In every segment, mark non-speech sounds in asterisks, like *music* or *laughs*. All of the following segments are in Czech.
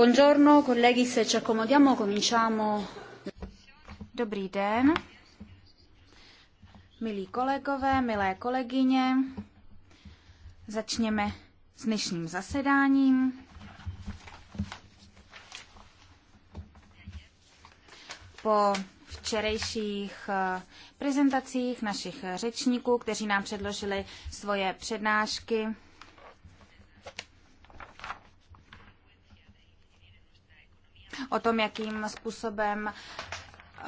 Buongiorno, colleghi, se ci accomodiamo cominciamo. Dobrý den, milí kolegové, milé kolegyně. Začněme s dnešním zasedáním. Po včerejších eh, prezentacích našich řečníků, kteří nám předložili svoje přednášky, o tom, jakým způsobem eh,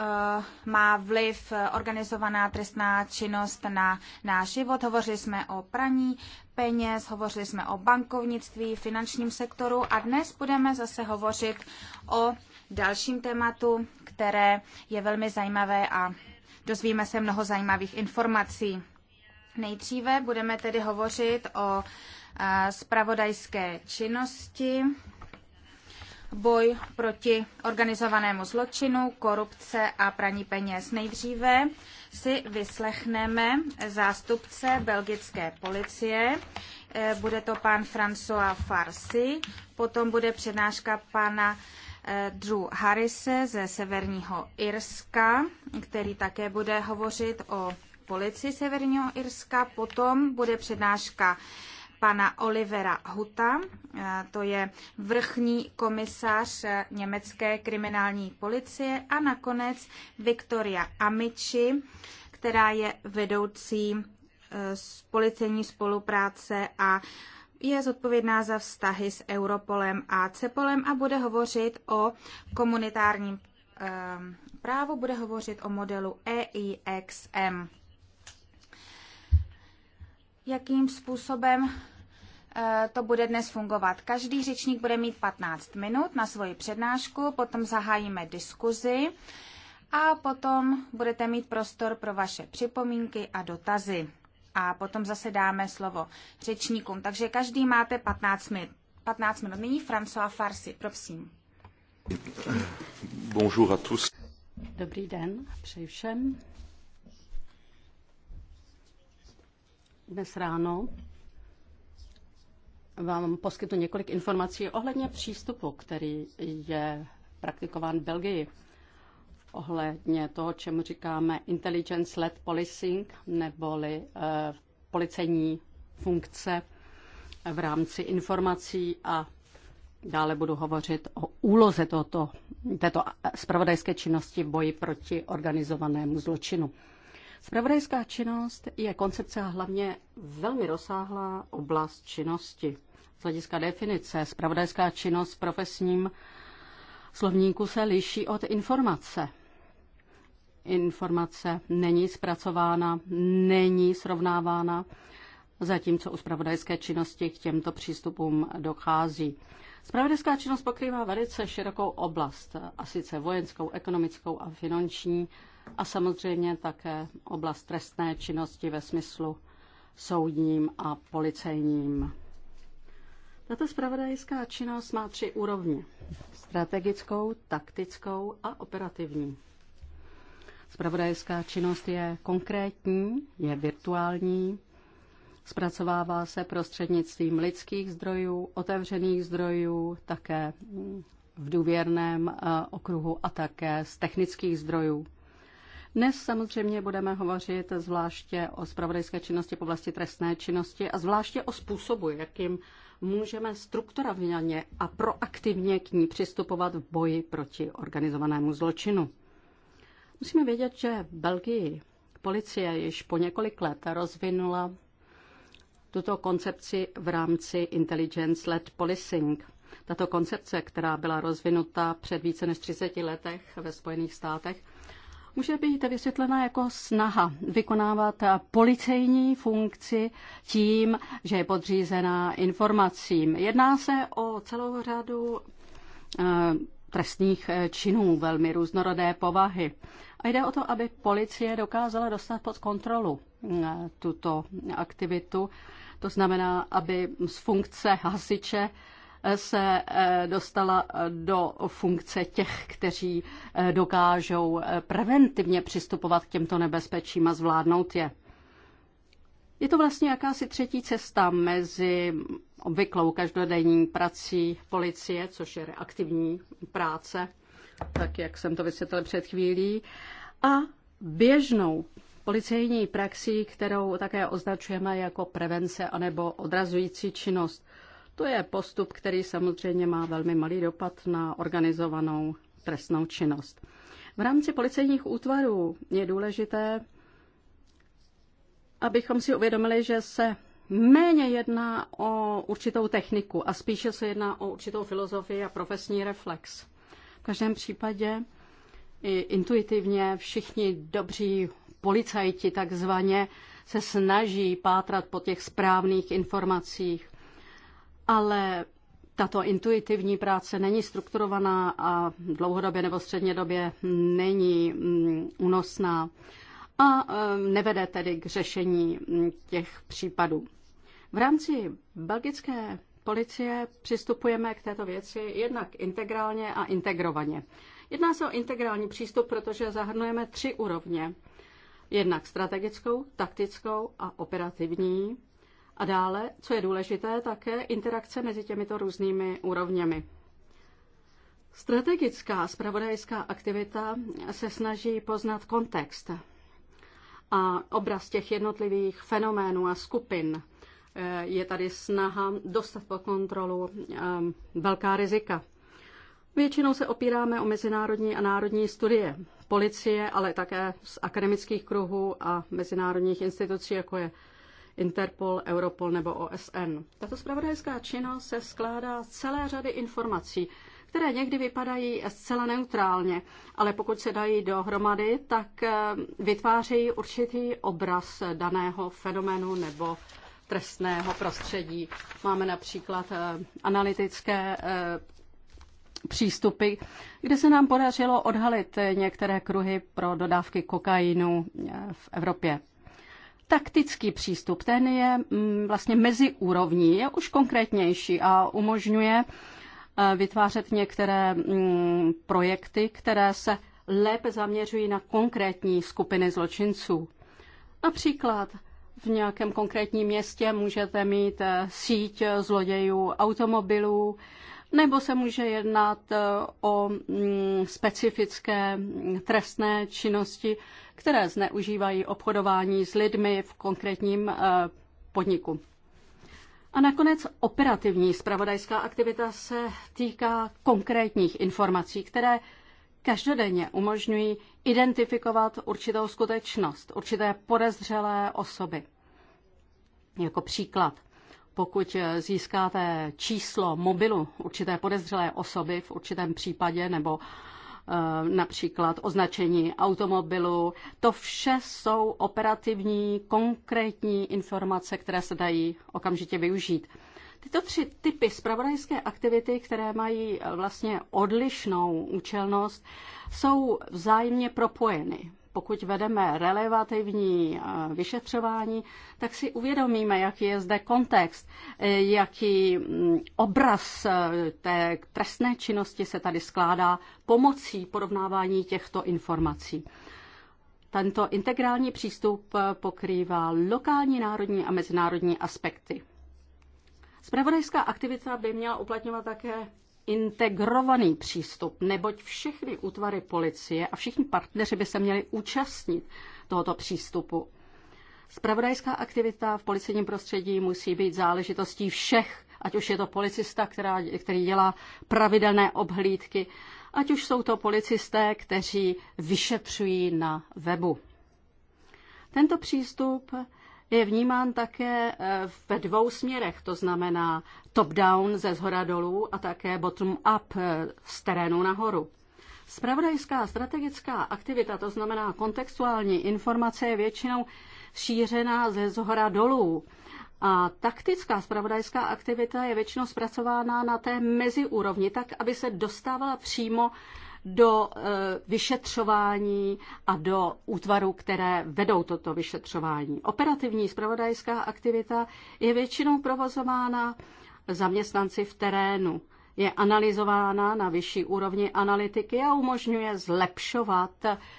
má vliv organizovaná trestná činnost na náš život. Hovořili jsme o praní peněz, hovořili jsme o bankovnictví, finančním sektoru a dnes budeme zase hovořit o dalším tématu, které je velmi zajímavé a dozvíme se mnoho zajímavých informací. Nejdříve budeme tedy hovořit o spravodajské eh, činnosti boj proti organizovanému zločinu, korupce a praní peněz. Nejdříve si vyslechneme zástupce belgické policie, eh, bude to pan François Farsi, potom bude přednáška pana eh, Drew Harrise ze Severního Irska, který také bude hovořit o policii Severního Irska, potom bude přednáška pana Olivera Huta, eh, to je vrchní komisař eh, německé kriminální policie a nakonec Viktoria Amici, která je vedoucí eh, z policejní spolupráce a je zodpovědná za vztahy s Europolem a Cepolem a bude hovořit o komunitárním právu, bude hovořit o modelu EIXM. Jakým způsobem Eh, to bude dnes fungovat. Každý řečník bude mít 15 minut na svoji přednášku, potom zahájíme diskuzi a potom budete mít prostor pro vaše připomínky a dotazy. A potom zase dáme slovo řečníkům. Takže každý máte 15 minut. 15 minut. Nyní François Farsi, prosím. Bonjour à tous. Dobrý den, přeji všem. Dnes ráno vám poskytnu několik informací ohledně přístupu, který je praktikován v Belgii. Ohledně toho, čemu říkáme intelligence-led policing, neboli eh, policejní funkce v rámci informací a dále budu hovořit o úloze tohoto, této spravodajské eh, činnosti v boji proti organizovanému zločinu. Spravodajská činnost je koncepce a hlavně velmi rozsáhlá oblast činnosti. Z hlediska definice spravodajská činnost v profesním slovníku se liší od informace. Informace není zpracována, není srovnávána, zatímco u spravodajské činnosti k těmto přístupům dochází. Spravodajská činnost pokrývá velice širokou oblast, a sice vojenskou, ekonomickou a finanční, a samozřejmě také oblast trestné činnosti ve smyslu soudním a policejním. Tato spravodajská činnost má tři úrovně. Strategickou, taktickou a operativní. Spravodajská činnost je konkrétní, je virtuální, zpracovává se prostřednictvím lidských zdrojů, otevřených zdrojů, také v důvěrném eh, okruhu a také z technických zdrojů. Dnes samozřejmě budeme hovořit zvláště o spravodajské činnosti v oblasti trestné činnosti a zvláště o způsobu, jakým můžeme strukturovaně a proaktivně k ní přistupovat v boji proti organizovanému zločinu. Musíme vědět, že v Belgii policie již po několik let rozvinula tuto koncepci v rámci Intelligence Led Policing. Tato koncepce, která byla rozvinuta před více než 30 letech ve Spojených státech, může být vysvětlena jako snaha vykonávat policejní funkci tím, že je podřízená informacím. Jedná se o celou řadu eh, trestních eh, činů velmi různorodé povahy. A jde o to, aby policie dokázala dostat pod kontrolu eh, tuto aktivitu. To znamená, aby z funkce hasiče se eh, dostala eh, do funkce těch, kteří eh, dokážou preventivně přistupovat k těmto nebezpečím a zvládnout je. Je to vlastně jakási třetí cesta mezi obvyklou každodenní prací policie, což je reaktivní práce, tak jak jsem to vysvětlil před chvílí, a běžnou policejní praxí, kterou také označujeme jako prevence anebo odrazující činnost. To je postup, který samozřejmě má velmi malý dopad na organizovanou trestnou činnost. V rámci policejních útvarů je důležité, abychom si uvědomili, že se méně jedná o určitou techniku a spíše se jedná o určitou filozofii a profesní reflex. V každém případě i intuitivně všichni dobří policajti takzvaně se snaží pátrat po těch správných informacích ale tato intuitivní práce není strukturovaná a dlouhodobě nebo střednědobě není mm, únosná a mm, nevede tedy k řešení mm, těch případů. V rámci belgické policie přistupujeme k této věci jednak integrálně a integrovaně. Jedná se o integrální přístup, protože zahrnujeme tři úrovně. Jednak strategickou, taktickou a operativní a dále, co je důležité, také interakce mezi těmito různými úrovněmi. Strategická spravodajská aktivita se snaží poznat kontext a obraz těch jednotlivých fenoménů a skupin. Eh, je tady snaha dostat pod kontrolu eh, velká rizika. Většinou se opíráme o mezinárodní a národní studie policie, ale také z akademických kruhů a mezinárodních institucí, jako je Interpol, Europol nebo OSN. Tato spravodajská činnost se skládá celé řady informací, které někdy vypadají zcela neutrálně, ale pokud se dají dohromady, tak eh, vytvářejí určitý obraz daného fenoménu nebo trestného prostředí. Máme například eh, analytické eh, přístupy, kde se nám podařilo odhalit některé kruhy pro dodávky kokainu v Evropě taktický přístup. Ten je mm, vlastně mezi úrovní, je už konkrétnější a umožňuje eh, vytvářet některé mm, projekty, které se lépe zaměřují na konkrétní skupiny zločinců. Například v nějakém konkrétním městě můžete mít eh, síť eh, zlodějů automobilů, nebo se může jednat o mm, specifické trestné činnosti, které zneužívají obchodování s lidmi v konkrétním eh, podniku. A nakonec operativní spravodajská aktivita se týká konkrétních informací, které každodenně umožňují identifikovat určitou skutečnost, určité podezřelé osoby. Jako příklad, pokud získáte číslo mobilu určité podezřelé osoby v určitém případě nebo Eh, například označení automobilu. To vše jsou operativní, konkrétní informace, které se dají okamžitě využít. Tyto tři typy spravodajské aktivity, které mají eh, vlastně odlišnou účelnost, jsou vzájemně propojeny pokud vedeme relevativní eh, vyšetřování, tak si uvědomíme, jaký je zde kontext, eh, jaký mm, obraz eh, té trestné činnosti se tady skládá pomocí porovnávání těchto informací. Tento integrální přístup pokrývá lokální, národní a mezinárodní aspekty. Spravodajská aktivita by měla uplatňovat také integrovaný přístup, neboť všechny útvary policie a všichni partneři by se měli účastnit tohoto přístupu. Spravodajská aktivita v policejním prostředí musí být záležitostí všech, ať už je to policista, která, který dělá pravidelné obhlídky, ať už jsou to policisté, kteří vyšetřují na webu. Tento přístup je vnímán také eh, ve dvou směrech, to znamená top-down ze zhora dolů a také bottom-up eh, z terénu nahoru. Spravodajská strategická aktivita, to znamená kontextuální informace, je většinou šířená ze zhora dolů. A taktická spravodajská aktivita je většinou zpracována na té meziúrovni, tak aby se dostávala přímo do eh, vyšetřování a do útvarů, které vedou toto vyšetřování. Operativní spravodajská aktivita je většinou provozována zaměstnanci v terénu. Je analyzována na vyšší úrovni analytiky a umožňuje zlepšovat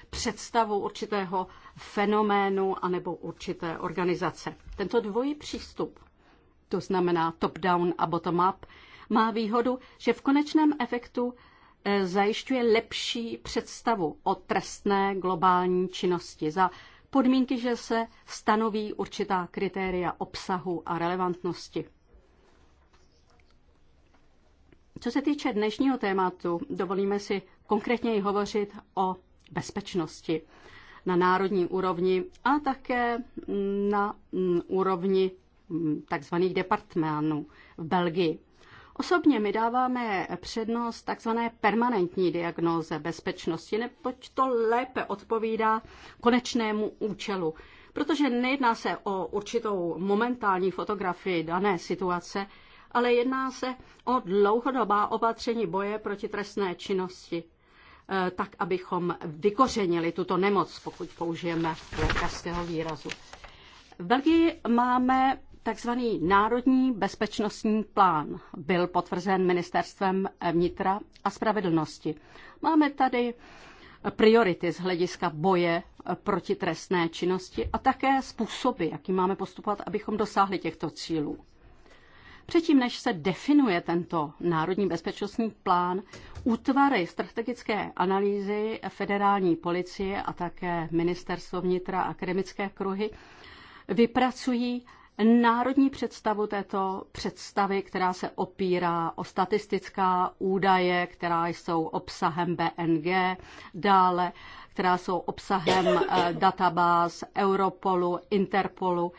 představu určitého fenoménu anebo určité organizace. Tento dvojí přístup, to znamená top-down a bottom-up, má výhodu, že v konečném efektu Eh, zajišťuje lepší představu o trestné globální činnosti za podmínky, že se stanoví určitá kritéria obsahu a relevantnosti. Co se týče dnešního tématu, dovolíme si konkrétněji hovořit o bezpečnosti na národní úrovni a také na mm, úrovni mm, takzvaných departmánů v Belgii. Osobně my dáváme přednost takzvané permanentní diagnóze bezpečnosti, neboť to lépe odpovídá konečnému účelu. Protože nejedná se o určitou momentální fotografii dané situace, ale jedná se o dlouhodobá opatření boje proti trestné činnosti, eh, tak abychom vykořenili tuto nemoc, pokud použijeme lékařského výrazu. V Belgii máme Takzvaný Národní bezpečnostní plán byl potvrzen ministerstvem vnitra a spravedlnosti. Máme tady priority z hlediska boje proti trestné činnosti a také způsoby, jaký máme postupovat, abychom dosáhli těchto cílů. Předtím, než se definuje tento národní bezpečnostní plán, útvary strategické analýzy federální policie a také ministerstvo vnitra a akademické kruhy vypracují národní představu této představy, která se opírá o statistická údaje, která jsou obsahem BNG, dále, která jsou obsahem eh, databáz Europolu, Interpolu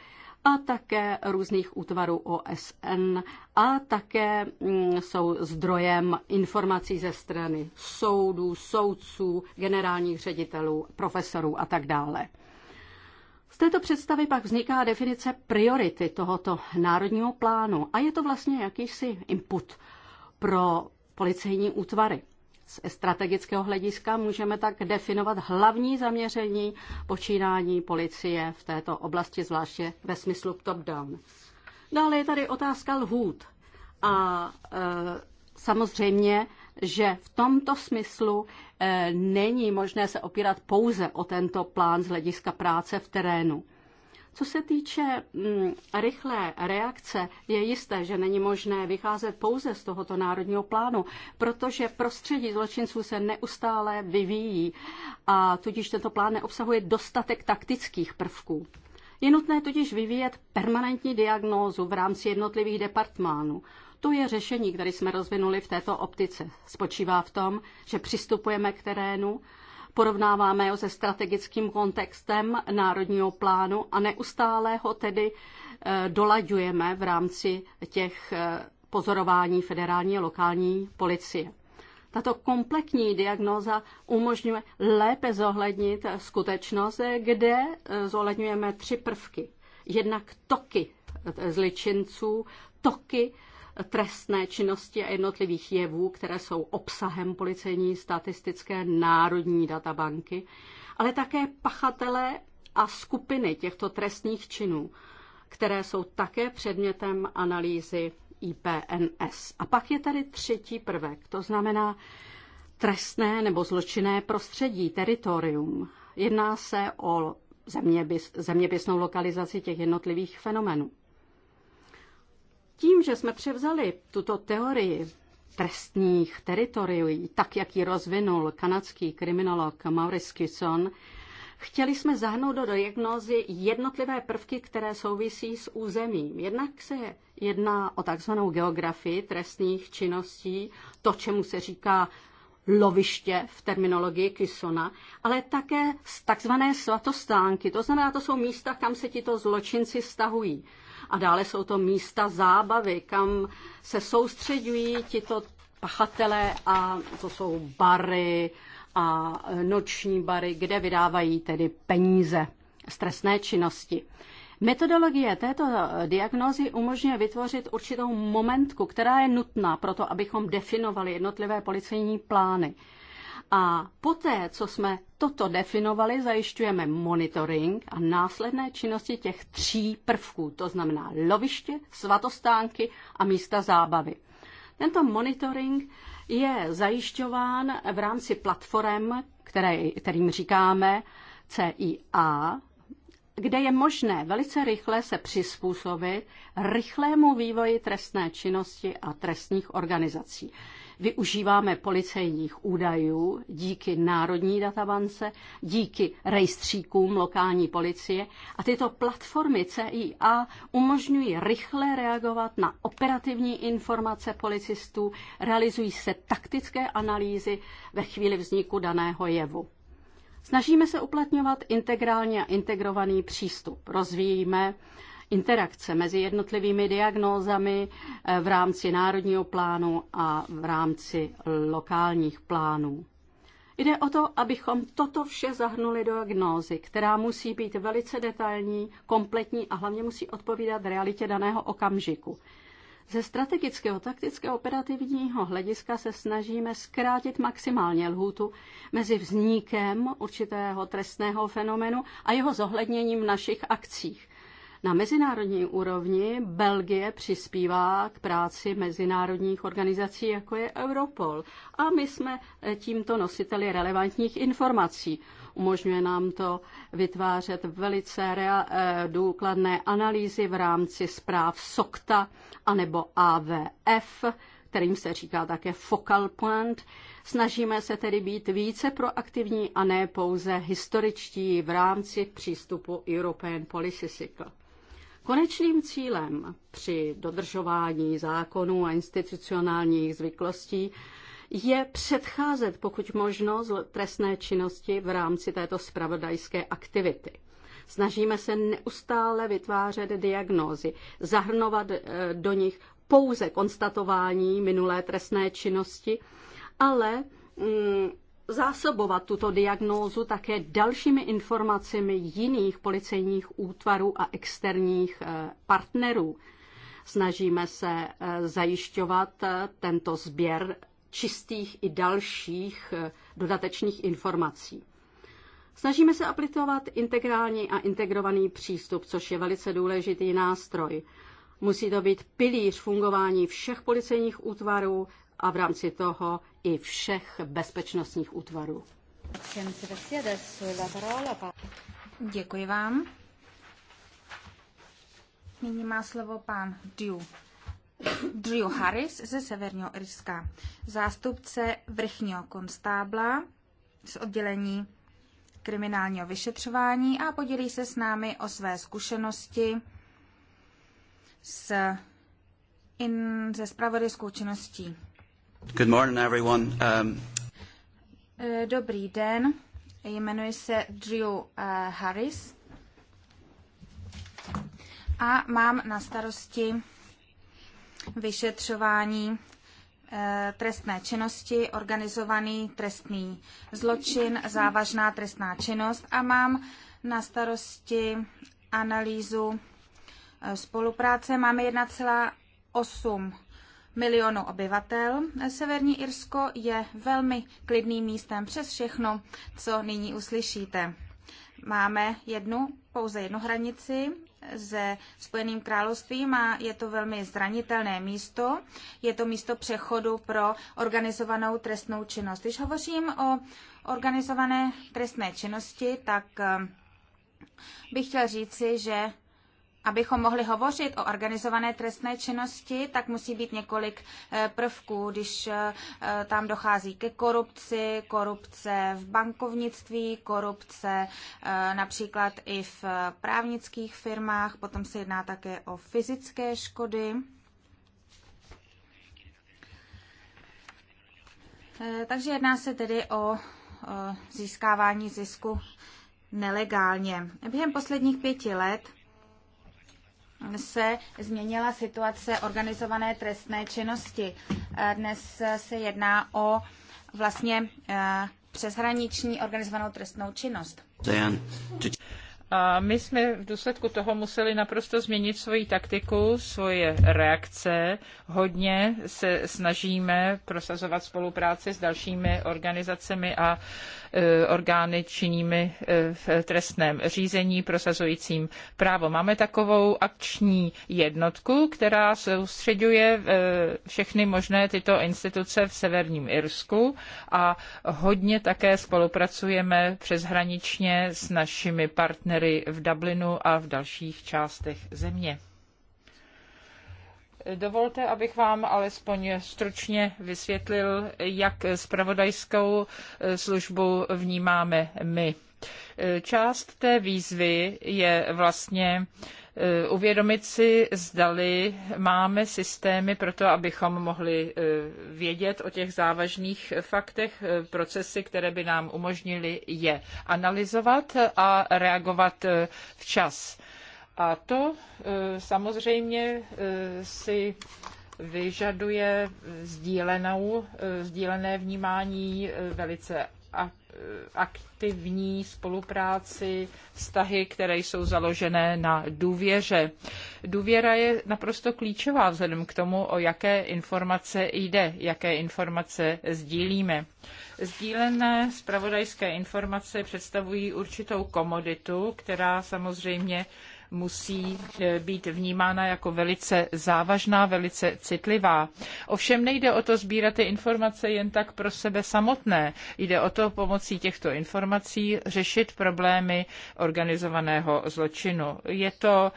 a také různých útvarů OSN a také mm, jsou zdrojem informací ze strany soudů, soudců, generálních ředitelů, profesorů a tak dále. Z této představy pak vzniká definice priority tohoto národního plánu a je to vlastně jakýsi input pro policejní útvary. Z strategického hlediska můžeme tak definovat hlavní zaměření počínání policie v této oblasti, zvláště ve smyslu top-down. Dále je tady otázka lhůt. A e, samozřejmě, že v tomto smyslu Eh, není možné se opírat pouze o tento plán z hlediska práce v terénu. Co se týče mm, rychlé reakce, je jisté, že není možné vycházet pouze z tohoto národního plánu, protože prostředí zločinců se neustále vyvíjí a tudíž tento plán neobsahuje dostatek taktických prvků. Je nutné totiž vyvíjet permanentní diagnózu v rámci jednotlivých departmánů. To je řešení, které jsme rozvinuli v této optice. Spočívá v tom, že přistupujeme k terénu, porovnáváme ho se strategickým kontextem národního plánu a neustále ho tedy eh, dolaďujeme v rámci těch eh, pozorování federální a lokální policie. Tato kompletní diagnóza umožňuje lépe zohlednit skutečnost, kde eh, zohledňujeme tři prvky. Jednak toky zličinců, toky trestné činnosti a jednotlivých jevů, které jsou obsahem policejní statistické národní databanky, ale také pachatele a skupiny těchto trestných činů, které jsou také předmětem analýzy IPNS. A pak je tady třetí prvek, to znamená trestné nebo zločinné prostředí, teritorium. Jedná se o zeměpisnou lokalizaci těch jednotlivých fenomenů. Tím, že jsme převzali tuto teorii trestních teritorií, tak jak ji rozvinul kanadský kriminolog Maurice Kisson, Chtěli jsme zahrnout do diagnózy jednotlivé prvky, které souvisí s územím. Jednak se jedná o takzvanou geografii trestných činností, to, čemu se říká loviště v terminologii Kisona, ale také takzvané svatostánky. To znamená, to jsou místa, kam se tito zločinci stahují. A dále jsou to místa zábavy, kam se soustředují tito pachatelé a to jsou bary a noční bary, kde vydávají tedy peníze z trestné činnosti. Metodologie této diagnózy umožňuje vytvořit určitou momentku, která je nutná pro to, abychom definovali jednotlivé policejní plány. A poté, co jsme toto definovali, zajišťujeme monitoring a následné činnosti těch tří prvků, to znamená loviště, svatostánky a místa zábavy. Tento monitoring je zajišťován v rámci platform, které, kterým říkáme CIA, kde je možné velice rychle se přizpůsobit rychlému vývoji trestné činnosti a trestních organizací. Využíváme policejních údajů díky Národní databance, díky rejstříkům lokální policie a tyto platformy CIA umožňují rychle reagovat na operativní informace policistů, realizují se taktické analýzy ve chvíli vzniku daného jevu. Snažíme se uplatňovat integrálně a integrovaný přístup. Rozvíjíme interakce mezi jednotlivými diagnózami eh, v rámci národního plánu a v rámci lokálních plánů. Jde o to, abychom toto vše zahrnuli do diagnózy, která musí být velice detailní, kompletní a hlavně musí odpovídat realitě daného okamžiku. Ze strategického, taktického, operativního hlediska se snažíme zkrátit maximálně lhůtu mezi vznikem určitého trestného fenomenu a jeho zohledněním v našich akcích. Na mezinárodní úrovni Belgie přispívá k práci mezinárodních organizací, jako je Europol. A my jsme eh, tímto nositeli relevantních informací. Umožňuje nám to vytvářet velice rea, eh, důkladné analýzy v rámci zpráv SOCTA anebo AVF, kterým se říká také focal point. Snažíme se tedy být více proaktivní a ne pouze historičtí v rámci přístupu European Policy Cycle. Konečným cílem při dodržování zákonů a institucionálních zvyklostí je předcházet pokud možno trestné činnosti v rámci této spravodajské aktivity. Snažíme se neustále vytvářet diagnózy, zahrnovat eh, do nich pouze konstatování minulé trestné činnosti, ale mm, zásobovat tuto diagnózu také dalšími informacemi jiných policejních útvarů a externích eh, partnerů. Snažíme se eh, zajišťovat eh, tento sběr čistých i dalších dodatečných informací. Snažíme se aplikovat integrální a integrovaný přístup, což je velice důležitý nástroj. Musí to být pilíř fungování všech policejních útvarů, a v rámci toho i všech bezpečnostních útvarů. Děkuji vám. Nyní má slovo pán Drew. Drew Harris ze Severního Irska, zástupce vrchního konstábla z oddělení kriminálního vyšetřování a podělí se s námi o své zkušenosti s in, ze spravodajskou činností Good morning, everyone. Um... Eh, dobrý den, jmenuji se Drew eh, Harris a mám na starosti vyšetřování eh, trestné činnosti, organizovaný trestný zločin, závažná trestná činnost a mám na starosti analýzu spolupráce. Máme 1,8 milionů obyvatel. Severní Irsko je velmi klidným místem přes všechno, co nyní uslyšíte. Máme jednu, pouze jednu hranici se Spojeným královstvím a je to velmi zranitelné místo. Je to místo přechodu pro organizovanou trestnou činnost. Když hovořím o organizované trestné činnosti, tak eh, bych chtěl říci, že Abychom mohli hovořit o organizované trestné činnosti, tak musí být několik eh, prvků, když eh, eh, tam dochází ke korupci, korupce v bankovnictví, korupce například i v právnických firmách, potom se jedná také o fyzické škody. Takže jedná se tedy o získávání zisku nelegálně. Během posledních pěti let se změnila situace organizované trestné činnosti. Eh, dnes se jedná o vlastně eh, přeshraniční organizovanou trestnou činnost. A my jsme v důsledku toho museli naprosto změnit svoji taktiku, svoje reakce. Hodně se snažíme prosazovat spolupráci s dalšími organizacemi a E, orgány činnými e, v trestném řízení prosazujícím právo. Máme takovou akční jednotku, která soustředuje e, všechny možné tyto instituce v Severním Irsku a hodně také spolupracujeme přeshraničně s našimi partnery v Dublinu a v dalších částech země. Dovolte, abych vám alespoň stručně vysvětlil, jak spravodajskou službu vnímáme my. Část té výzvy je vlastně eh, uvědomit si, zdali máme systémy pro to, abychom mohli eh, vědět o těch závažných faktech, eh, procesy, které by nám umožnily je analyzovat a reagovat včas. A to e, samozřejmě e, si vyžaduje sdílenou, e, sdílené vnímání velice aktivní spolupráci, vztahy, které jsou založené na důvěře. Důvěra je naprosto klíčová vzhledem k tomu, o jaké informace jde, jaké informace sdílíme. Sdílené spravodajské informace představují určitou komoditu, která samozřejmě musí eh, být vnímána jako velice závažná, velice citlivá. Ovšem nejde o to sbírat ty informace jen tak pro sebe samotné. Jde o to pomocí těchto informací řešit problémy organizovaného zločinu. Je to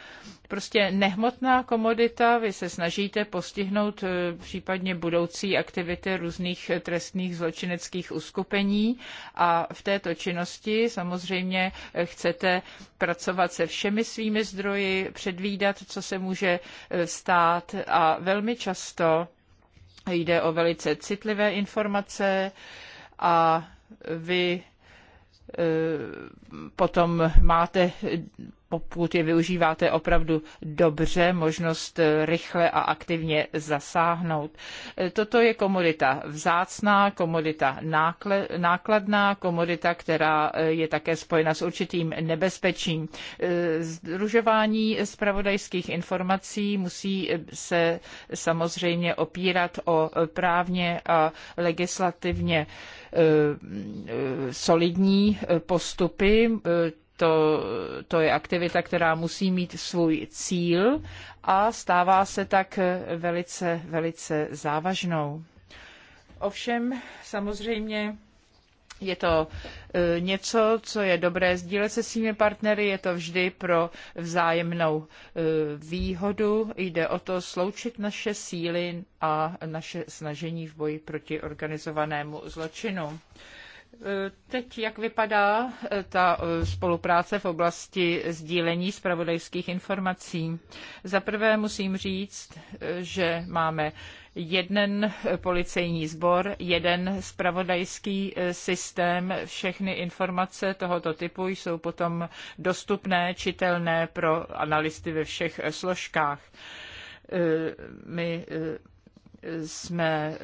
prostě nehmotná komodita, vy se snažíte postihnout eh, případně budoucí aktivity různých eh, trestných zločineckých uskupení a v této činnosti samozřejmě eh, chcete pracovat se všemi svými zdroji, předvídat, co se může stát a velmi často jde o velice citlivé informace a vy potom máte pokud je využíváte opravdu dobře, možnost eh, rychle a aktivně zasáhnout. Eh, toto je komodita vzácná, komodita nákladná, komodita, která eh, je také spojena s určitým nebezpečím. Združování zpravodajských informací musí se samozřejmě opírat o právně a legislativně solidní postupy to, to je aktivita, která musí mít svůj cíl a stává se tak velice, velice závažnou. Ovšem, samozřejmě, je to e, něco, co je dobré sdílet se svými partnery, je to vždy pro vzájemnou e, výhodu. Jde o to sloučit naše síly a naše snažení v boji proti organizovanému zločinu. Teď, jak vypadá eh, ta eh, spolupráce v oblasti sdílení zpravodajských informací? Za prvé musím říct, eh, že máme jeden policejní sbor, jeden spravodajský systém. Všechny informace tohoto typu jsou potom dostupné, čitelné pro analysty ve všech složkách. My jsme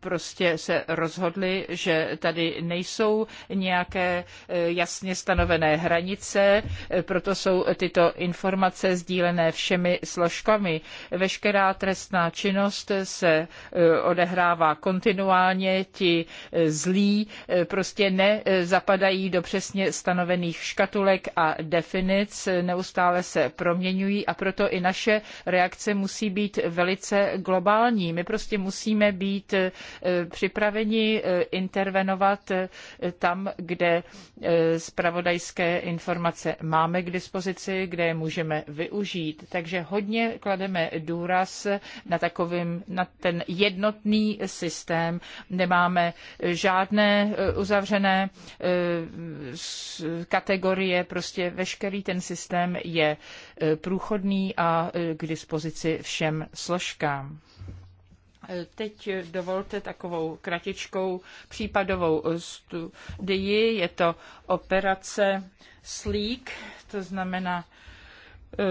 prostě se rozhodli, že tady nejsou nějaké eh, jasně stanovené hranice, eh, proto jsou tyto informace sdílené všemi složkami. Veškerá trestná činnost se eh, odehrává kontinuálně, ti zlí prostě nezapadají do přesně stanovených škatulek a definic, neustále se proměňují a proto i naše reakce musí být velice globální. My prostě musíme být E, připraveni e, intervenovat e, tam, kde spravodajské informace máme k dispozici, kde je můžeme využít. Takže hodně klademe důraz na, takovým, na ten jednotný systém. Nemáme žádné uzavřené kategorie, prostě veškerý ten systém je průchodný a k dispozici všem složkám teď dovolte takovou kratičkou případovou studii. Je to operace SLEEK, to znamená eh,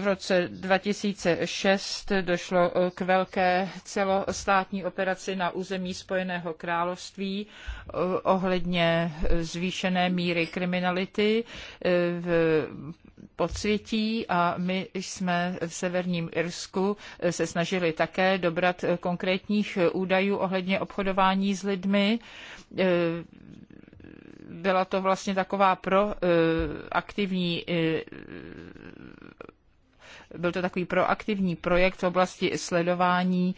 v roce 2006 došlo eh, k velké celostátní operaci na území Spojeného království eh, ohledně zvýšené míry kriminality v podsvětí a my jsme v Severním Irsku se snažili také dobrat konkrétních údajů ohledně obchodování s lidmi e, byla to vlastně taková proaktivní e, e, byl to takový proaktivní projekt v oblasti sledování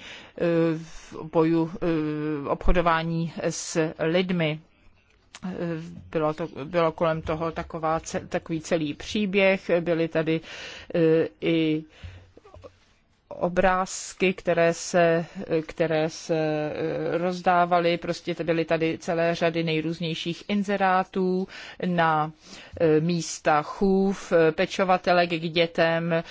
boju obchodování s lidmi bylo, to, bylo kolem toho taková, takový celý příběh, byly tady eh, i obrázky, které se, které se eh, rozdávaly. Prostě byly tady celé řady nejrůznějších inzerátů na eh, místa chův, eh, pečovatelek k dětem.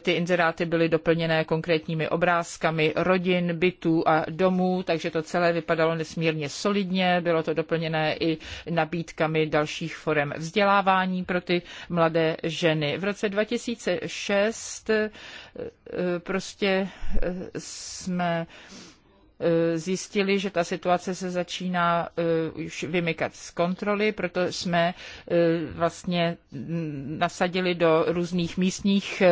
Ty inzeráty byly doplněné konkrétními obrázkami rodin, bytů a domů, takže to celé vypadalo nesmírně solidně. Bylo to doplněné i nabídkami dalších forem vzdělávání pro ty mladé ženy. V roce 2006 prostě prostě eh, jsme eh, zjistili, že ta situace se začíná eh, už vymykat z kontroly, proto jsme vlastně nasadili do různých místních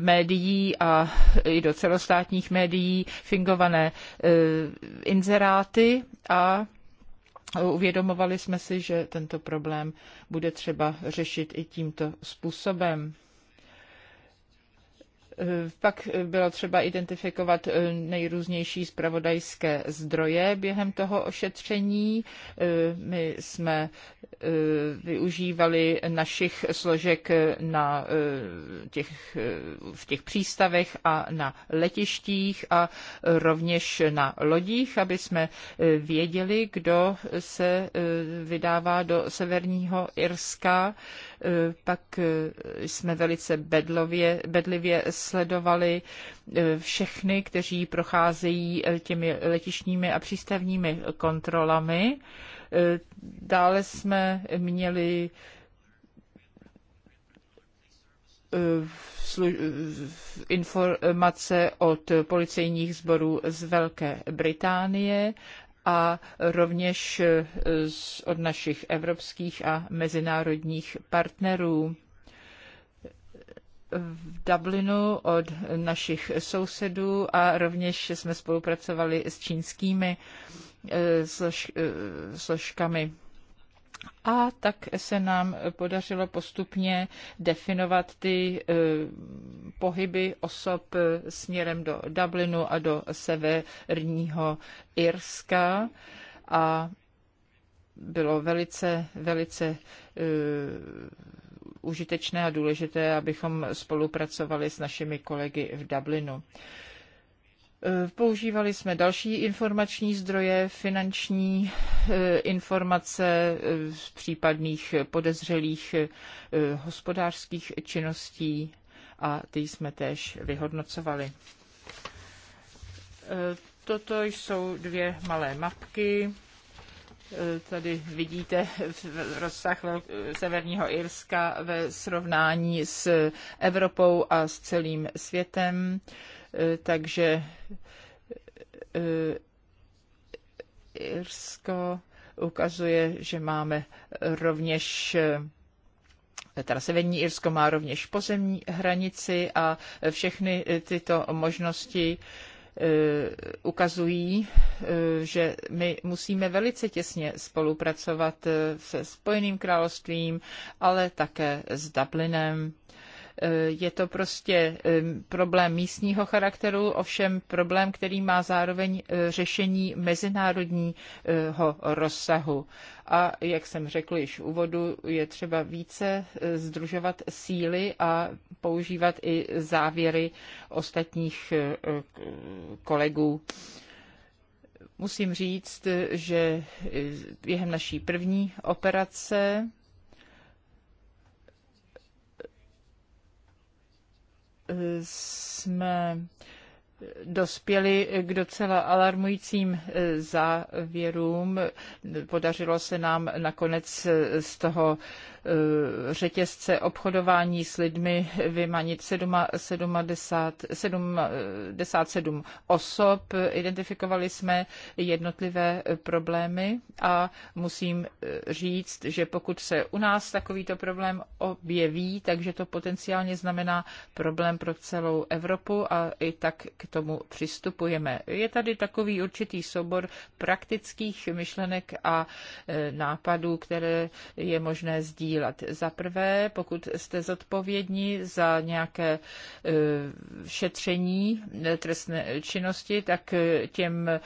médií a i do celostátních médií fingované inzeráty a uvědomovali jsme si, že tento problém bude třeba řešit i tímto způsobem. Eh, pak bylo třeba identifikovat eh, nejrůznější spravodajské zdroje během toho ošetření. Eh, my jsme využívali našich složek na těch, v těch přístavech a na letištích a rovněž na lodích, aby jsme věděli, kdo se vydává do severního Irska Eh, pak eh, jsme velice bedlově, bedlivě sledovali eh, všechny, kteří procházejí těmi letišními a přístavními kontrolami. Dále jsme měli informace od policejních sborů z Velké Británie a rovněž eh, od našich evropských a mezinárodních partnerů v Dublinu od našich sousedů a rovněž jsme spolupracovali s čínskými eh, eh, složkami. A tak se nám podařilo postupně definovat ty eh, pohyby osob eh, směrem do Dublinu a do severního Irska. A bylo velice, velice eh, užitečné a důležité, abychom spolupracovali s našimi kolegy v Dublinu. Eh, používali jsme další informační zdroje, finanční eh, informace eh, z případných podezřelých hospodářských činností a ty jsme též vyhodnocovali. Toto jsou dvě malé mapky. Tady vidíte v rozsah Severního Irska ve srovnání s Evropou a s celým světem. Eh, takže eh, Irsko ukazuje, že máme rovněž eh, teda Severní Irsko má rovněž pozemní hranici a všechny tyto možnosti ukazují, že my musíme velice těsně spolupracovat se Spojeným královstvím, ale také s Dublinem Eh, je to prostě eh, problém místního charakteru, ovšem problém, který má zároveň eh, řešení mezinárodního rozsahu. A jak jsem řekl již v úvodu, je třeba více združovat síly a používat i závěry ostatních kolegů musím říct, že během naší první operace jsme dospěli k docela alarmujícím eh, závěrům. Podařilo se nám nakonec z toho Eh, řetězce obchodování s lidmi vymanit 77 osob. Identifikovali jsme jednotlivé problémy a musím eh, říct, že pokud se u nás takovýto problém objeví, takže to potenciálně znamená problém pro celou Evropu a i tak k tomu přistupujeme. Je tady takový určitý soubor praktických myšlenek a eh, nápadů, které je možné sdílet sdílat. Za prvé, pokud jste zodpovědní za nějaké e, šetření trestné činnosti, tak těm e,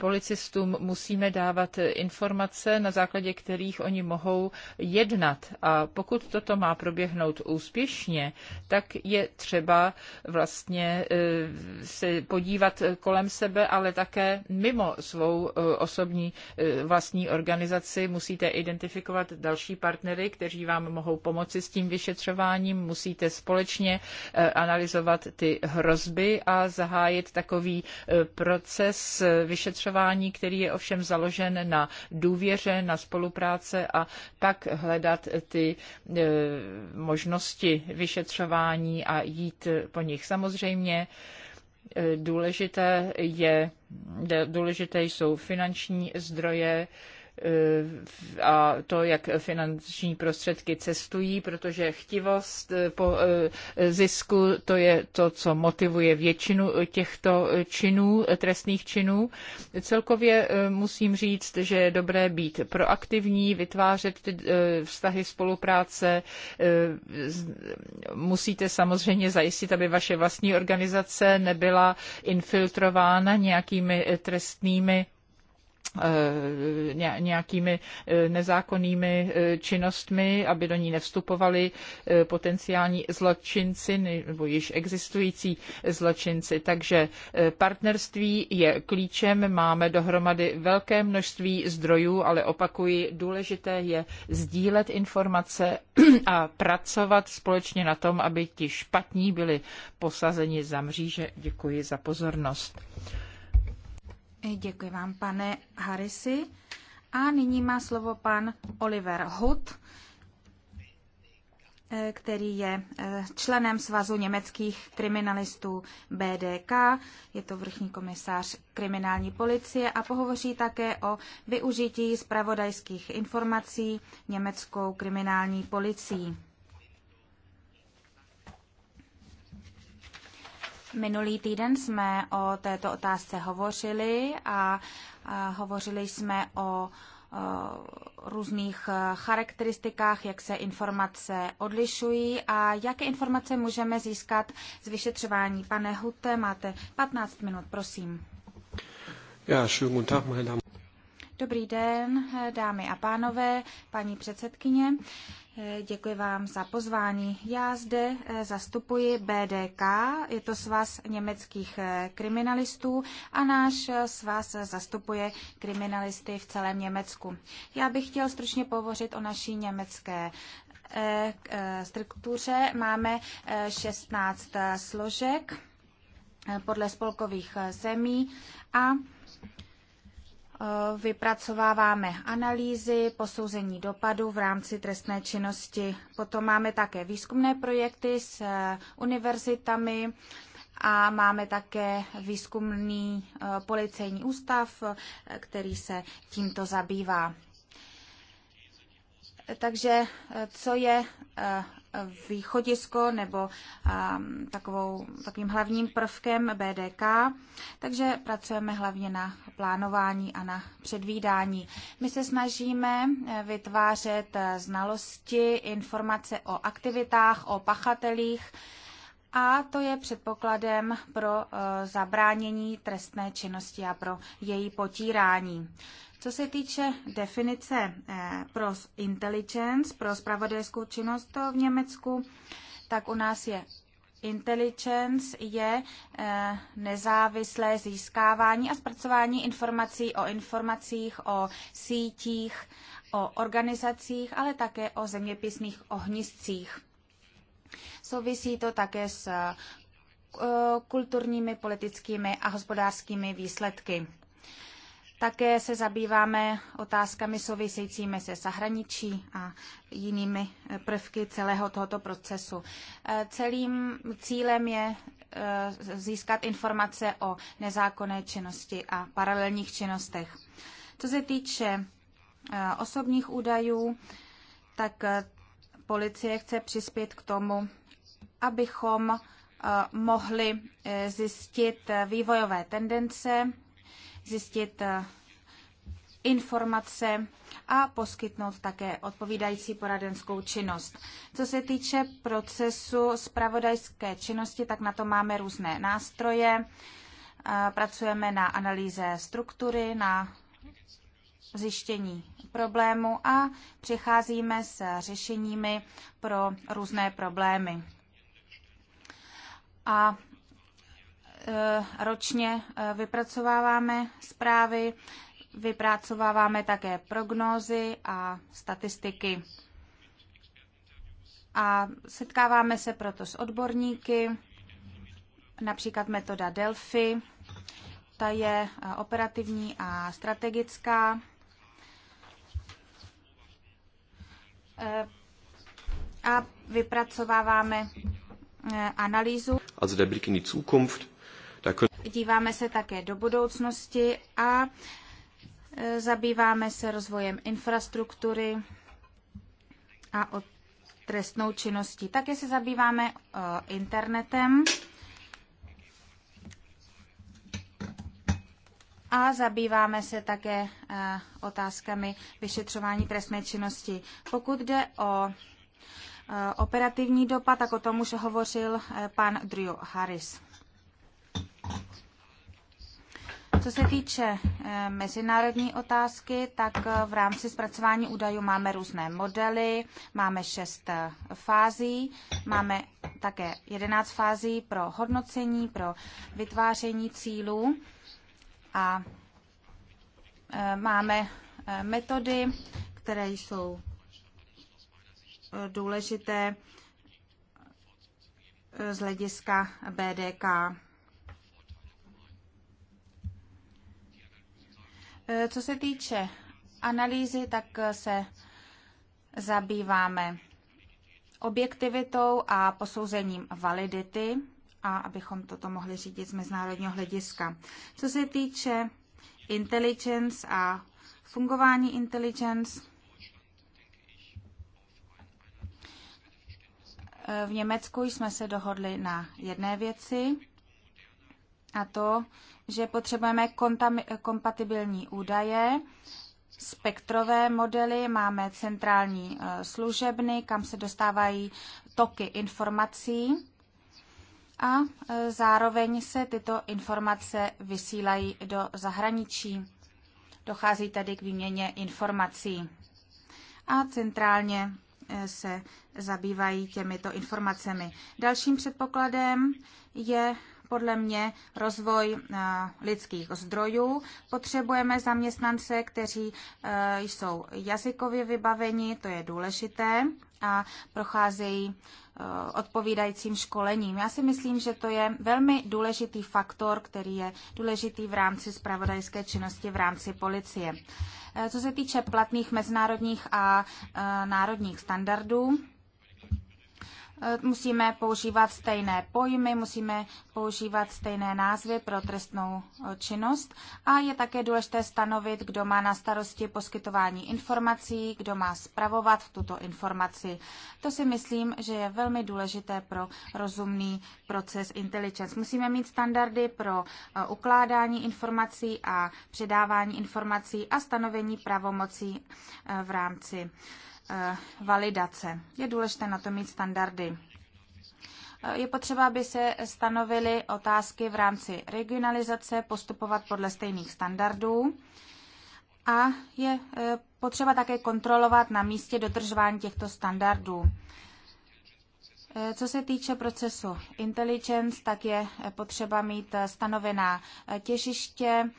policistům musíme dávat informace, na základě kterých oni mohou jednat. A pokud toto má proběhnout úspěšně, tak je třeba vlastně e, se podívat kolem sebe, ale také mimo svou osobní vlastní organizaci musíte identifikovat další partnery, kteří vám mohou pomoci s tím vyšetřováním. Musíte společně eh, analyzovat ty hrozby a zahájit takový eh, proces eh, vyšetřování, který je ovšem založen na důvěře, na spolupráce a pak hledat ty možnosti vyšetřování a jít po nich. Samozřejmě důležité, je, důležité jsou finanční zdroje, a to, jak finanční prostředky cestují, protože chtivost eh, po eh, zisku, to je to, co motivuje většinu těchto činů, trestných činů. Celkově eh, musím říct, že je dobré být proaktivní, vytvářet ty vztahy spolupráce. Musíte samozřejmě zajistit, aby vaše vlastní organizace nebyla infiltrována nějakými trestnými Eh, nějakými eh, nezákonnými eh, činnostmi, aby do ní nevstupovali potenciální zločinci nebo již existující zločinci. Takže partnerství je klíčem, máme dohromady velké množství zdrojů, ale opakuji, důležité je sdílet informace *clears throat* a pracovat společně na tom, aby ti špatní byli posazeni za mříže. Děkuji za pozornost. Děkuji vám, pane Harrisi. A nyní má slovo pan Oliver Hood, eh, který je eh, členem Svazu německých kriminalistů BDK, je to vrchní komisář kriminální policie a pohovoří také o využití zpravodajských informací německou kriminální policií. Minulý týden jsme o této otázce hovořili a, a hovořili jsme o, o různých charakteristikách, jak se informace odlišují a jaké informace můžeme získat z vyšetřování. Pane Hute, máte 15 minut, prosím. Ja, schönen guten Tag, meine Damen. Dobrý den, dámy a pánové, paní předsedkyně. Děkuji vám za pozvání. Já zde eh, zastupuji BDK, je to svaz německých eh, kriminalistů a náš eh, svaz zastupuje kriminalisty v celém Německu. Já bych chtěl stručně povořit o naší německé struktuře. Máme 16 složek podle spolkových zemí a Eh, vypracováváme analýzy, posouzení dopadu v rámci trestné činnosti. Potom máme také výzkumné projekty s eh, univerzitami a máme také výzkumný eh, policejní ústav, který se tímto zabývá. Takže co je východisko nebo um, takovou, takovým hlavním prvkem BDK, takže pracujeme hlavně na plánování a na předvídání. My se snažíme eh, vytvářet eh, znalosti, informace o aktivitách, o pachatelích, a to je předpokladem pro eh, zabránění trestné činnosti a pro její potírání. Co se týče definice eh, pro intelligence, pro spravodajskou činnost to v Německu, tak u nás je Intelligence je eh, nezávislé získávání a zpracování informací o informacích, o sítích, o organizacích, ale také o zeměpisných ohniscích. Souvisí to také s eh, kulturními, politickými a hospodářskými výsledky. Také se zabýváme otázkami souvisejícími se zahraničí a jinými prvky celého tohoto procesu. E, celým cílem je e, získat informace o nezákonné činnosti a paralelních činnostech. Co se týče e, osobních údajů, tak policie chce přispět k tomu, abychom mohli zjistit vývojové tendence zjistit eh, informace a poskytnout také odpovídající poradenskou činnost. Co se týče procesu spravodajské činnosti, tak na to máme různé nástroje. Eh, pracujeme na analýze struktury, na zjištění problému a přicházíme s řešeními pro různé problémy. A Eh, ročně eh, vypracováváme zprávy, vypracováváme také prognózy a statistiky. A setkáváme se proto s odborníky, například metoda Delphi, ta je eh, operativní a strategická. A vypracováváme analýzu. Also der Blick in die Zukunft Díváme se také do budoucnosti a e, zabýváme se rozvojem infrastruktury a o trestnou činností. Také se zabýváme e, internetem a zabýváme se také e, otázkami vyšetřování trestné činnosti. Pokud jde o operativní dopad, tak o tom už hovořil pan Drew Harris. Co se týče eh, mezinárodní otázky, tak eh, v rámci zpracování údajů máme různé modely, máme šest eh, fází, máme také jedenáct fází pro hodnocení, pro vytváření cílů a máme metody, které jsou důležité z hlediska BDK. Eh, co se týče analýzy, tak eh, se zabýváme objektivitou a posouzením validity a abychom toto mohli řídit z mezinárodního hlediska. Co se týče intelligence a fungování intelligence, eh, v Německu jsme se dohodli na jedné věci a to, že potřebujeme kompatibilní údaje, spektrové modely, máme centrální eh, služebny, kam se dostávají toky informací a eh, zároveň se tyto informace vysílají do zahraničí. Dochází tedy k výměně informací a centrálně eh, se zabývají těmito informacemi. Dalším předpokladem je podle mě rozvoj eh, lidských zdrojů. Potřebujeme zaměstnance, kteří eh, jsou jazykově vybaveni, to je důležité, a procházejí eh, odpovídajícím školením. Já si myslím, že to je velmi důležitý faktor, který je důležitý v rámci spravodajské činnosti, v rámci policie. Co se týče platných mezinárodních a národních standardů, Eh, musíme používat stejné pojmy, musíme používat stejné názvy pro trestnou eh, činnost a je také důležité stanovit, kdo má na starosti poskytování informací, kdo má spravovat tuto informaci. To si myslím, že je velmi důležité pro rozumný proces intelligence. Musíme mít standardy pro eh, ukládání informací a předávání informací a stanovení pravomocí v rámci Eh, validace. Je důležité na to mít standardy. Eh, je potřeba, aby se stanovily otázky v rámci regionalizace, postupovat podle stejných standardů a je eh, potřeba také kontrolovat na místě dodržování těchto standardů. Co se týče procesu intelligence, tak je potřeba mít stanovená těžiště,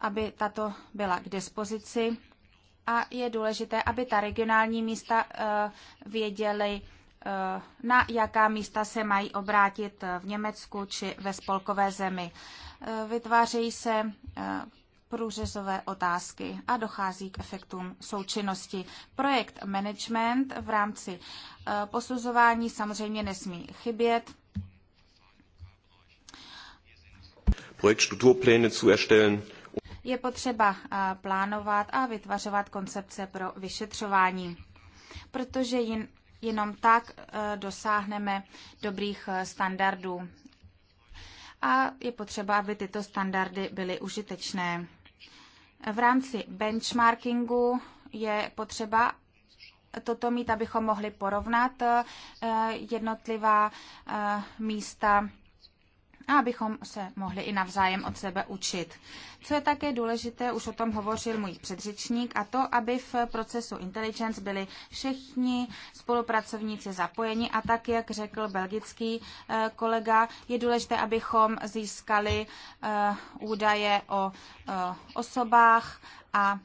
aby tato byla k dispozici a je důležité, aby ta regionální místa eh, věděly, eh, na jaká místa se mají obrátit eh, v Německu či ve spolkové zemi. Vytvářejí se průřezové otázky a dochází k efektům součinnosti. Projekt management v rámci posuzování samozřejmě nesmí chybět. Projekt strukturpläne zu erstellen, je potřeba eh, plánovat a vytvařovat koncepce pro vyšetřování, protože jen, jenom tak eh, dosáhneme dobrých eh, standardů. A je potřeba, aby tyto standardy byly užitečné. V rámci benchmarkingu je potřeba toto mít, abychom mohli porovnat jednotlivá místa a abychom se mohli i navzájem od sebe učit. Co je také důležité, už o tom hovořil můj předřečník, a to, aby v procesu Intelligence byli všichni spolupracovníci zapojeni a tak, jak řekl belgický eh, kolega, je důležité, abychom získali eh, údaje o eh, osobách a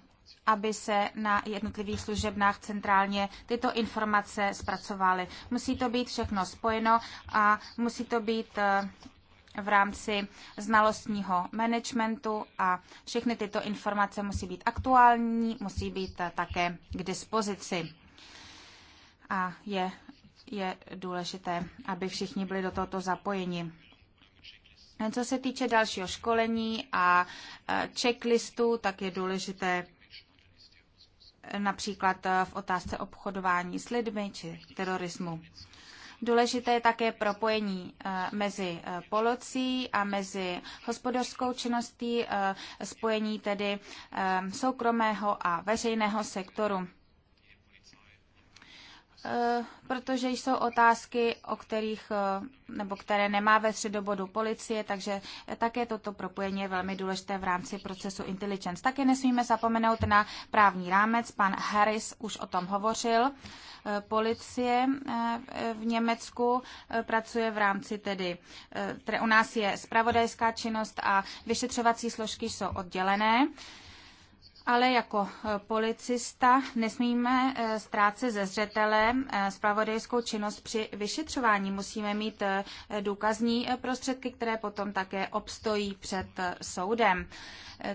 aby se na jednotlivých služebnách centrálně tyto informace zpracovaly. Musí to být všechno spojeno a musí to být v rámci znalostního managementu a všechny tyto informace musí být aktuální, musí být také k dispozici. A je, je důležité, aby všichni byli do tohoto zapojeni. Co se týče dalšího školení a e, checklistu, tak je důležité e, například e, v otázce obchodování s lidmi či terorismu. Důležité je také propojení eh, mezi eh, polocí a mezi hospodářskou činností, eh, spojení tedy soukromého a veřejného sektoru. Eh, protože jsou otázky, o kterých, eh, nebo které nemá ve středobodu policie, takže také toto propojení je velmi důležité v rámci procesu intelligence. Také nesmíme zapomenout na právní rámec. Pan Harris už o tom hovořil. Eh, policie v Německu pracuje v rámci tedy, u nás je spravodajská činnost a vyšetřovací složky jsou oddělené ale jako eh, policista nesmíme eh, ztrácet ze zřetele spravodajskou eh, činnost při vyšetřování. Musíme mít důkazní prostředky, které potom také obstojí před soudem.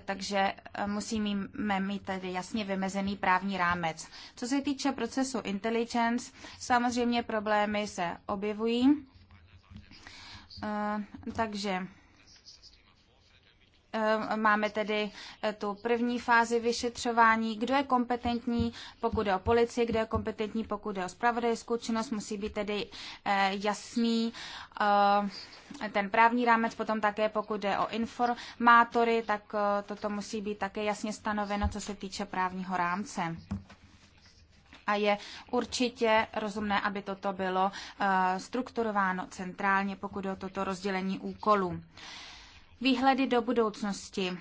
Takže musíme mít tedy jasně vymezený právní rámec. Co se týče procesu intelligence, samozřejmě problémy se objevují. Takže Ehm, máme tedy eh, tu první fázi vyšetřování, kdo je kompetentní, pokud je o policii, kdo je kompetentní, pokud je o spravodajskou činnost, musí být tedy eh, jasný ehm, ten právní rámec, potom také pokud je o informátory, tak eh, toto musí být také jasně stanoveno, co se týče právního rámce. A je určitě rozumné, aby toto bylo strukturováno centrálně, pokud je o toto rozdělení úkolů. Výhledy do budoucnosti.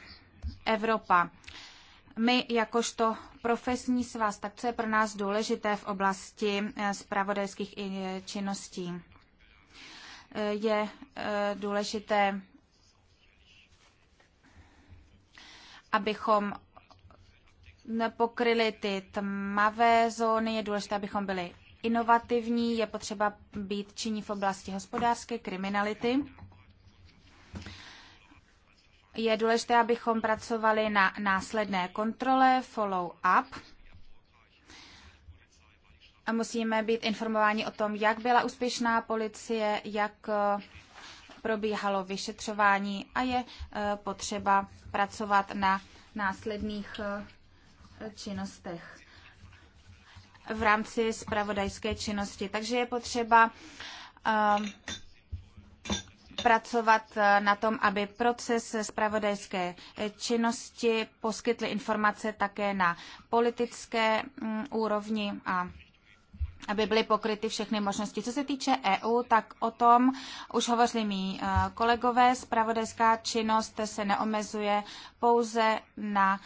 Evropa. My jakožto profesní svaz, tak co je pro nás důležité v oblasti spravodajských eh, eh, činností? Eh, je důležité, abychom nepokryli ty tmavé zóny, je důležité, abychom byli inovativní, je potřeba být činní v oblasti hospodářské kriminality je důležité, abychom pracovali na následné kontrole, follow-up. Musíme být informováni o tom, jak byla úspěšná policie, jak eh, probíhalo vyšetřování a je eh, potřeba pracovat na následných eh, činnostech v rámci spravodajské činnosti. Takže je potřeba pracovat eh, na tom, aby proces spravodajské eh, činnosti poskytly informace také na politické mm, úrovni a aby byly pokryty všechny možnosti. Co se týče EU, tak o tom už hovořili mý eh, kolegové. Spravodajská činnost se neomezuje pouze na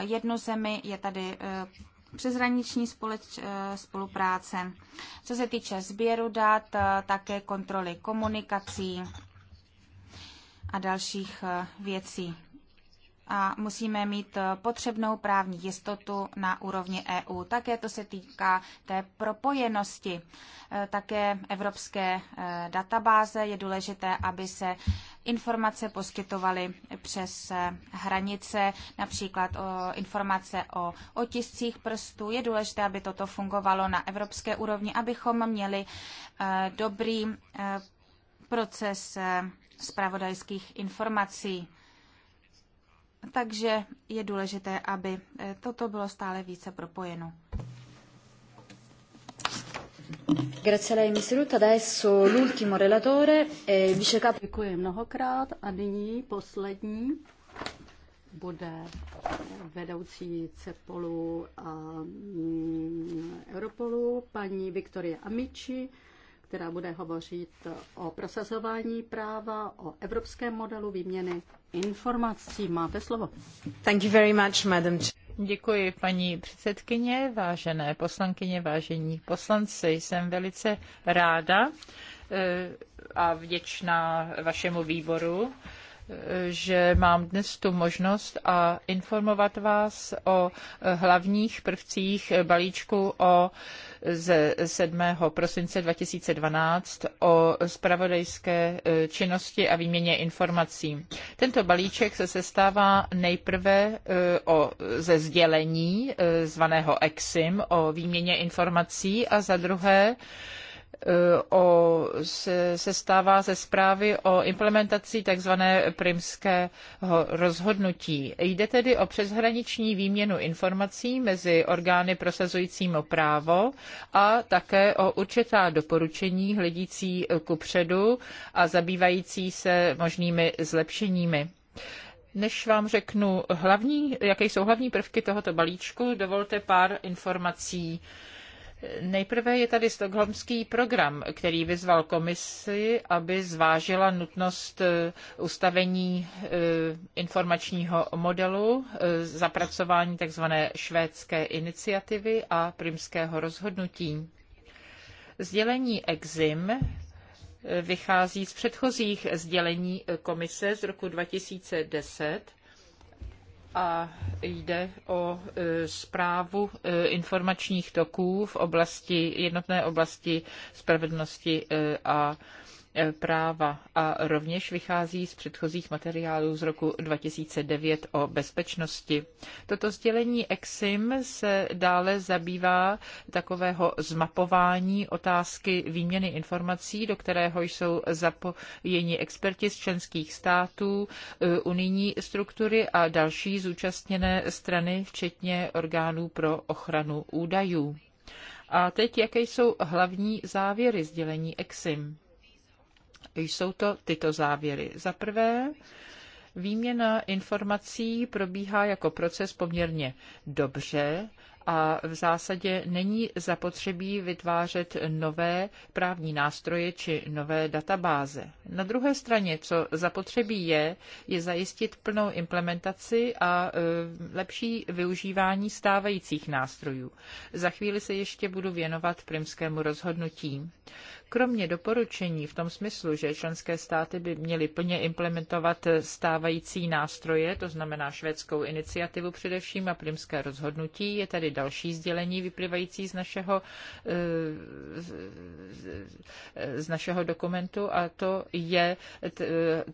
jednu zemi. Je tady přeshraniční společ, spolupráce. Co se týče sběru dat, také kontroly komunikací a dalších eh, věcí. A musíme mít eh, potřebnou právní jistotu na úrovni EU. Také to se týká té propojenosti. Eh, také evropské databáze je důležité, aby se informace poskytovaly přes hranice, například o informace o otiscích prstů. Je důležité, aby toto fungovalo na evropské úrovni, abychom měli dobrý proces spravodajských informací. Takže je důležité, aby eh, toto bylo stále více propojeno. Grazie a lei, Miss Ruth. Adesso l'ultimo relatore, eh, Děkuji mnohokrát a nyní poslední bude vedoucí CEPOLu a mm, Europolu, paní Viktorie Amici která bude hovořit o prosazování práva, o evropském modelu výměny informací. Máte slovo. Thank you very much, madam. Děkuji, paní předsedkyně, vážené poslankyně, vážení poslanci. Jsem velice ráda eh, a vděčná vašemu výboru že mám dnes tu možnost a informovat vás o hlavních prvcích balíčku o ze 7. prosince 2012 o spravodajské e, činnosti a výměně informací. Tento balíček se sestává nejprve e, o, ze sdělení e, zvaného EXIM o výměně informací a za druhé Eh, o, se, se stává ze zprávy o implementaci tzv. primského rozhodnutí. Jde tedy o přeshraniční výměnu informací mezi orgány prosazujícími právo a také o určitá doporučení hledící ku předu a zabývající se možnými zlepšeními. Než vám řeknu, hlavní, jaké jsou hlavní prvky tohoto balíčku, dovolte pár informací Nejprve je tady stokholmský program, který vyzval komisi, aby zvážila nutnost eh, ustavení eh, informačního modelu, eh, zapracování tzv. švédské iniciativy a primského rozhodnutí. Sdělení EXIM vychází z předchozích sdělení komise z roku 2010 a jde o e, zprávu e, informačních toků v oblasti jednotné oblasti spravedlnosti e, a práva a rovněž vychází z předchozích materiálů z roku 2009 o bezpečnosti. Toto sdělení EXIM se dále zabývá takového zmapování otázky výměny informací, do kterého jsou zapojeni experti z členských států, e, unijní struktury a další zúčastněné strany, včetně orgánů pro ochranu údajů. A teď, jaké jsou hlavní závěry sdělení EXIM? Jsou to tyto závěry. Za prvé, výměna informací probíhá jako proces poměrně dobře a v zásadě není zapotřebí vytvářet nové právní nástroje či nové databáze. Na druhé straně, co zapotřebí je, je zajistit plnou implementaci a e, lepší využívání stávajících nástrojů. Za chvíli se ještě budu věnovat primskému rozhodnutí. Kromě doporučení v tom smyslu, že členské státy by měly plně implementovat stávající nástroje, to znamená švédskou iniciativu především a primské rozhodnutí, je tady další sdělení vyplývající z našeho, eh, z našeho dokumentu a to je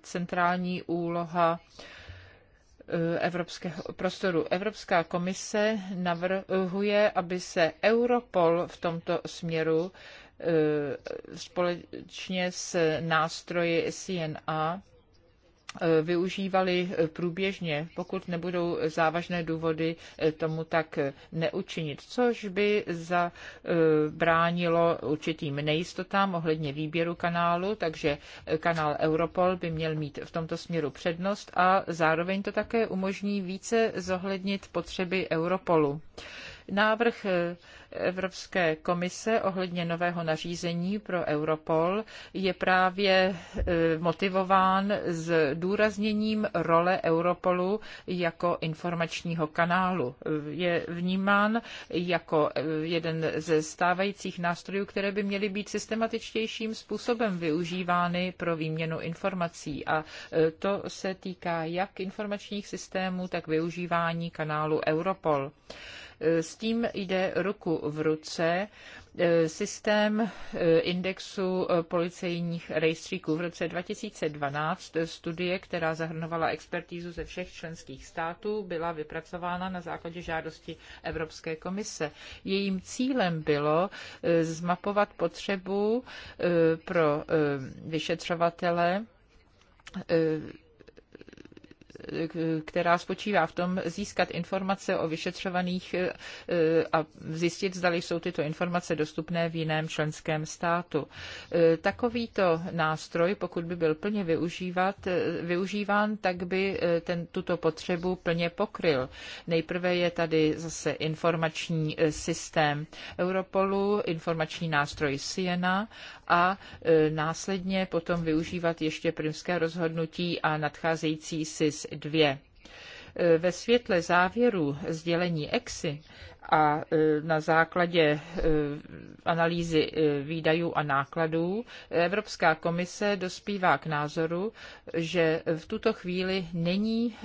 centrální úloha eh, evropského prostoru. Evropská komise navrhuje, aby se Europol v tomto směru Eh, společně s nástroji CNA eh, využívali průběžně, pokud nebudou závažné důvody eh, tomu tak neučinit, což by zabránilo určitým nejistotám ohledně výběru kanálu, takže kanál Europol by měl mít v tomto směru přednost a zároveň to také umožní více zohlednit potřeby Europolu. Návrh eh, Evropské komise ohledně nového nařízení pro Europol je právě eh, motivován s důrazněním role Europolu jako informačního kanálu. Je vnímán jako eh, jeden ze stávajících nástrojů, které by měly být systematičtějším způsobem využívány pro výměnu informací. A to se týká jak informačních systémů, tak využívání kanálu Europol. S tím jde ruku v ruce e, systém e, indexu e, policejních rejstříků. V roce 2012 studie, která zahrnovala expertízu ze všech členských států, byla vypracována na základě žádosti Evropské komise. Jejím cílem bylo zmapovat potřebu pro vyšetřovatele která spočívá v tom získat informace o vyšetřovaných eh, a zjistit, zda jsou tyto informace dostupné v jiném členském státu. Eh, takovýto nástroj, pokud by byl plně využívat, eh, využíván, tak by ten, tuto potřebu plně pokryl. Nejprve je tady zase informační systém Europolu, informační nástroj Siena a e, následně potom využívat ještě primské rozhodnutí a nadcházející SIS 2. E, ve světle závěru sdělení EXI a e, na základě e, analýzy e, výdajů a nákladů Evropská komise dospívá k názoru, že v tuto chvíli není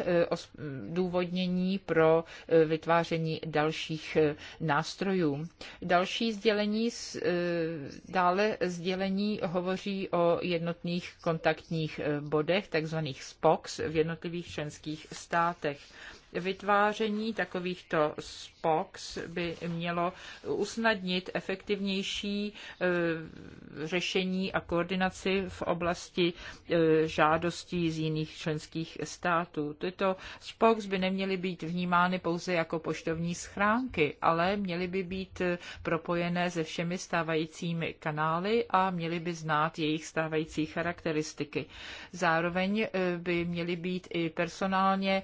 důvodnění pro vytváření dalších nástrojů. Další sdělení, dále sdělení hovoří o jednotných kontaktních bodech, takzvaných SPOX v jednotlivých členských státech. Vytváření takovýchto SPOX by mělo usnadnit efektivnější eh, řešení a koordinaci v oblasti eh, žádostí z jiných členských států. Tyto SPOX by neměly být vnímány pouze jako poštovní schránky, ale měly by být eh, propojené se všemi stávajícími kanály a měly by znát jejich stávající charakteristiky. Zároveň by měly být i personálně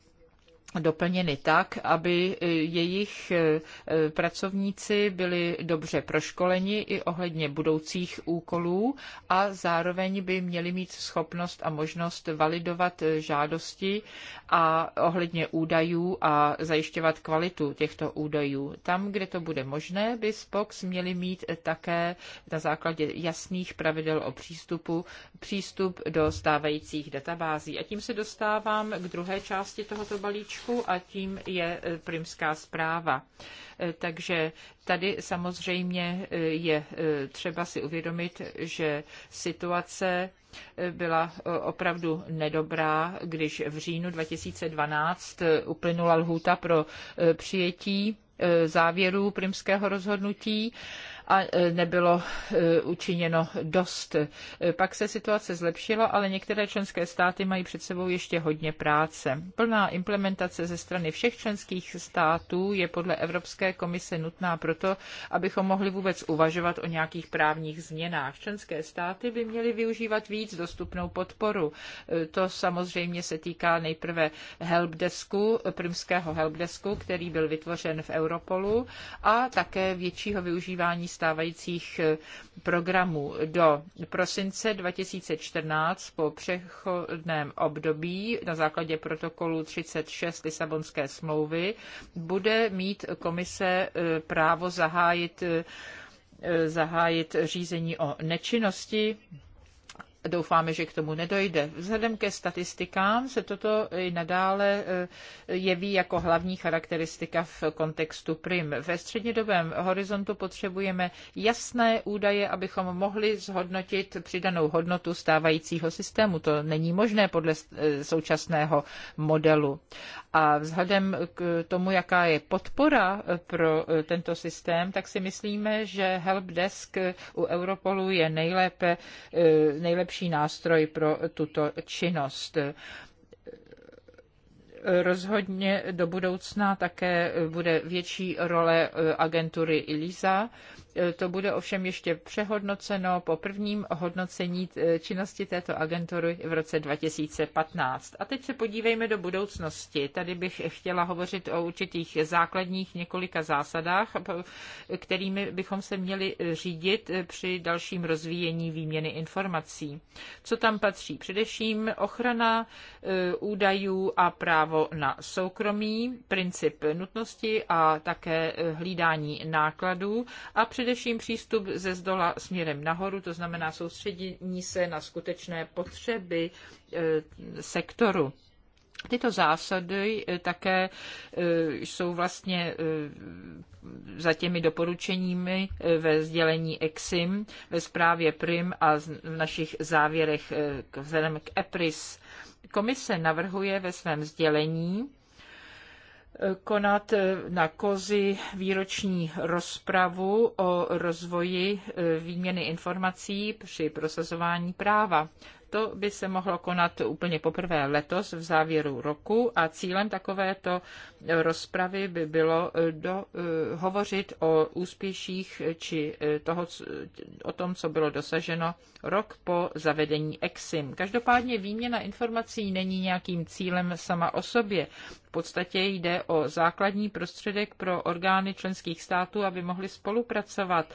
doplněny tak, aby e, jejich e, e, pracovníci byli dobře proškoleni i ohledně budoucích úkolů a zároveň by měli mít schopnost a možnost validovat žádosti a ohledně údajů a zajišťovat kvalitu těchto údajů. Tam, kde to bude možné, by Spox měli mít také na základě jasných pravidel o přístupu přístup do stávajících databází. A tím se dostávám k druhé části tohoto balíčku Rumunsku a tím je e, primská zpráva. E, takže tady samozřejmě e, je třeba si uvědomit, že situace byla opravdu nedobrá, když v říjnu 2012 uplynula lhůta pro přijetí závěrů primského rozhodnutí a e, nebylo e, učiněno dost. E, pak se situace zlepšila, ale některé členské státy mají před sebou ještě hodně práce. Plná implementace ze strany všech členských států je podle Evropské komise nutná proto, abychom mohli vůbec uvažovat o nějakých právních změnách. Členské státy by měly využívat víc dostupnou podporu. To samozřejmě se týká nejprve helpdesku, primského helpdesku, který byl vytvořen v Europolu a také většího využívání stávajících eh, programů. Do prosince 2014 po přechodném období na základě protokolu 36 Lisabonské smlouvy bude mít komise eh, právo zahájit eh, zahájit řízení o nečinnosti Doufáme, že k tomu nedojde. Vzhledem ke statistikám se toto i nadále eh, jeví jako hlavní charakteristika v kontextu prim. Ve střednědobém horizontu potřebujeme jasné údaje, abychom mohli zhodnotit přidanou hodnotu stávajícího systému. To není možné podle eh, současného modelu. A vzhledem k tomu, jaká je podpora eh, pro tento systém, tak si myslíme, že helpdesk u Europolu je nejlépe, nejlepší nejlepší nástroj pro tuto činnost rozhodně do budoucna také bude větší role agentury ILISA to bude ovšem ještě přehodnoceno po prvním hodnocení eh, činnosti této agentury v roce 2015. A teď se podívejme do budoucnosti. Tady bych chtěla hovořit o určitých základních několika zásadách, kterými bychom se měli eh, řídit eh, při dalším rozvíjení výměny informací. Co tam patří? Především ochrana údajů a právo na soukromí, princip nutnosti a také hlídání nákladů a při především přístup ze zdola směrem nahoru, to znamená soustředění se na skutečné potřeby e, sektoru. Tyto zásady e, také e, jsou vlastně za těmi doporučeními ve sdělení EXIM, ve zprávě PRIM a v našich závěrech vzhledem k EPRIS. Komise navrhuje ve svém sdělení konat eh, na kozy výroční rozpravu o rozvoji eh, výměny informací při prosazování práva. To by se mohlo konat úplně poprvé letos v závěru roku a cílem takovéto rozpravy by bylo eh, do, eh, hovořit o úspěších či eh, toho, o tom, co bylo dosaženo rok po zavedení EXIM. Každopádně výměna informací není nějakým cílem sama o sobě. V podstatě jde o základní prostředek pro orgány členských států, aby mohly spolupracovat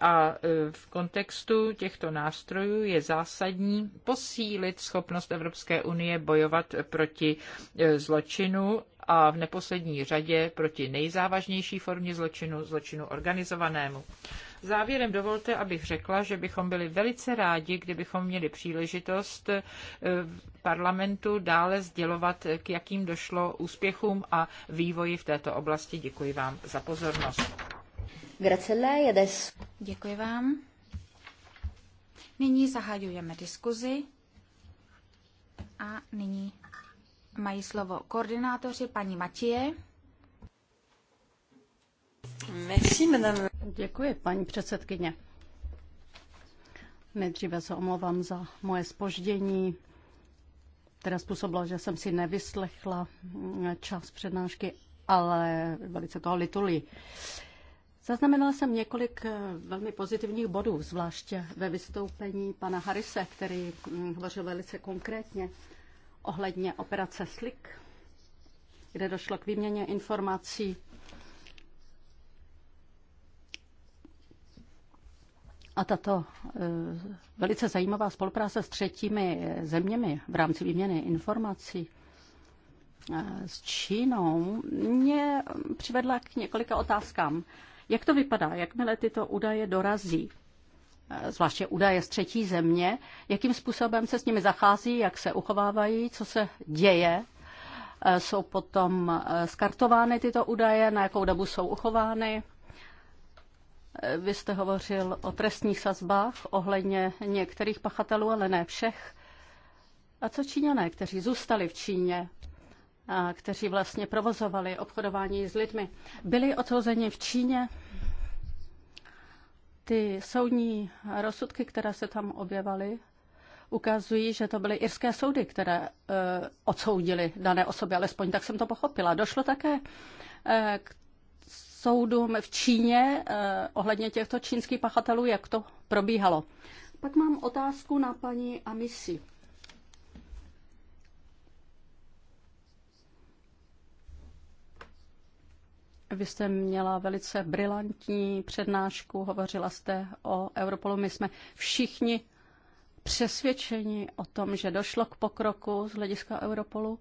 a e, v kontextu těchto nástrojů je zásadní posílit schopnost Evropské unie bojovat proti e, zločinu a v neposlední řadě proti nejzávažnější formě zločinu, zločinu organizovanému. Závěrem dovolte, abych řekla, že bychom byli velice rádi, kdybychom měli příležitost e, v parlamentu dále sdělovat, k jakým došlo úspěchům a vývoji v této oblasti. Děkuji vám za pozornost. Grazie Jedes. Děkuji vám. Nyní zahajujeme diskuzi a nyní mají slovo koordinátoři paní Matěje. Merci, madame. Děkuji, paní předsedkyně. Nejdříve se omlouvám za moje spoždění, které způsobilo, že jsem si nevyslechla čas přednášky, ale velice toho lituli. Uh, Zaznamenala jsem několik eh, velmi pozitivních bodů, zvláště ve vystoupení pana Harise, který mm, hovořil velice konkrétně ohledně operace SLIK, kde došlo k výměně informací A tato eh, velice zajímavá spolupráce s třetími eh, zeměmi v rámci výměny informací s Čínou mě přivedla k několika otázkám. Jak to vypadá, jakmile tyto údaje dorazí? Eh, zvláště údaje z třetí země, jakým způsobem se s nimi zachází, jak se uchovávají, co se děje. Eh, jsou potom eh, skartovány tyto údaje, na jakou dobu jsou uchovány. Vy jste hovořil o trestních sazbách ohledně některých pachatelů, ale ne všech. A co Číňané, kteří zůstali v Číně? kteří vlastně provozovali obchodování s lidmi, byli odsouzeni v Číně. Ty soudní rozsudky, které se tam objevaly, ukazují, že to byly irské soudy, které e, odsoudily dané osoby, alespoň tak jsem to pochopila. Došlo také e, k soudům v Číně e, ohledně těchto čínských pachatelů, jak to probíhalo. Pak mám otázku na paní Amisi. Vy jste měla velice brilantní přednášku, hovořila jste o Europolu. My jsme všichni přesvědčeni o tom, že došlo k pokroku z hlediska Europolu.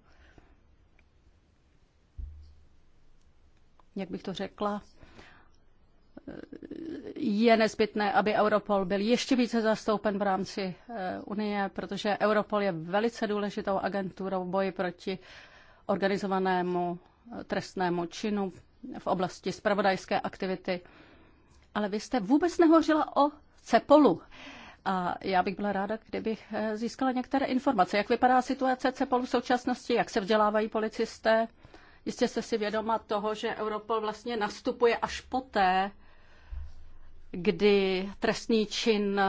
Jak bych to řekla? Je nezbytné, aby Europol byl ještě více zastoupen v rámci eh, Unie, protože Europol je velice důležitou agenturou v boji proti organizovanému eh, trestnému činu, v oblasti spravodajské aktivity. Ale vy jste vůbec nehořila o CEPOLu. A já bych byla ráda, kdybych eh, získala některé informace. Jak vypadá situace CEPOLu v současnosti, jak se vzdělávají policisté? Jistě jste si vědoma toho, že Europol vlastně nastupuje až poté, kdy trestný čin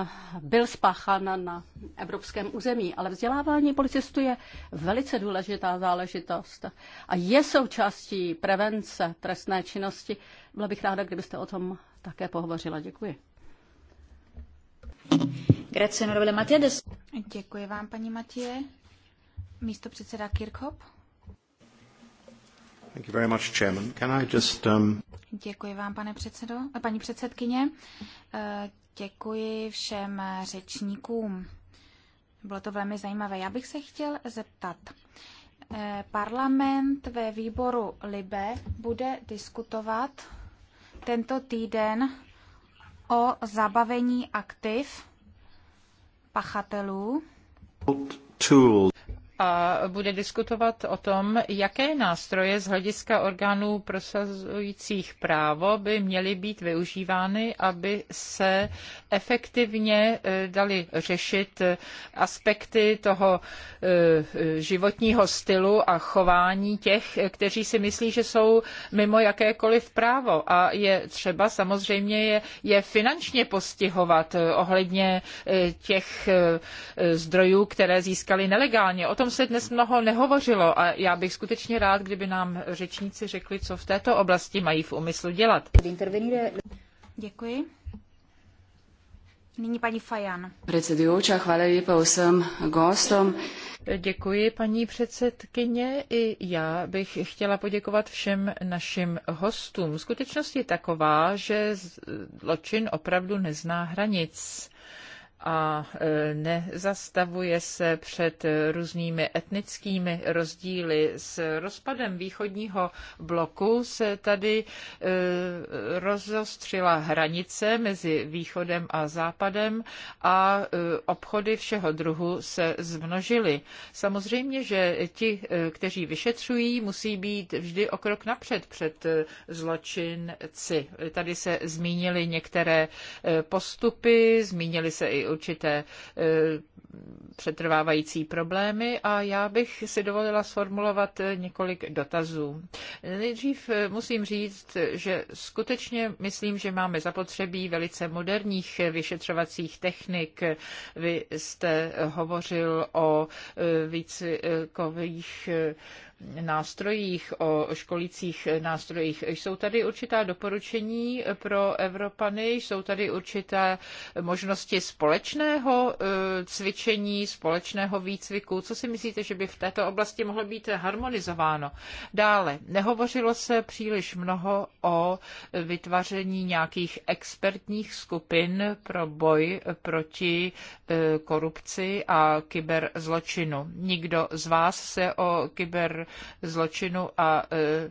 byl spáchán na evropském území, ale vzdělávání policistů je velice důležitá záležitost a je součástí prevence trestné činnosti. Byla bych ráda, kdybyste o tom také pohovořila. Děkuji. Děkuji vám, paní Matěje. Místo předseda Kirchhoff. Um, děkuji vám, pane předsedo, eh, paní předsedkyně. Eh, děkuji všem řečníkům. Bylo to velmi zajímavé. Já bych se chtěl zeptat. Eh, parlament ve výboru Libe bude diskutovat tento týden o zabavení aktiv pachatelů. Tool a bude diskutovat o tom, jaké nástroje z hlediska orgánů prosazujících právo by měly být využívány, aby se efektivně eh, dali řešit eh, aspekty toho eh, životního stylu a chování těch, kteří si myslí, že jsou mimo jakékoliv právo. A je třeba samozřejmě je, je finančně postihovat ohledně těch zdrojů, které získali nelegálně. O tom se dnes mnoho nehovořilo a já bych skutečně rád, kdyby nám řečníci řekli, co v této oblasti mají v úmyslu dělat. Děkuji. Nyní paní Fajan. Předsedující, chvále lepa všem Děkuji, paní předsedkyně. I já bych chtěla poděkovat všem našim hostům. Skutečnost je taková, že zločin opravdu nezná hranic a e, nezastavuje se před různými etnickými rozdíly. S rozpadem východního bloku se tady e, rozostřila hranice mezi východem a západem a e, obchody všeho druhu se zmnožily. Samozřejmě, že ti, kteří vyšetřují, musí být vždy o krok napřed před zločinci. Tady se zmínily některé postupy, zmínily se i určité eh, přetrvávající problémy a já bych si dovolila sformulovat eh, několik dotazů. Nejdřív eh, musím říct, že skutečně myslím, že máme zapotřebí velice moderních vyšetřovacích technik. Vy jste hovořil o výcvikových nástrojích, o školících nástrojích. Jsou tady určitá doporučení pro Evropany, jsou tady určité možnosti společného eh, cvičení, společného výcviku. Co si myslíte, že by v této oblasti mohlo být harmonizováno? Dále, nehovořilo se příliš mnoho o vytváření nějakých expertních skupin pro boj proti eh, korupci a kyberzločinu. Nikdo z vás se o kyber zločinu a e,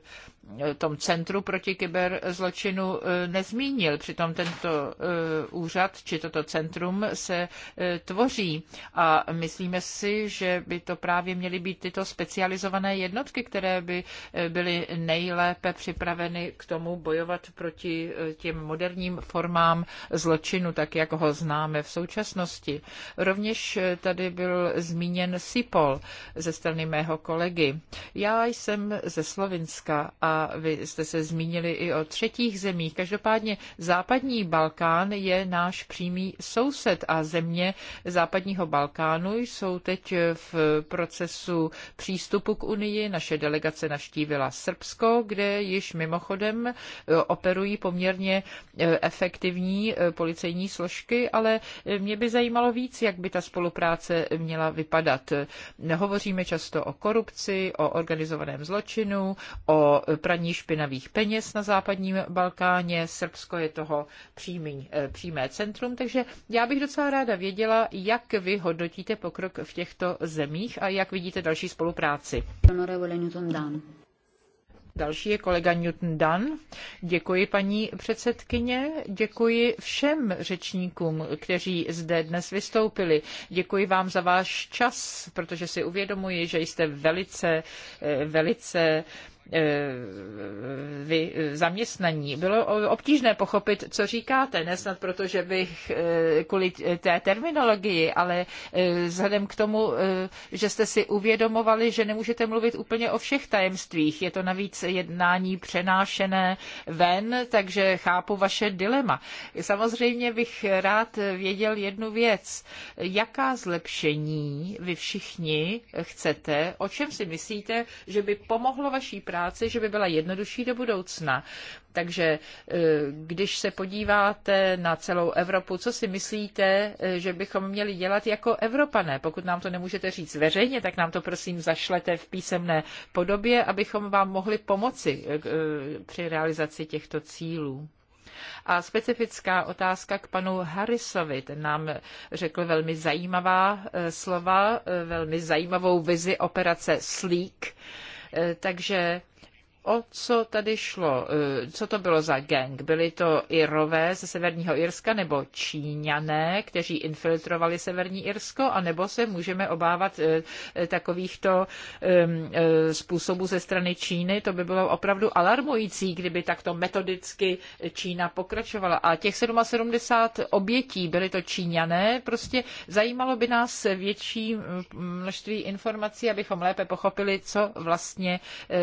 tom centru proti kyberzločinu eh, nezmínil. Přitom tento eh, úřad či toto centrum se eh, tvoří a myslíme si, že by to právě měly být tyto specializované jednotky, které by byly nejlépe připraveny k tomu bojovat proti těm moderním formám zločinu, tak jak ho známe v současnosti. Rovněž tady byl zmíněn SIPOL ze strany mého kolegy. Já jsem ze Slovinska a vy jste se zmínili i o třetích zemích. Každopádně západní Balkán je náš přímý soused a země západního Balkánu jsou teď v procesu přístupu k Unii. Naše delegace navštívila Srbsko, kde již mimochodem e, operují poměrně e, efektivní e, policejní složky, ale mě by zajímalo víc, jak by ta spolupráce měla vypadat. Hovoříme často o korupci, o organizovaném zločinu, o praní špinavých peněz na západním Balkáně. Srbsko je toho přímý, eh, přímé centrum, takže já bych docela ráda věděla, jak vy hodnotíte pokrok v těchto zemích a jak vidíte další spolupráci. Další je kolega Newton Dunn. Děkuji paní předsedkyně, děkuji všem řečníkům, kteří zde dnes vystoupili. Děkuji vám za váš čas, protože si uvědomuji, že jste velice, eh, velice E, vy, zaměstnaní. Bylo obtížné pochopit, co říkáte, nesnad proto, že bych e, kvůli té terminologii, ale e, vzhledem k tomu, že jste si uvědomovali, že nemůžete mluvit úplně o všech tajemstvích. Je to navíc jednání přenášené ven, takže chápu vaše dilema. Samozřejmě bych rád věděl jednu věc. Jaká zlepšení vy všichni chcete, o čem si myslíte, že by pomohlo vaší práci, že by byla jednodušší do budoucna. Takže e, když se podíváte na celou Evropu, co si myslíte, e, že bychom měli dělat jako Evropané? Pokud nám to nemůžete říct veřejně, tak nám to prosím zašlete v písemné podobě, abychom vám mohli pomoci e, při realizaci těchto cílů. A specifická otázka k panu Harrisovi. Ten nám řekl velmi zajímavá slova, velmi zajímavou vizi operace Sleek Eh, takže o co tady šlo, e, co to bylo za gang. Byli to Irové ze Severního Irska nebo Číňané, kteří infiltrovali Severní Irsko, anebo se můžeme obávat e, e, takovýchto způsobů ze strany Číny. To by bylo opravdu alarmující, kdyby takto metodicky Čína pokračovala. A těch 77 obětí byly to Číňané. Prostě zajímalo by nás větší množství informací, abychom lépe pochopili, co vlastně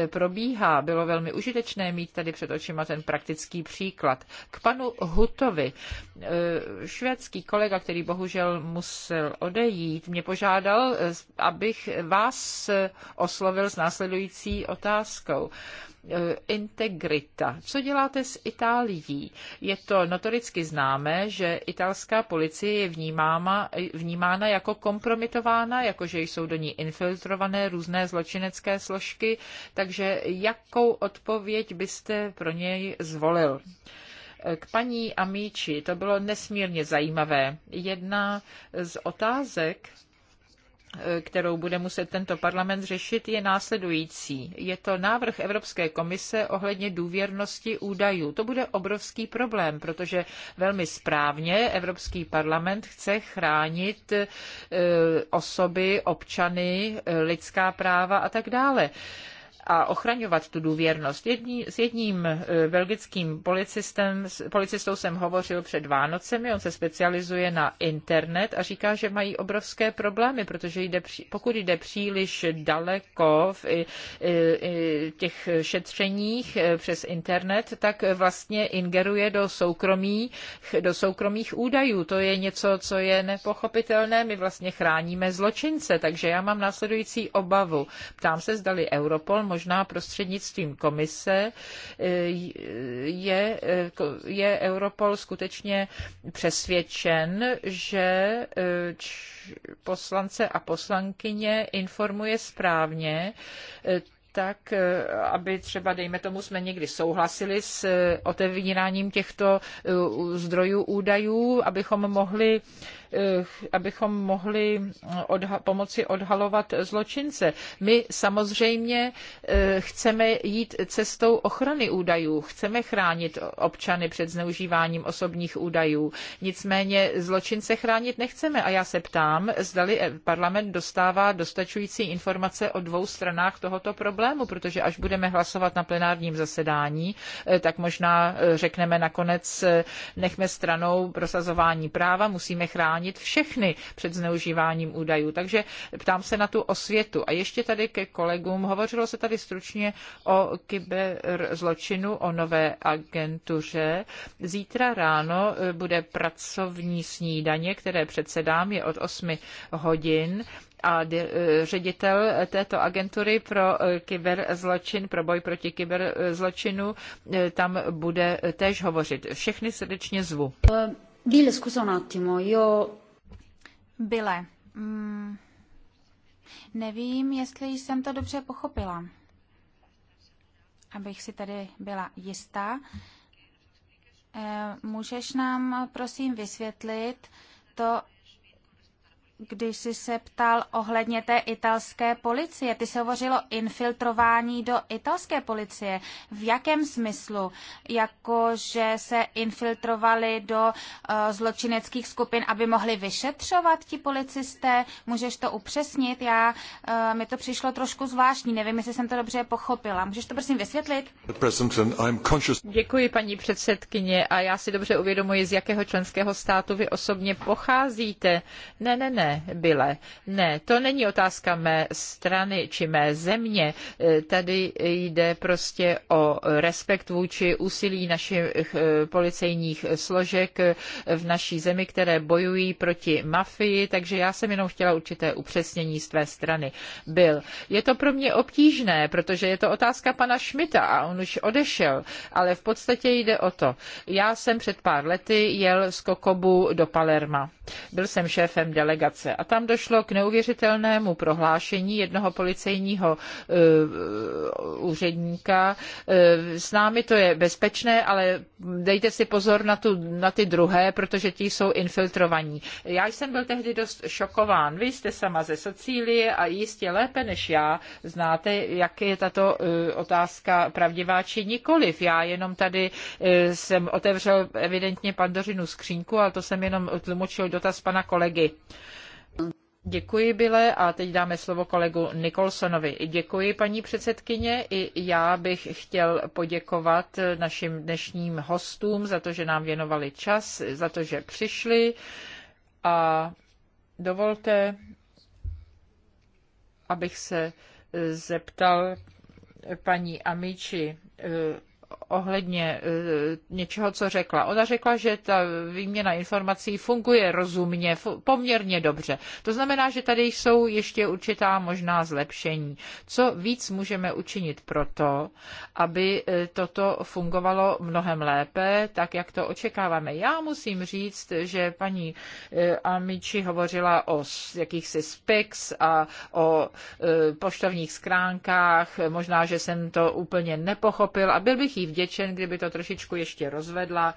probíhá bylo velmi užitečné mít tady před očima ten praktický příklad. K panu Hutovi. Eh, švédský kolega, který bohužel musel odejít, mě požádal, eh, abych vás eh, oslovil s následující otázkou integrita. Co děláte s Itálií? Je to notoricky známé, že italská policie je vnímána, vnímána jako kompromitována, jako že jsou do ní infiltrované různé zločinecké složky, takže jakou odpověď byste pro něj zvolil? K paní Amíči to bylo nesmírně zajímavé. Jedna z otázek, kterou bude muset tento parlament řešit, je následující. Je to návrh Evropské komise ohledně důvěrnosti údajů. To bude obrovský problém, protože velmi správně Evropský parlament chce chránit e, osoby, občany, e, lidská práva a tak dále a ochraňovat tu důvěrnost. Jedni, s jedním eh, belgickým policistem, policistou jsem hovořil před Vánocemi, on se specializuje na internet a říká, že mají obrovské problémy, protože jde, pokud jde příliš daleko v těch šetřeních eh, přes internet, tak vlastně ingeruje do soukromých, do soukromých údajů. To je něco, co je nepochopitelné. My vlastně chráníme zločince, takže já mám následující obavu. Ptám se, zdali Europol možná prostřednictvím komise, eh, je, eh, je Europol skutečně přesvědčen, že eh, poslance a poslankyně informuje správně, tak, aby třeba, dejme tomu, jsme někdy souhlasili s otevíráním těchto zdrojů údajů, abychom mohli Eh, abychom mohli eh, odha- pomoci odhalovat zločince. My samozřejmě eh, chceme jít cestou ochrany údajů, chceme chránit občany před zneužíváním osobních údajů. Nicméně zločince chránit nechceme a já se ptám, zdali parlament dostává dostačující informace o dvou stranách tohoto problému, protože až budeme hlasovat na plenárním zasedání, tak možná řekneme nakonec, nechme stranou prosazování práva, musíme chránit chránit všechny před zneužíváním údajů. Takže ptám se na tu osvětu. A ještě tady ke kolegům. Hovořilo se tady stručně o kyberzločinu, o nové agentuře. Zítra ráno eh, bude pracovní snídaně, které předsedám, je od 8 hodin a eh, ředitel této agentury pro eh, kyberzločin, pro boj proti kyberzločinu, tam bude též hovořit. Všechny srdečně zvu. Bill, scusa un attimo, io... Bile, mm, nevím, jestli jsem to dobře pochopila. Abych si tady byla jistá, eh, můžeš nám prosím vysvětlit to, když jsi se ptal ohledně té italské policie. Ty se hovořilo infiltrování do italské policie. V jakém smyslu? Jako, že se infiltrovali do uh, zločineckých skupin, aby mohli vyšetřovat ti policisté? Můžeš to upřesnit? Já, uh, mi to přišlo trošku zvláštní, nevím, jestli jsem to dobře pochopila. Můžeš to prosím vysvětlit? Děkuji, paní předsedkyně, a já si dobře uvědomuji, z jakého členského státu vy osobně pocházíte. Ne, ne, ne ne, byle, ne, to není otázka mé strany či mé země. E, tady jde prostě o respekt vůči úsilí našich e, policejních složek v naší zemi, které bojují proti mafii, takže já jsem jenom chtěla určité upřesnění z tvé strany. Byl. Je to pro mě obtížné, protože je to otázka pana Šmita a on už odešel, ale v podstatě jde o to. Já jsem před pár lety jel z Kokobu do Palerma. Byl jsem šéfem delegace demonstrace. A tam došlo k neuvěřitelnému prohlášení jednoho policejního eh, úředníka. Eh, s námi to je bezpečné, ale dejte si pozor na, tu, na ty druhé, protože ti jsou infiltrovaní. Já jsem byl tehdy dost šokován. Vy jste sama ze Sicílie a jistě lépe než já znáte, jak je tato eh, otázka pravdivá či nikoliv. Já jenom tady jsem otevřel evidentně pandořinu skřínku, ale to jsem jenom tlumočil dotaz pana kolegy. Děkuji, Bile, a teď dáme slovo kolegu Nikolsonovi. Děkuji, paní předsedkyně. I já bych chtěl poděkovat našim dnešním hostům za to, že nám věnovali čas, za to, že přišli. A dovolte, abych se zeptal paní Amici, ohledně eh, něčeho, co řekla. Ona řekla, že ta výměna informací funguje rozumně, poměrně dobře. To znamená, že tady jsou ještě určitá možná zlepšení. Co víc můžeme učinit pro to, aby eh, toto fungovalo mnohem lépe, tak jak to očekáváme. Já musím říct, že paní eh, Amici hovořila o jakýchsi spex a o poštovních skránkách. Možná, že jsem to úplně nepochopil a byl bych jí vděčen, kdyby to trošičku ještě rozvedla.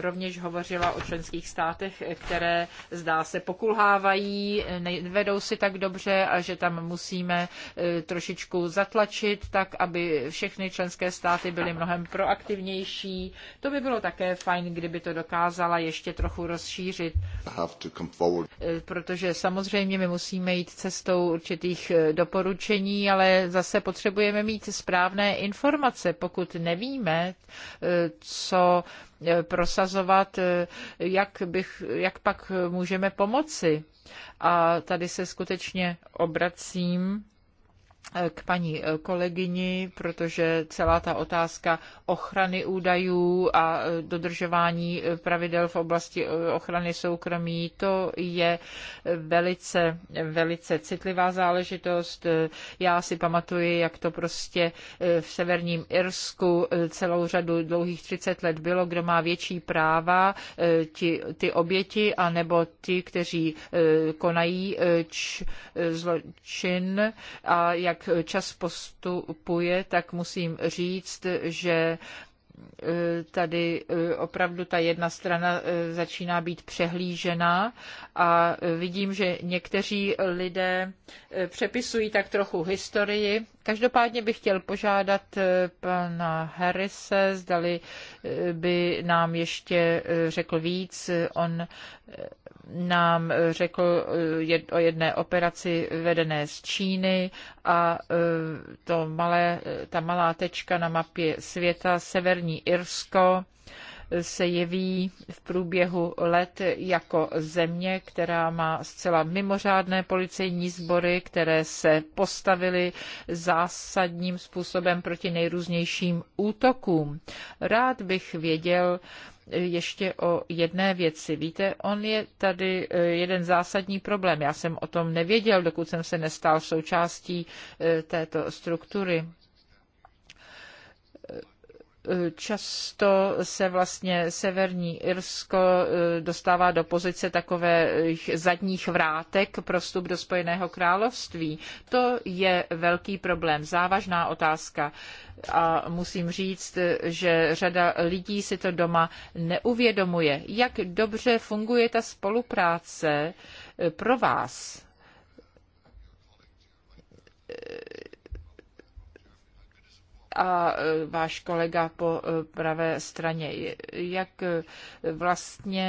Rovněž hovořila o členských státech, které zdá se pokulhávají, nevedou si tak dobře a že tam musíme e, trošičku zatlačit tak, aby všechny členské státy byly mnohem proaktivnější. To by bylo také fajn, kdyby to dokázala ještě trochu rozšířit. E, protože samozřejmě my musíme jít cestou určitých e, doporučení, ale zase potřebujeme mít správné informace. Pokud nevíme, nevíme, eh, co eh, prosazovat, eh, jak, bych, jak pak můžeme pomoci. A tady se skutečně obracím Eh, k paní eh, kolegyni, protože celá ta otázka ochrany údajů a eh, dodržování pravidel v oblasti ochrany soukromí, to je velice, velice citlivá záležitost. Já si pamatuji, jak to prostě v severním Irsku celou řadu dlouhých 30 let bylo, kdo má větší práva, ti, ty oběti, anebo ti, kteří konají č, zločin a jak jak čas postupuje, tak musím říct, že e, tady e, opravdu ta jedna strana e, začíná být přehlížena a vidím, že někteří lidé přepisují tak trochu historii. Každopádně bych chtěl požádat pana Harrise, zdali by nám ještě řekl víc. On nám eh, řekl eh, o jedné operaci vedené z Číny a eh, to malé, ta malá tečka na mapě světa, Severní Irsko, se jeví v průběhu let jako země, která má zcela mimořádné policejní sbory, které se postavily zásadním způsobem proti nejrůznějším útokům. Rád bych věděl, ještě o jedné věci. Víte, on je tady eh, jeden zásadní problém. Já jsem o tom nevěděl, dokud jsem se nestal součástí eh, této struktury často se vlastně Severní Irsko eh, dostává do pozice takových zadních vrátek pro vstup do Spojeného království. To je velký problém, závažná otázka. A musím říct, že řada lidí si to doma neuvědomuje. Jak dobře funguje ta spolupráce eh, pro vás? a e, váš kolega po e, pravé straně. Jak e, vlastně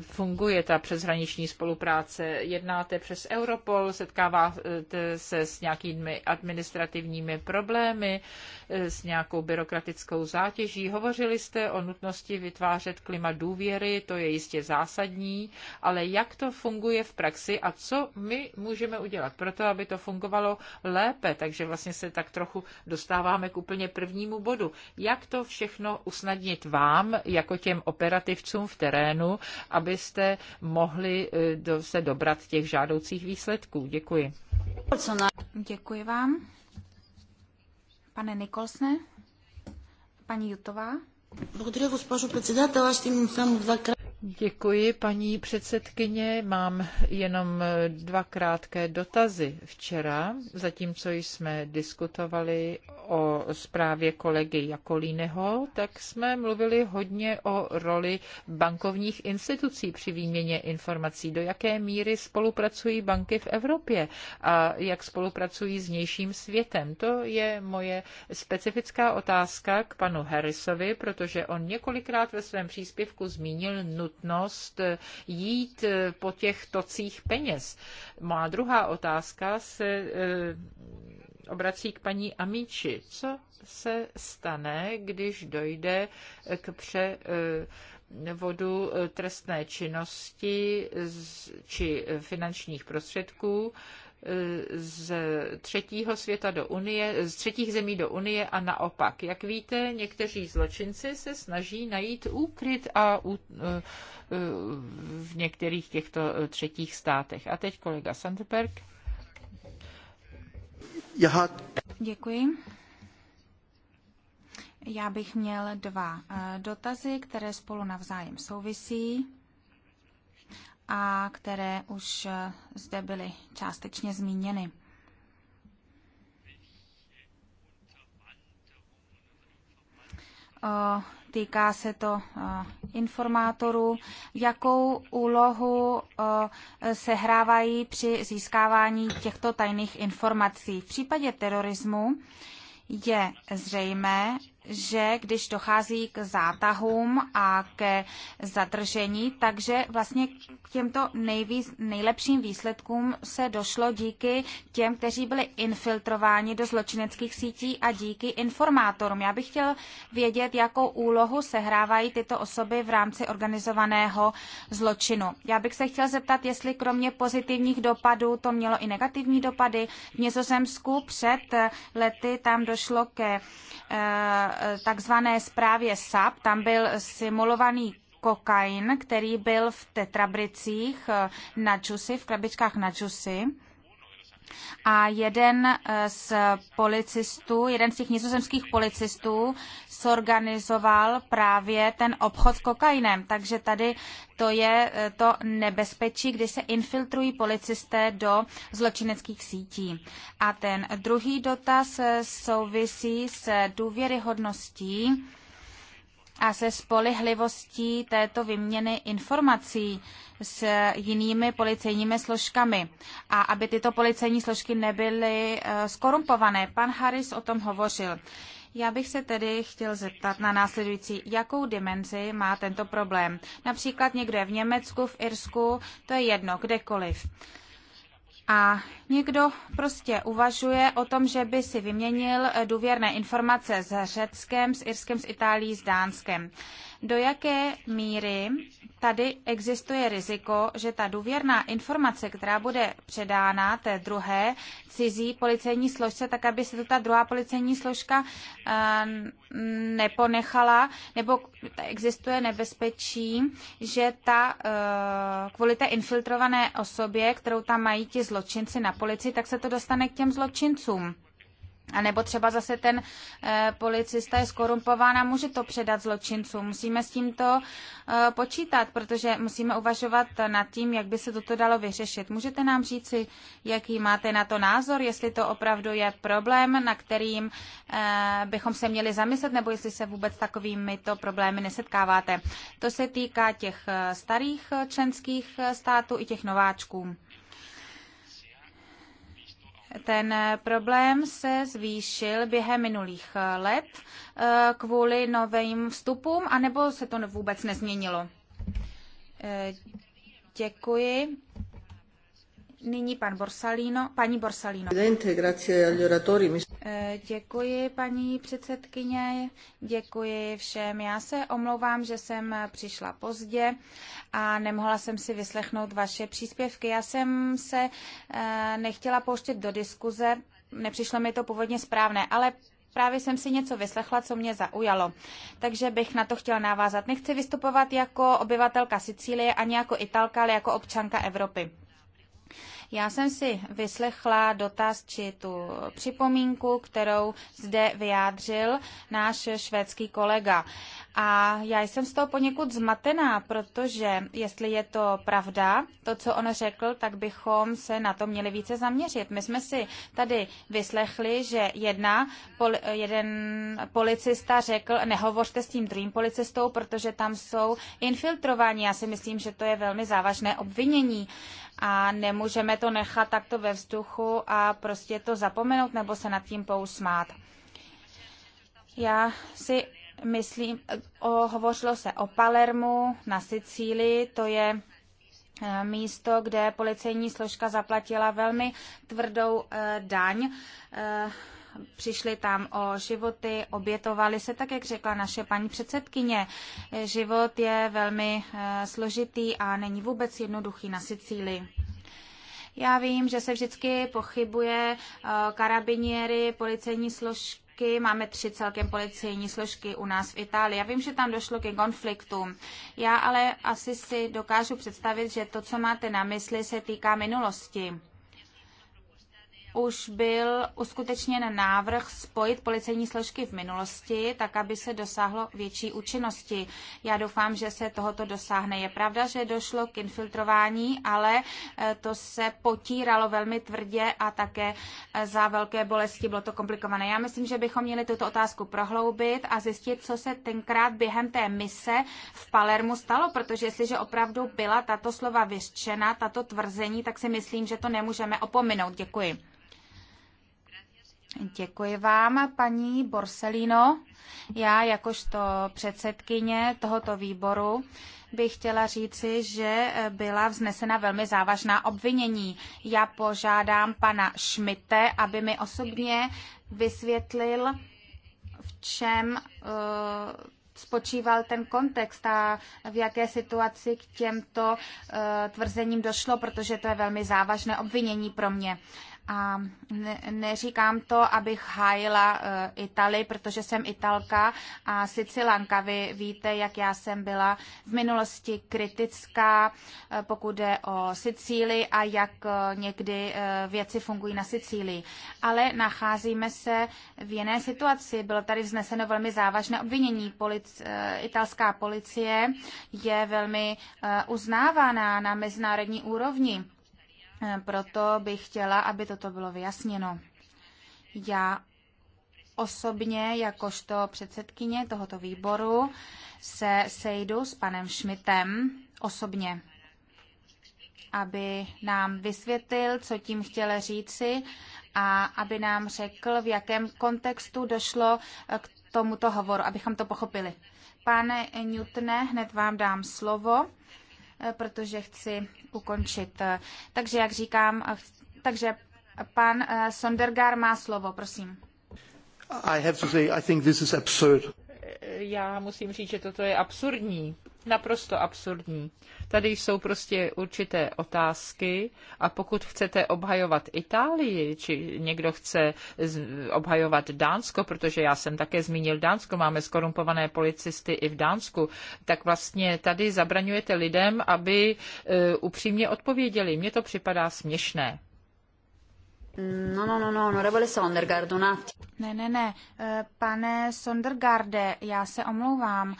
funguje ta přeshraniční spolupráce? Jednáte přes Europol, setkáváte se s nějakými administrativními problémy, s nějakou byrokratickou zátěží. Hovořili jste o nutnosti vytvářet klima důvěry, to je jistě zásadní, ale jak to funguje v praxi a co my můžeme udělat pro to, aby to fungovalo lépe? Takže vlastně se tak trochu dostává dostáváme k úplně prvnímu bodu. Jak to všechno usnadnit vám, jako těm operativcům v terénu, abyste mohli e, do, se dobrat těch žádoucích výsledků? Děkuji. Děkuji vám. Pane Nikolsne, paní Jutová. Děkuji, госпожо председател. Аз ще имам само два Děkuji, paní předsedkyně. Mám jenom dva krátké dotazy. Včera, zatímco jsme diskutovali o zprávě kolegy Jakolíneho, tak jsme mluvili hodně o roli bankovních institucí při výměně informací. Do jaké míry spolupracují banky v Evropě a jak spolupracují s vnějším světem? To je moje specifická otázka k panu Harrisovi, protože on několikrát ve svém příspěvku zmínil nutnost nutnost jít po těch tocích peněz. Má druhá otázka se eh, obrací k paní Amíči. Co se stane, když dojde k pře vodu eh, trestné činnosti či finančních prostředků z třetího světa do Unie, z třetích zemí do Unie a naopak. Jak víte, někteří zločinci se snaží najít úkryt a u, eh, eh, v některých těchto eh, třetích státech. A teď kolega Sandberg. Děkuji. Já bych měl dva dotazy, které spolu navzájem souvisí a které už zde byly částečně zmíněny. Týká se to informátorů, jakou úlohu sehrávají při získávání těchto tajných informací. V případě terorismu je zřejmé, že když dochází k zátahům a ke zadržení, takže vlastně k těmto nejvíc, nejlepším výsledkům se došlo díky těm, kteří byli infiltrováni do zločineckých sítí a díky informátorům. Já bych chtěl vědět, jakou úlohu sehrávají tyto osoby v rámci organizovaného zločinu. Já bych se chtěl zeptat, jestli kromě pozitivních dopadů to mělo i negativní dopady. V Nězozemsku před lety tam došlo ke eh, Eh, takzvané zprávě SAP, tam byl simulovaný kokain, který byl v tetrabricích eh, na džusy, v krabičkách na džusy a jeden eh, z policistů, jeden z těch nizozemských policistů sorganizoval právě ten obchod s kokainem. Takže tady to je eh, to nebezpečí, kdy se infiltrují policisté do zločineckých sítí. A ten druhý dotaz eh, souvisí s důvěryhodností a se spolehlivostí této vyměny informací s jinými policejními složkami a aby tyto policejní složky nebyly eh, skorumpované. Pan Harris o tom hovořil. Já bych se tedy chtěl zeptat na následující, jakou dimenzi má tento problém. Například někde v Německu, v Irsku, to je jedno, kdekoliv. A někdo prostě uvažuje o tom, že by si vyměnil eh, důvěrné informace s Řeckem, s Irskem, s Itálií, s Dánskem do jaké míry tady existuje riziko, že ta důvěrná informace, která bude předána té druhé cizí policejní složce, tak aby se to ta druhá policejní složka eh, neponechala, nebo existuje nebezpečí, že ta eh, kvůli té infiltrované osobě, kterou tam mají ti zločinci na policii, tak se to dostane k těm zločincům. A nebo třeba zase ten e, policista je skorumpován a může to předat zločincům. Musíme s tímto e, počítat, protože musíme uvažovat nad tím, jak by se toto dalo vyřešit. Můžete nám říci, jaký máte na to názor, jestli to opravdu je problém, na kterým e, bychom se měli zamyslet, nebo jestli se vůbec takovými to problémy nesetkáváte. To se týká těch starých členských států i těch nováčků. Ten problém se zvýšil během minulých let eh, kvůli novým vstupům, anebo se to vůbec nezměnilo? Eh, děkuji. Nyní pan Borsalino, paní Borsalino. Eh, děkuji, paní předsedkyně, děkuji všem. Já se omlouvám, že jsem přišla pozdě a nemohla jsem si vyslechnout vaše příspěvky. Já jsem se eh, nechtěla pouštět do diskuze, nepřišlo mi to původně správné, ale právě jsem si něco vyslechla, co mě zaujalo. Takže bych na to chtěla navázat. Nechci vystupovat jako obyvatelka Sicílie ani jako Italka, ale jako občanka Evropy. Já jsem si vyslechla dotaz či tu připomínku, kterou zde vyjádřil náš švédský kolega. A já jsem z toho poněkud zmatená, protože jestli je to pravda, to, co on řekl, tak bychom se na to měli více zaměřit. My jsme si tady vyslechli, že jedna, pol, jeden policista řekl, nehovořte s tím druhým policistou, protože tam jsou infiltrovaní. Já si myslím, že to je velmi závažné obvinění a nemůžeme to nechat takto ve vzduchu a prostě to zapomenout nebo se nad tím pousmát. Já si myslím, o, hovořilo se o Palermu na Sicílii, to je e, místo, kde policejní složka zaplatila velmi tvrdou e, daň e, přišli tam o životy, obětovali se, tak jak řekla naše paní předsedkyně. Život je velmi eh, složitý a není vůbec jednoduchý na Sicílii. Já vím, že se vždycky pochybuje eh, karabiniery, policejní složky, složky, máme tři celkem policejní složky u nás v Itálii. Já vím, že tam došlo ke konfliktům. Já ale asi si dokážu představit, že to, co máte na mysli, se týká minulosti už byl uskutečněn návrh spojit policejní složky v minulosti, tak aby se dosáhlo větší účinnosti. Já doufám, že se tohoto dosáhne. Je pravda, že došlo k infiltrování, ale eh, to se potíralo velmi tvrdě a také eh, za velké bolesti bylo to komplikované. Já myslím, že bychom měli tuto otázku prohloubit a zjistit, co se tenkrát během té mise v Palermu stalo, protože jestliže opravdu byla tato slova vyřčena, tato tvrzení, tak si myslím, že to nemůžeme opominout. Děkuji. Děkuji vám, paní Borsellino. Já jakožto předsedkyně tohoto výboru bych chtěla říci, že byla vznesena velmi závažná obvinění. Já požádám pana Šmite, aby mi osobně vysvětlil, v čem uh, spočíval ten kontext a v jaké situaci k těmto uh, tvrzením došlo, protože to je velmi závažné obvinění pro mě. A ne, neříkám to, abych hájila uh, eh, Italii, protože jsem Italka a Sicilanka. Vy víte, jak já jsem byla v minulosti kritická, uh, pokud jde o Sicílii a jak uh, někdy uh, věci fungují na Sicílii. Ale nacházíme se v jiné situaci. Bylo tady vzneseno velmi závažné obvinění. Polic, uh, italská policie je velmi uh, uznávaná na mezinárodní úrovni. Proto bych chtěla, aby toto bylo vyjasněno. Já osobně, jakožto předsedkyně tohoto výboru, se sejdu s panem Šmitem osobně, aby nám vysvětlil, co tím chtěl říci a aby nám řekl, v jakém kontextu došlo k tomuto hovoru, abychom to pochopili. Pane Newtone, hned vám dám slovo, protože chci ukončit. Takže, jak říkám, takže pan eh, Sondergar má slovo, prosím. I have to say, I think this is absurd. Já musím říct, že toto je absurdní naprosto absurdní. Tady jsou prostě určité otázky a pokud chcete obhajovat Itálii, či někdo chce obhajovat Dánsko, protože já jsem také zmínil Dánsko, máme skorumpované policisty i v Dánsku, tak vlastně tady zabraňujete lidem, aby e, upřímně odpověděli. Mně to připadá směšné. No, no, no, no, honorable Sondergaard, un attimo. Ne, ne, ne, eh, pane Sondergarde, já se omlouvám.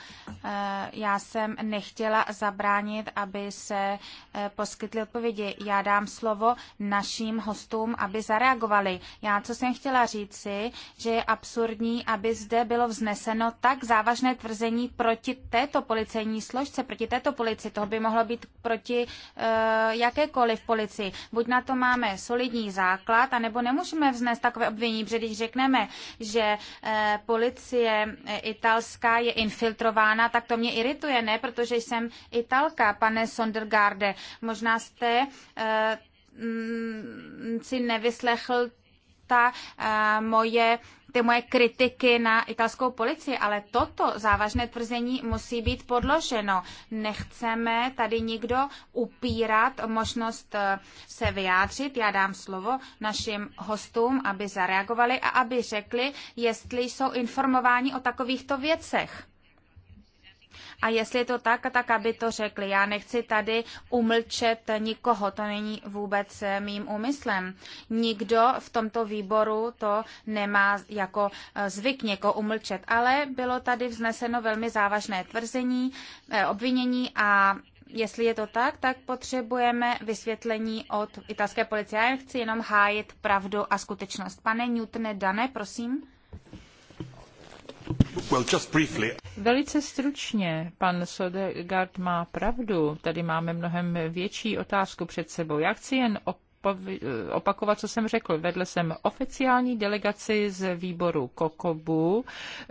Eh, já jsem nechtěla zabránit, aby se eh, poskytly odpovědi. Já dám slovo našim hostům, aby zareagovali. Já, co jsem chtěla říci, že je absurdní, aby zde bylo vzneseno tak závažné tvrzení proti této policejní složce, proti této policii. To by mohlo být proti jakékoliv policii. Buď na to máme solidní základ, stát, anebo nemůžeme vznést takové obvinění, protože když řekneme, že eh, policie eh, italská je infiltrována, tak to mě irituje, ne? Protože jsem italka, pane Sondergarde. Možná jste eh, mm, si nevyslechl ta moje ty moje kritiky na italskou policii, ale toto závažné tvrzení musí být podloženo. Nechceme tady nikdo upírat možnost eh, se vyjádřit. Já dám slovo našim hostům, aby zareagovali a aby řekli, jestli jsou informováni o takovýchto věcech. A jestli je to tak, tak aby to řekli. Já nechci tady umlčet nikoho, to není vůbec eh, mým úmyslem. Nikdo v tomto výboru to nemá jako eh, zvyk někoho umlčet, ale bylo tady vzneseno velmi závažné tvrzení, eh, obvinění a jestli je to tak, tak potřebujeme vysvětlení od italské policie. Já chci jenom hájit pravdu a skutečnost. Pane Newtone, dané, prosím. Velice stručně, pan Sodegard má pravdu. Tady máme mnohem větší otázku před sebou. Já chci jen op- opakovat, co jsem řekl. Vedl jsem oficiální delegaci z výboru Kokobu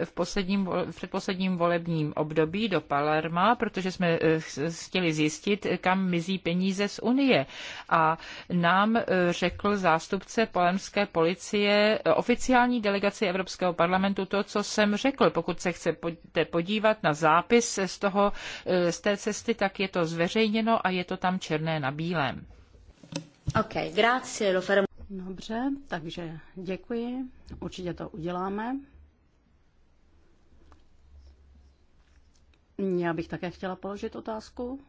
v, posledním, v předposledním volebním období do Palerma, protože jsme eh, chtěli zjistit, kam mizí peníze z Unie. A nám eh, řekl zástupce palermské policie eh, oficiální delegaci Evropského parlamentu to, co jsem řekl. Pokud se chcete podívat na zápis z, toho, z té cesty, tak je to zveřejněno a je to tam černé na bílém. OK, grazie, lo faremo. Dobře, takže děkuji. Určitě to uděláme. Já bych také chtěla položit otázku.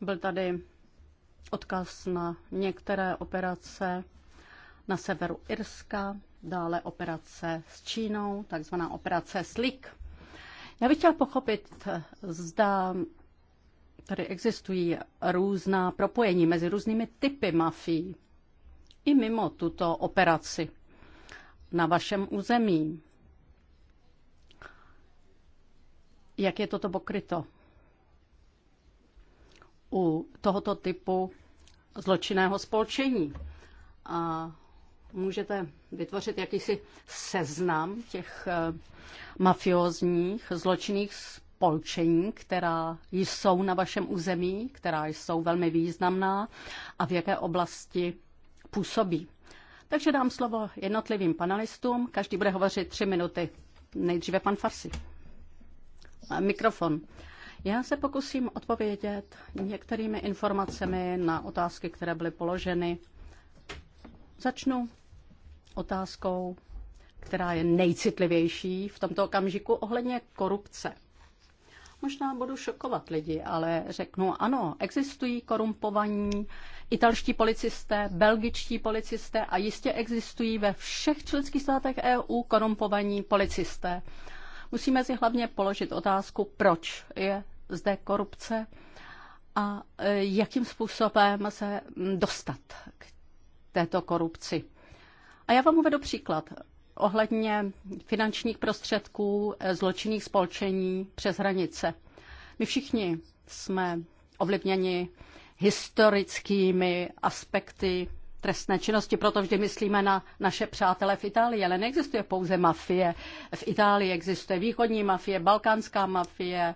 Byl tady odkaz na některé operace na severu Irska, dále operace s Čínou, takzvaná operace SLIK. Já bych chtěla pochopit, zda Tady existují různá propojení mezi různými typy mafií i mimo tuto operaci na vašem území. Jak je toto pokryto? U tohoto typu zločinného spolčení. A můžete vytvořit jakýsi seznam těch eh, mafiozních zločinných spolčení polčení, která jsou na vašem území, která jsou velmi významná a v jaké oblasti působí. Takže dám slovo jednotlivým panelistům. Každý bude hovořit tři minuty. Nejdříve pan Farsi. Mikrofon. Já se pokusím odpovědět některými informacemi na otázky, které byly položeny. Začnu otázkou, která je nejcitlivější v tomto okamžiku ohledně korupce. Možná budu šokovat lidi, ale řeknu ano, existují korumpovaní italští policisté, belgičtí policisté a jistě existují ve všech členských státech EU korumpovaní policisté. Musíme si hlavně položit otázku, proč je zde korupce a e, jakým způsobem se dostat k této korupci. A já vám uvedu příklad ohledně finančních prostředků eh, zločinných spolčení přes hranice. My všichni jsme ovlivněni historickými aspekty trestné činnosti, proto vždy myslíme na naše přátele v Itálii, ale neexistuje pouze mafie. V Itálii existuje východní mafie, balkánská mafie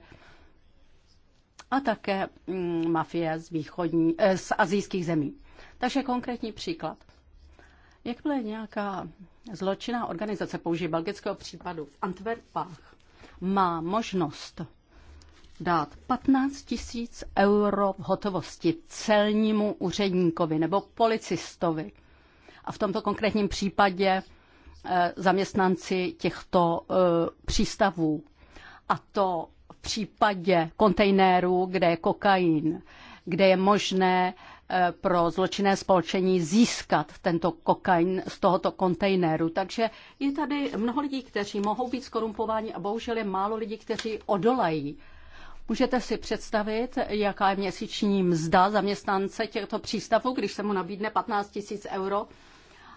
a také mm, mafie z, východní, eh, z azijských zemí. Takže konkrétní příklad. Jakmile nějaká zločinná organizace použije belgického případu v Antwerpách, má možnost dát 15 tisíc euro v hotovosti celnímu úředníkovi nebo policistovi. A v tomto konkrétním případě eh, zaměstnanci těchto eh, přístavů. A to v případě kontejnerů, kde je kokain, kde je možné Eh, pro zločinné spolčení získat tento kokain z tohoto kontejneru. Takže je tady mnoho lidí, kteří mohou být skorumpováni a bohužel je málo lidí, kteří odolají. Můžete si představit, jaká je měsíční mzda zaměstnance těchto přístavů, když se mu nabídne 15 000 euro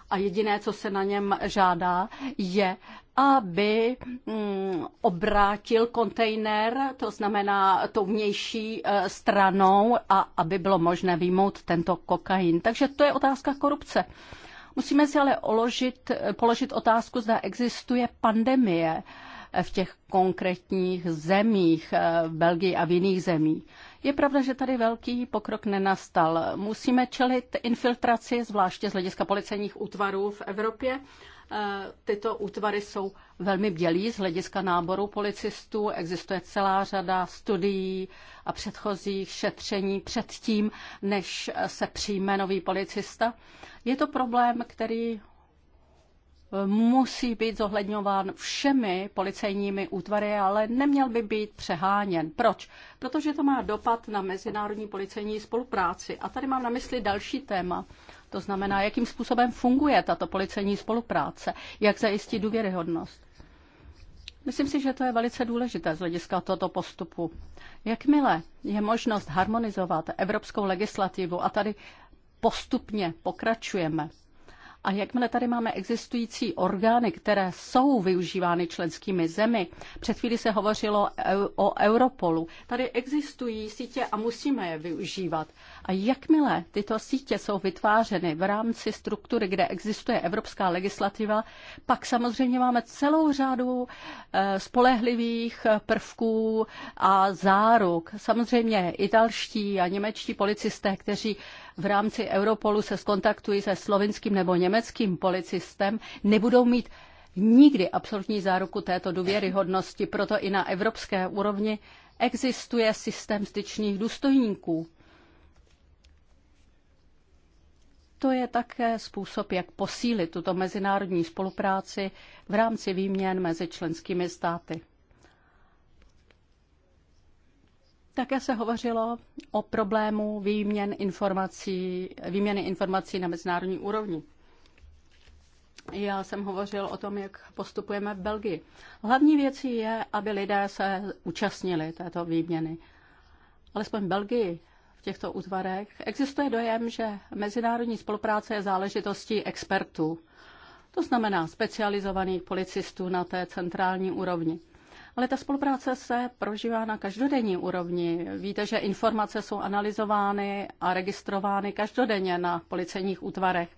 a jediné, co se na něm žádá, je, aby mm, obrátil kontejner, to znamená tou vnější e, stranou a aby bylo možné vyjmout tento kokain. Takže to je otázka korupce. Musíme si ale oložit, položit otázku, zda existuje pandemie v těch konkrétních zemích, e, v Belgii a v jiných zemích. Je pravda, že tady velký pokrok nenastal. Musíme čelit infiltraci, zvláště z hlediska policejních útvarů v Evropě. E, tyto útvary jsou velmi bdělí z hlediska náboru policistů. Existuje celá řada studií a předchozích šetření předtím, než se přijme nový policista. Je to problém, který musí být zohledňován všemi policejními útvary, ale neměl by být přeháněn. Proč? Protože to má dopad na mezinárodní policejní spolupráci. A tady mám na mysli další téma. To znamená, jakým způsobem funguje tato policejní spolupráce, jak zajistit důvěryhodnost. Myslím si, že to je velice důležité z hlediska tohoto postupu. Jakmile je možnost harmonizovat evropskou legislativu a tady postupně pokračujeme, a jakmile tady máme existující orgány, které jsou využívány členskými zemi, před chvíli se hovořilo e, o Europolu, tady existují sítě a musíme je využívat. A jakmile tyto sítě jsou vytvářeny v rámci struktury, kde existuje evropská legislativa, pak samozřejmě máme celou řadu eh, spolehlivých prvků a záruk. Samozřejmě italští a němečtí policisté, kteří v rámci Europolu se skontaktují se slovinským nebo německým policistem, nebudou mít nikdy absolutní záruku této důvěryhodnosti, proto i na evropské úrovni existuje systém styčných důstojníků. To je také způsob, jak posílit tuto mezinárodní spolupráci v rámci výměn mezi členskými státy. Také se hovořilo o problému výměn informací, výměny informací na mezinárodní úrovni. Já jsem hovořil o tom, jak postupujeme v Belgii. Hlavní věcí je, aby lidé se účastnili této výměny. Alespoň v Belgii těchto útvarech, existuje dojem, že mezinárodní spolupráce je záležitostí expertů. To znamená specializovaných policistů na té centrální úrovni. Ale ta spolupráce se prožívá na každodenní úrovni. Víte, že informace jsou analyzovány a registrovány každodenně na policejních útvarech.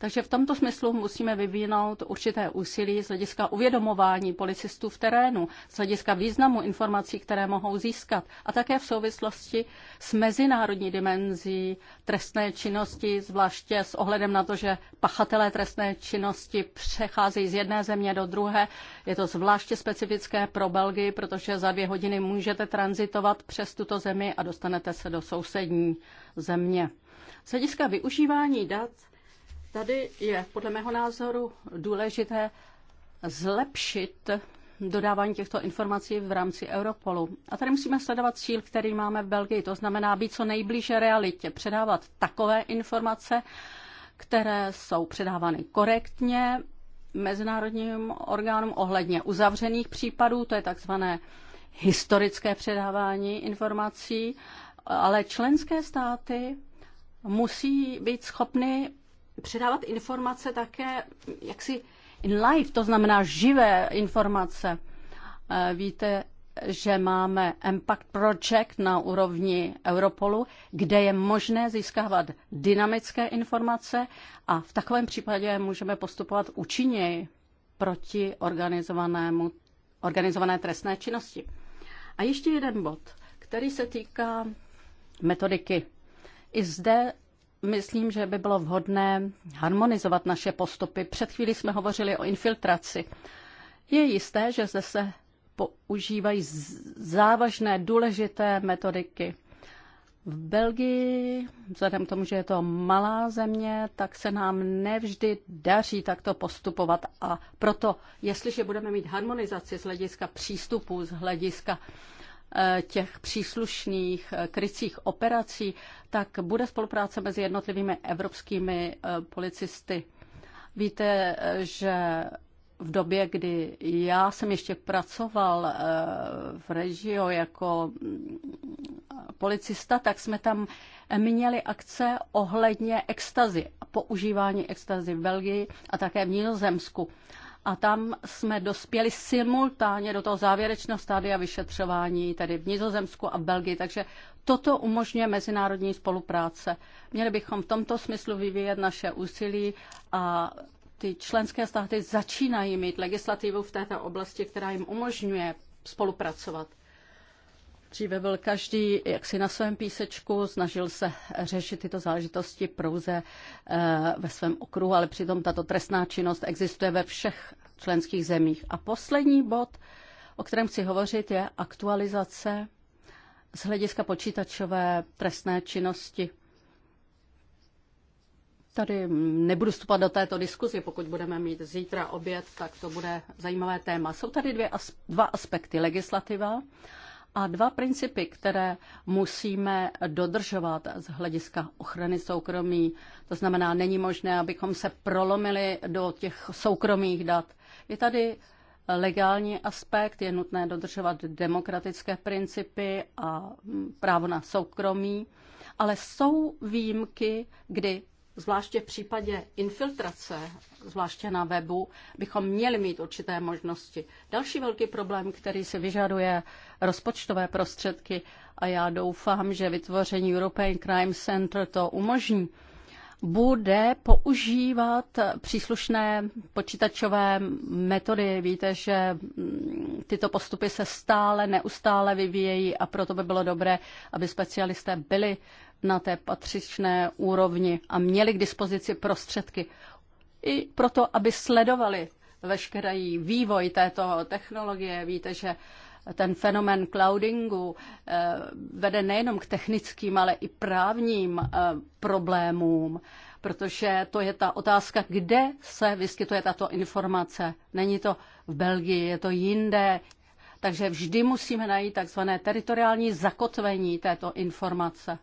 Takže v tomto smyslu musíme vyvinout určité úsilí z hlediska uvědomování policistů v terénu, z hlediska významu informací, které mohou získat a také v souvislosti s mezinárodní dimenzí trestné činnosti, zvláště s ohledem na to, že pachatelé trestné činnosti přecházejí z jedné země do druhé. Je to zvláště specifické pro Belgii, protože za dvě hodiny můžete transitovat přes tuto zemi a dostanete se do sousední země. Z hlediska využívání dat Tady je podle mého názoru důležité zlepšit dodávání těchto informací v rámci Europolu. A tady musíme sledovat cíl, který máme v Belgii, to znamená být co nejblíže realitě, předávat takové informace, které jsou předávány korektně mezinárodním orgánům ohledně uzavřených případů, to je takzvané historické předávání informací, ale členské státy musí být schopny předávat informace také mm, jaksi in live, to znamená živé informace. Eh, víte, že máme Impact Project na úrovni Europolu, kde je možné získávat dynamické informace a v takovém případě můžeme postupovat účinněji proti organizovanému, organizované trestné činnosti. A ještě jeden bod, který se týká metodiky. I zde myslím, že by bylo vhodné harmonizovat naše postupy. Před chvílí jsme hovořili o infiltraci. Je jisté, že zde se používají závažné, důležité metodiky. V Belgii, vzhledem k tomu, že je to malá země, tak se nám nevždy daří takto postupovat a proto, jestliže budeme mít harmonizaci z hlediska přístupů, z hlediska uh, Eh, těch příslušných eh, krycích operací, tak bude spolupráce mezi jednotlivými evropskými eh, policisty. Víte, že v době, kdy já jsem ještě pracoval v Regio jako mm, policista, tak jsme tam měli akce ohledně extazy, používání extazy v Belgii a také v Nizozemsku a tam jsme dospěli simultánně do toho závěrečného stádia vyšetřování, tedy v Nizozemsku a v Belgii, takže toto umožňuje mezinárodní spolupráce. Měli bychom v tomto smyslu vyvíjet naše úsilí a ty členské státy začínají mít legislativu v této oblasti, která jim umožňuje spolupracovat. Dříve byl každý jaksi na svém písečku, snažil se řešit tyto záležitosti prouze eh, ve svém okruhu, ale přitom tato trestná činnost existuje ve všech členských zemích. A poslední bod, o kterém chci hovořit, je aktualizace z hlediska počítačové trestné činnosti. Tady nebudu vstupovat do této diskuzi, pokud budeme mít zítra oběd, tak to bude zajímavé téma. Jsou tady dvě, dva aspekty. Legislativa a dva principy, které musíme dodržovat z hlediska ochrany soukromí, to znamená, není možné, abychom se prolomili do těch soukromých dat. Je tady legální aspekt, je nutné dodržovat demokratické principy a právo na soukromí, ale jsou výjimky, kdy zvláště v případě infiltrace, zvláště na webu, bychom měli mít určité možnosti. Další velký problém, který se vyžaduje rozpočtové prostředky a já doufám, že vytvoření European Crime Center to umožní, bude používat příslušné počítačové metody. Víte, že mm, tyto postupy se stále, neustále vyvíjejí a proto by bylo dobré, aby specialisté byli na té patřičné úrovni a měli k dispozici prostředky i proto, aby sledovali veškerý vývoj této technologie. Víte, že ten fenomen cloudingu eh, vede nejenom k technickým, ale i právním eh, problémům, protože to je ta otázka, kde se vyskytuje tato informace. Není to v Belgii, je to jinde. Takže vždy musíme najít takzvané teritoriální zakotvení této informace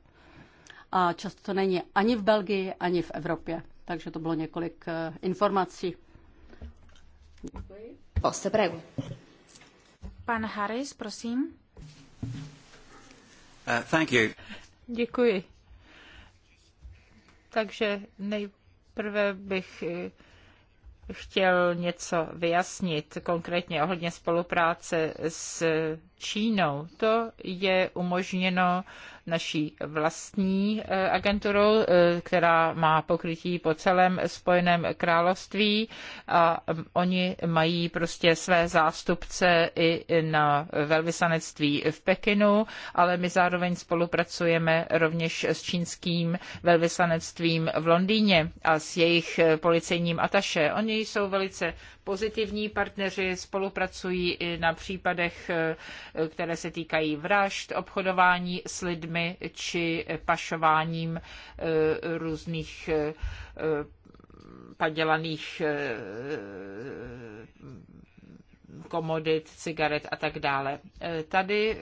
a často to není ani v Belgii, ani v Evropě. Takže to bylo několik eh, informací. Děkuji. Pan Harris, prosím. Uh, thank you. Děkuji. Takže nejprve bych eh, chtěl něco vyjasnit, konkrétně ohledně spolupráce s Čínou. To je umožněno naší vlastní eh, agenturou, eh, která má pokrytí po celém Spojeném království a mm, oni mají prostě své zástupce i na velvyslanectví v Pekinu, ale my zároveň spolupracujeme rovněž s čínským velvyslanectvím v Londýně a s jejich eh, policejním ataše. Oni jsou velice pozitivní partneři spolupracují i na případech, eh, které se týkají vražd, obchodování s lidmi či pašováním eh, různých eh, padělaných komodit, cigaret a tak dále. Tady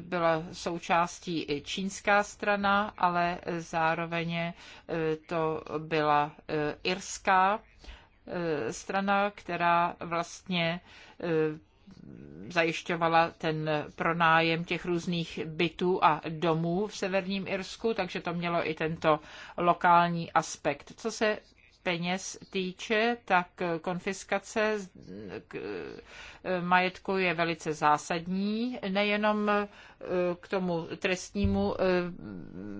byla součástí i čínská strana, ale zároveň to byla irská Eh, strana, která vlastně eh, zajišťovala ten pronájem těch různých bytů a domů v severním Irsku, takže to mělo i tento lokální aspekt. Co se peněz týče, tak konfiskace eh, majetku je velice zásadní, nejenom k tomu trestnímu eh,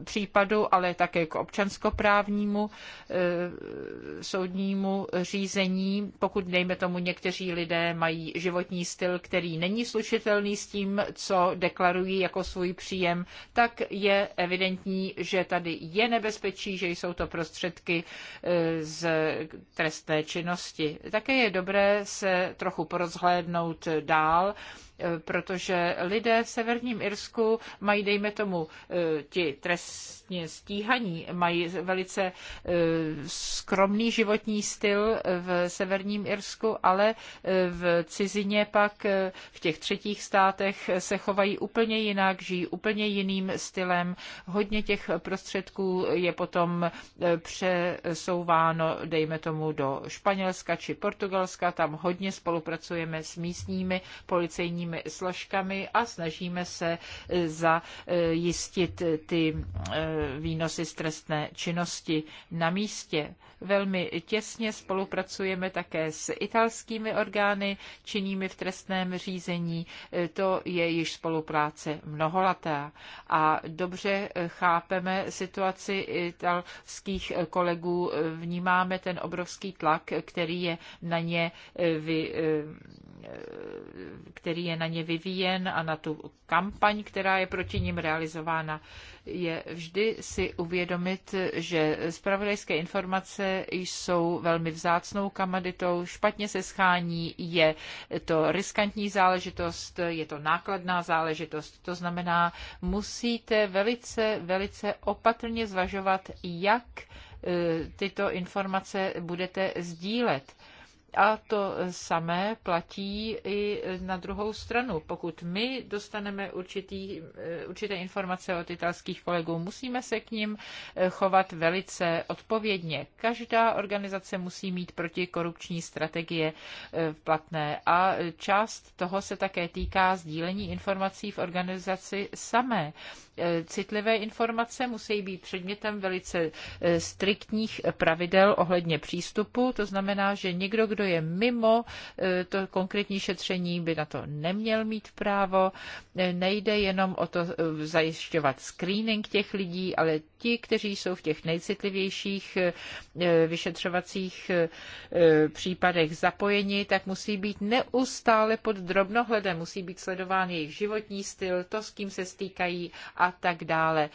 případu, ale také k občanskoprávnímu eh, soudnímu řízení, pokud dejme tomu někteří lidé mají životní styl, který není slučitelný s tím, co deklarují jako svůj příjem, tak je evidentní, že tady je nebezpečí, že jsou to prostředky eh, z trestné činnosti. Také je dobré se trochu porozhlédnout dál, Eh, protože lidé v severním Irsku mají, dejme tomu, eh, ti trestně stíhaní, mají velice eh, skromný životní styl v severním Irsku, ale v cizině pak v těch třetích státech se chovají úplně jinak, žijí úplně jiným stylem. Hodně těch prostředků je potom přesouváno, dejme tomu, do Španělska či Portugalska. Tam hodně spolupracujeme s místními policejními policejními složkami a snažíme se e, zajistit e, ty e, výnosy z trestné činnosti na místě. Velmi těsně spolupracujeme také s italskými orgány činnými v trestném řízení. E, to je již spolupráce mnoholatá. A dobře chápeme situaci italských kolegů, e, vnímáme ten obrovský tlak, který je na ně e, vy, který je na ně vyvíjen a na tu kampaň, která je proti ním realizována je vždy si uvědomit, že spravodajské informace jsou velmi vzácnou kamaditou, špatně se schání, je to riskantní záležitost, je to nákladná záležitost. To znamená, musíte velice, velice opatrně zvažovat, jak eh, tyto informace budete sdílet. A to samé platí i na druhou stranu. Pokud my dostaneme určitý, eh, určité informace od italských kolegů, musíme se k ním eh, chovat velice odpovědně. Každá organizace musí mít protikorupční strategie eh, platné a část toho se také týká sdílení informací v organizaci samé. Citlivé informace musí být předmětem velice striktních pravidel ohledně přístupu, to znamená, že někdo, kdo kdo je mimo eh, to konkrétní šetření, by na to neměl mít právo. Eh, nejde jenom o to eh, zajišťovat screening těch lidí, ale ti, kteří jsou v těch nejcitlivějších vyšetřovacích případech zapojeni, tak musí být neustále pod drobnohledem, musí být sledován jejich životní styl, to, s kým se stýkají a tak dále.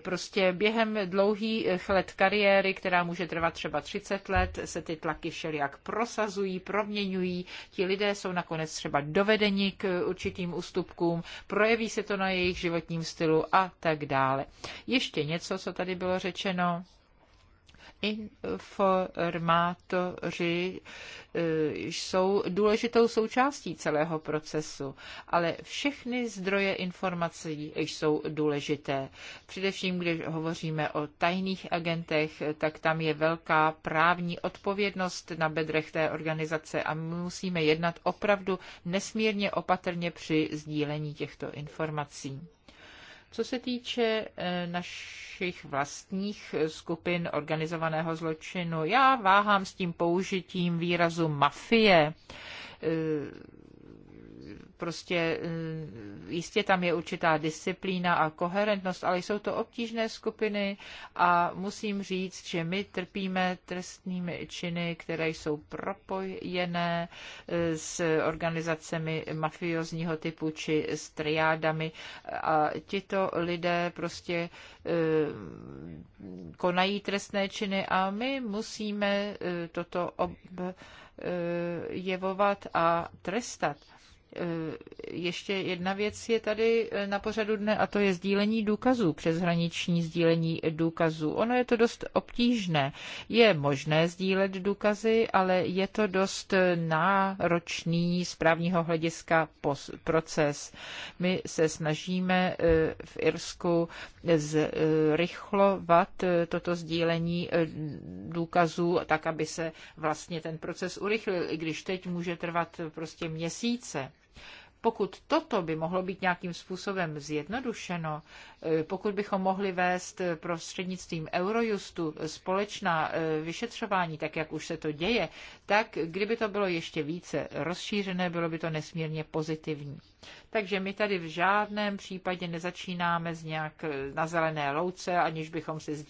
Prostě během dlouhých let kariéry, která může trvat třeba 30 let, se ty tlaky všelijak prosazují ukazují, proměňují. Ti lidé jsou nakonec třeba dovedeni k určitým ústupkům, projeví se to na jejich životním stylu a tak dále. Ještě něco, co tady bylo řečeno informátoři eh, jsou důležitou součástí celého procesu, ale všechny zdroje informací jsou důležité. Především, když hovoříme o tajných agentech, tak tam je velká právní odpovědnost na bedrech té organizace a my musíme jednat opravdu nesmírně opatrně při sdílení těchto informací. Co se týče eh, našich vlastních skupin organizovaného zločinu, já váhám s tím použitím výrazu mafie eh, prostě eh, jistě tam je určitá disciplína a koherentnost, ale jsou to obtížné skupiny a musím říct, že my trpíme trestnými činy, které jsou propojené eh, s organizacemi mafiozního typu či s triádami a tito lidé prostě eh, konají trestné činy a my musíme toto objevovat a trestat. Eh, ještě jedna věc je tady eh, na pořadu dne a to je sdílení důkazů, přeshraniční sdílení důkazů. Ono je to dost obtížné. Je možné sdílet důkazy, ale je to dost eh, náročný z právního hlediska proces. My se snažíme v Irsku zrychlovat toto sdílení důkazů tak, aby se vlastně ten proces urychlil, i když teď může trvat prostě měsíce. Pokud toto by mohlo být nějakým způsobem zjednodušeno, eh, pokud bychom mohli vést eh, prostřednictvím Eurojustu eh, společná vyšetřování, tak jak už se to děje, tak kdyby to bylo ještě více rozšířené, bylo by to nesmírně pozitivní. Takže my tady v žádném případě nezačínáme z nějak eh, na zelené louce, aniž bychom si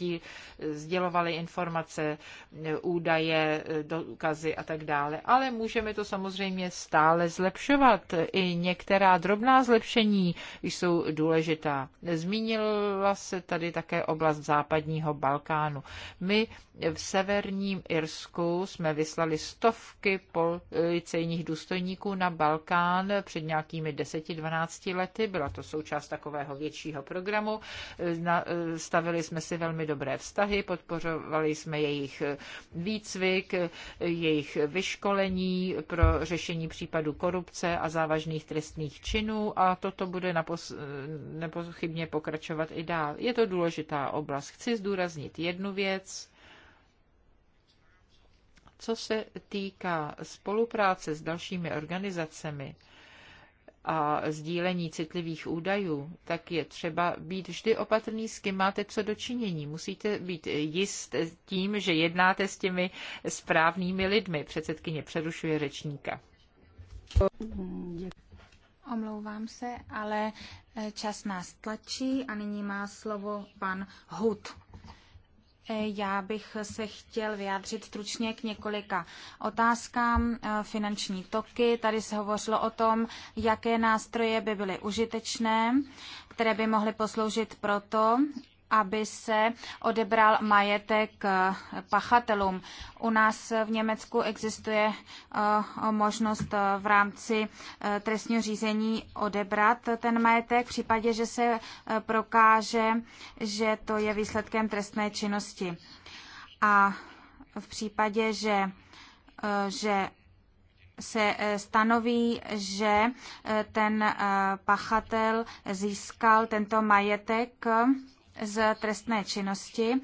sdělovali informace, eh, údaje, eh, dokazy a tak dále. Ale můžeme to samozřejmě stále zlepšovat. I některá drobná zlepšení jsou důležitá. Zmínila se tady také oblast západního Balkánu. My v severním Irsku jsme vyslali stovky policejních důstojníků na Balkán před nějakými deseti 10-12 lety. Byla to součást takového většího programu. E, e, stavili jsme si velmi dobré vztahy, podporovali jsme jejich výcvik, e, jejich vyškolení pro řešení případů korupce a závažných trestných činů a toto bude napos- nepochybně pokračovat i dál. Je to důležitá oblast. Chci zdůraznit jednu věc. Co se týká spolupráce s dalšími organizacemi, a sdílení citlivých údajů, tak je třeba být vždy opatrný, s kým máte co dočinění. Musíte být jist tím, že jednáte s těmi správnými lidmi. Předsedkyně přerušuje řečníka. Omlouvám se, ale eh, čas nás tlačí a nyní má slovo pan Hud. Já bych se chtěl vyjádřit stručně k několika otázkám. E, finanční toky, tady se hovořilo o tom, jaké nástroje by byly užitečné, které by mohly posloužit proto, aby se odebral majetek eh, pachatelům. U nás v Německu existuje eh, možnost eh, v rámci trestního řízení odebrat ten majetek v případě, že se prokáže, že to je výsledkem trestné činnosti. A v případě, že, že se stanoví, že ten pachatel získal tento majetek z trestné činnosti. E,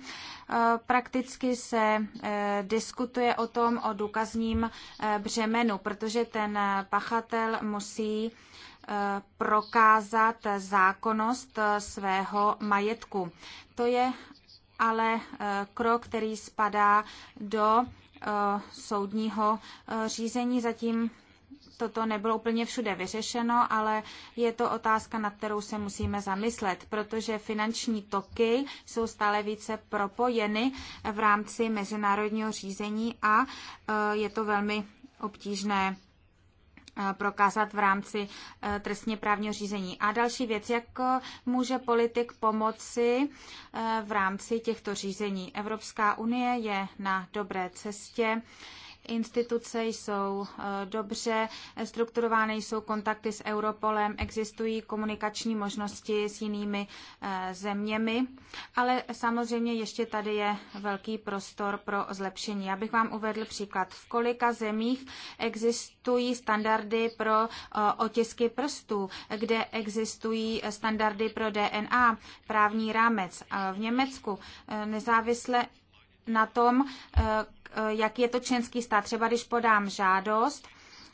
prakticky se e, diskutuje o tom, o důkazním e, břemenu, protože ten pachatel musí prokázat zákonnost svého majetku. To je ale krok, který spadá do soudního řízení, zatím toto nebylo úplně všude vyřešeno, ale je to otázka, nad kterou se musíme zamyslet, protože finanční toky jsou stále více propojeny v rámci mezinárodního řízení a eh, je to velmi obtížné eh, prokázat v rámci eh, trestně právního řízení. A další věc, jak může politik pomoci v rámci těchto řízení. Evropská unie je na dobré cestě instituce jsou eh, dobře strukturovány, jsou kontakty s Europolem, existují komunikační možnosti s jinými eh, zeměmi, ale samozřejmě ještě tady je velký prostor pro zlepšení. Já bych vám uvedl příklad, v kolika zemích existují standardy pro eh, otisky prstů, kde existují standardy pro DNA, právní rámec. V Německu nezávisle na tom, eh, jak je to členský stát. Třeba když podám žádost,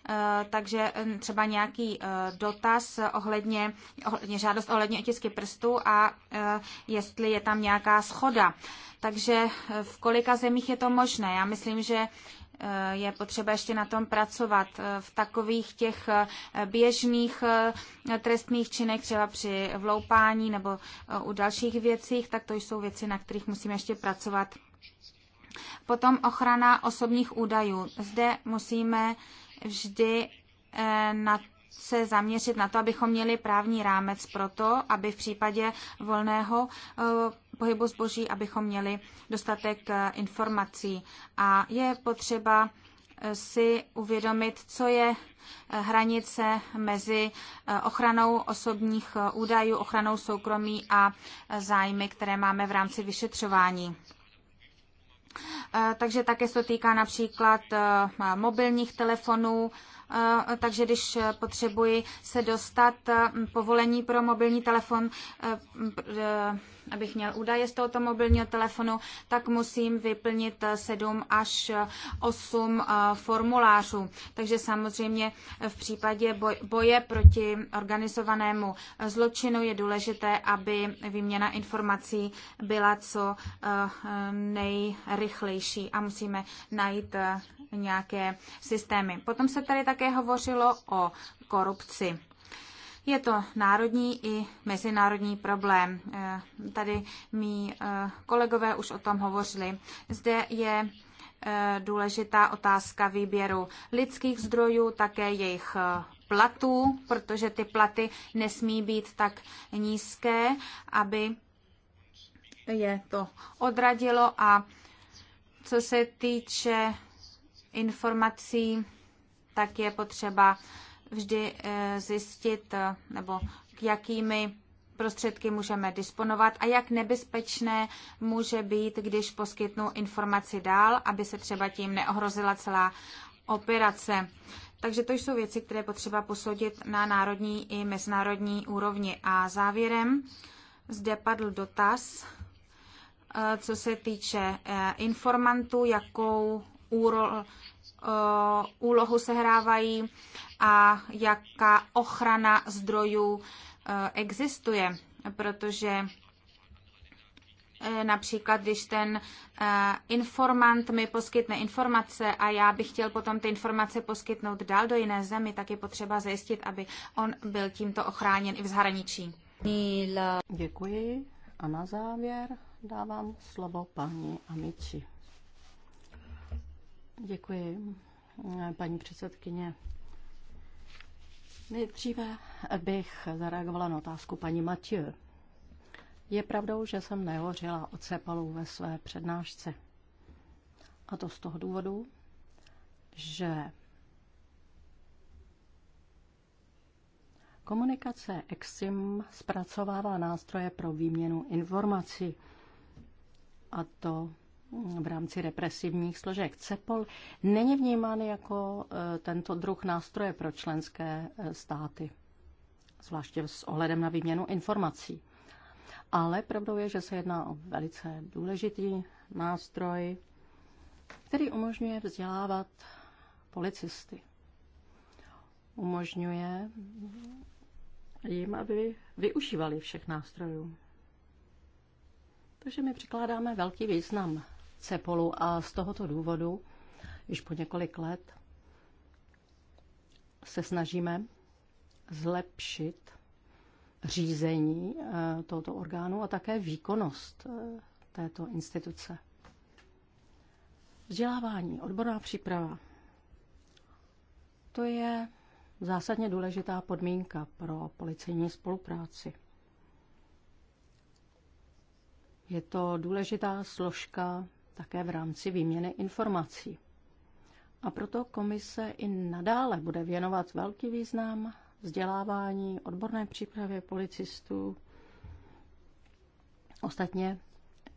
eh, takže eh, třeba nějaký dotaz ohledně, ohledně žádost ohledně otisky prstů a jestli je tam nějaká schoda. Takže v kolika zemích je to možné? Já myslím, že je potřeba ještě na tom pracovat v takových těch běžných trestných činech, třeba při vloupání nebo u dalších věcích, tak to jsou věci, na kterých musíme ještě pracovat Potom ochrana osobních údajů. Zde musíme vždy eh, na se zaměřit na to, abychom měli právní rámec pro to, aby v případě volného eh, pohybu zboží, abychom měli dostatek eh, informací. A je potřeba si uvědomit, co je hranice mezi ochranou osobních údajů, ochranou soukromí a zájmy, které máme v rámci vyšetřování. Eh, takže také se to týká například eh, mobilních telefonů, takže když e, potřebuji se dostat e, povolení pro mobilní telefon, e, abych měl údaje z tohoto mobilního telefonu, tak musím vyplnit 7 až 8 formulářů. Takže samozřejmě v případě boje proti organizovanému zločinu je důležité, aby výměna informací byla co nejrychlejší a musíme najít nějaké systémy. Potom se tady také hovořilo o korupci. Je to národní i mezinárodní problém. Eh, tady mý eh, kolegové už o tom hovořili. Zde je eh, důležitá otázka výběru lidských zdrojů, také jejich platů, protože ty platy nesmí být tak nízké, aby je to odradilo a co se týče informací, tak je potřeba vždy eh, zjistit, eh, nebo k jakými prostředky můžeme disponovat a jak nebezpečné může být, když poskytnu informaci dál, aby se třeba tím neohrozila celá operace. Takže to jsou věci, které potřeba posoudit na národní i mezinárodní úrovni. A závěrem zde padl dotaz, eh, co se týče informantů, jakou úro, eh, úlohu sehrávají a jaká ochrana zdrojů eh, existuje, protože eh, Například, když ten informant mi poskytne informace a já bych chtěl potom ty informace poskytnout dál do jiné zemi, tak je potřeba zajistit, aby on byl tímto ochráněn i v zahraničí. Děkuji a na závěr dávám slovo paní Amici. Děkuji, paní předsedkyně. Nejdříve bych zareagovala na otázku paní Matěj. Je pravdou, že jsem nehořila o cepalu ve své přednášce. A to z toho důvodu, že komunikace Exim zpracovává nástroje pro výměnu informací. A to v rámci represivních složek CEPOL není vnímán jako e, tento druh nástroje pro členské e, státy, zvláště s ohledem na výměnu informací. Ale pravdou je, že se jedná o velice důležitý nástroj, který umožňuje vzdělávat policisty. Umožňuje jim, aby využívali všech nástrojů. Takže my přikládáme velký význam CEPOLu a z tohoto důvodu již po několik let se snažíme zlepšit řízení eh, tohoto orgánu a také výkonnost eh, této instituce. Vzdělávání, odborná příprava. To je zásadně důležitá podmínka pro policejní spolupráci. Je to důležitá složka také v rámci výměny informací. A proto komise i nadále bude věnovat velký význam vzdělávání, odborné přípravě policistů. Ostatně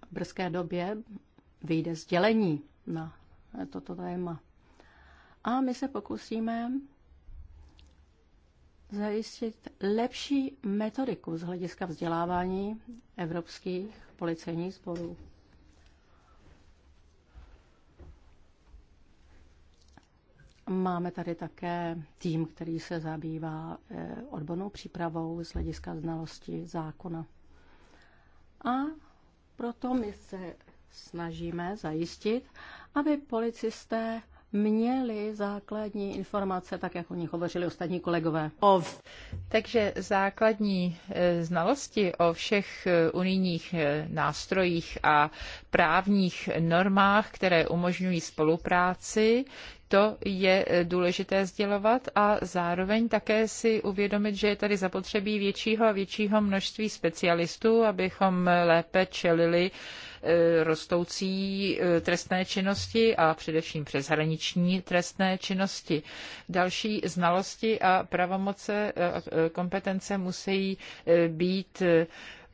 v brzké době vyjde sdělení na toto téma. A my se pokusíme zajistit lepší metodiku z hlediska vzdělávání evropských policejních sborů. Máme tady také tým, který se zabývá eh, odbornou přípravou z hlediska znalosti zákona. A proto my se snažíme zajistit, aby policisté měli základní informace, tak jak o nich hovořili ostatní kolegové. Of. Takže základní eh, znalosti o všech eh, unijních nástrojích a právních normách, které umožňují spolupráci, to je e, důležité sdělovat a zároveň také si uvědomit, že je tady zapotřebí většího a většího množství specialistů, abychom lépe čelili e, rostoucí e, trestné činnosti a především přeshraniční trestné činnosti. Další znalosti a pravomoce kompetence musí být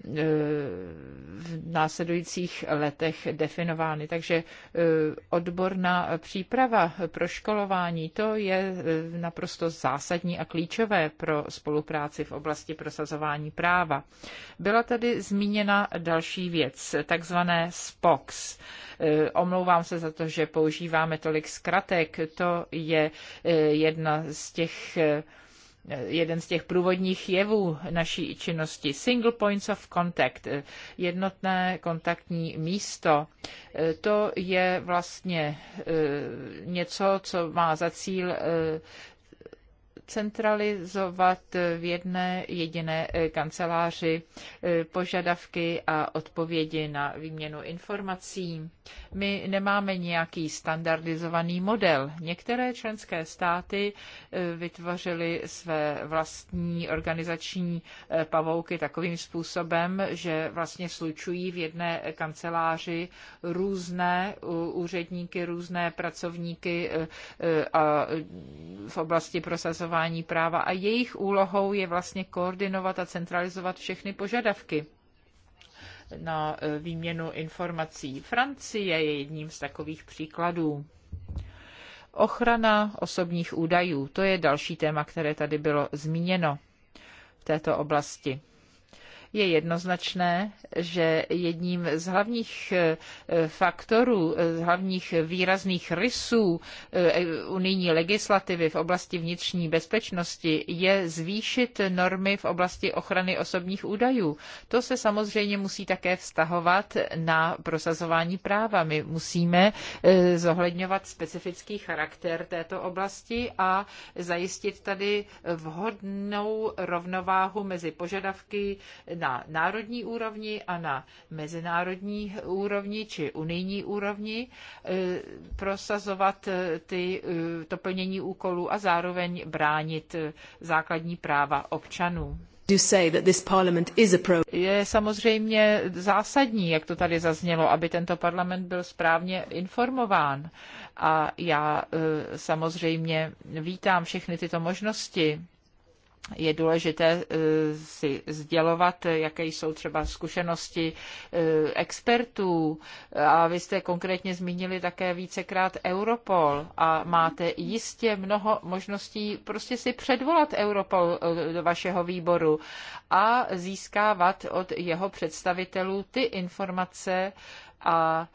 E, v následujících letech definovány. Takže e, odborná příprava pro školování, to je e, naprosto zásadní a klíčové pro spolupráci v oblasti prosazování práva. Byla tady zmíněna další věc, takzvané SPOX. Omlouvám se za to, že používáme tolik zkratek. To je jedna z těch jeden z těch průvodních jevů naší činnosti, single points of contact, eh, jednotné kontaktní místo. Eh, to je vlastně eh, něco, co má za cíl centralizovat v jedné jediné eh, kanceláři eh, požadavky a odpovědi na výměnu informací. My nemáme nějaký standardizovaný model. Některé členské státy eh, vytvořily své vlastní organizační pavouky takovým způsobem, že vlastně slučují v jedné kanceláři různé úředníky, různé pracovníky a v oblasti prosazování uplatňování práva a jejich úlohou je vlastně koordinovat a centralizovat všechny požadavky na e, výměnu informací. Francie je jedním z takových příkladů. Ochrana osobních údajů, to je další téma, které tady bylo zmíněno v této oblasti je jednoznačné, že jedním z hlavních eh, faktorů, eh, z hlavních výrazných rysů eh, unijní legislativy v oblasti vnitřní bezpečnosti je zvýšit normy v oblasti ochrany osobních údajů. To se samozřejmě musí také vztahovat na prosazování práva. My musíme zohledňovat specifický charakter této oblasti a zajistit tady vhodnou rovnováhu mezi požadavky na národní úrovni a na mezinárodní úrovni či unijní úrovni e, prosazovat e, ty, e, to plnění úkolů a zároveň bránit základní práva občanů. Je samozřejmě zásadní, jak to tady zaznělo, aby tento parlament byl správně informován. A já samozřejmě vítám všechny tyto možnosti je důležité eh, si sdělovat, jaké jsou třeba zkušenosti eh, expertů. A vy jste konkrétně zmínili také vícekrát Europol a máte jistě mnoho možností prostě si předvolat Europol eh, do vašeho výboru a získávat od jeho představitelů ty informace a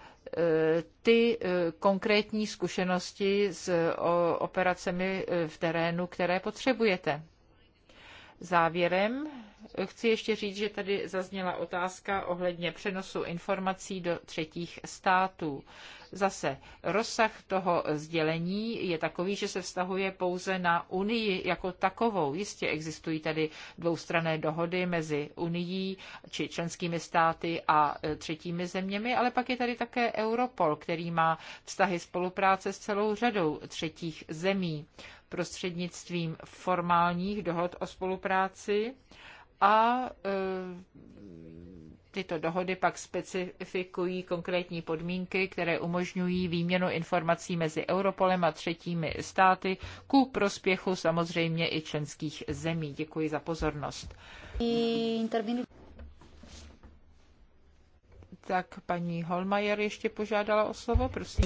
ty konkrétní zkušenosti s operacemi v terénu, které potřebujete. Závěrem chci ještě říct, že tady zazněla otázka ohledně přenosu informací do třetích států. Zase rozsah toho sdělení je takový, že se vztahuje pouze na Unii jako takovou. Jistě existují tady dvoustranné dohody mezi Unií či členskými státy a e, třetími zeměmi, ale pak je tady také Europol, který má vztahy spolupráce s celou řadou třetích zemí prostřednictvím formálních dohod o spolupráci a e, tyto dohody pak specifikují konkrétní podmínky, které umožňují výměnu informací mezi Europolem a třetími státy ku prospěchu samozřejmě i členských zemí. Děkuji za pozornost. Tak paní Holmajer ještě požádala o slovo, prosím.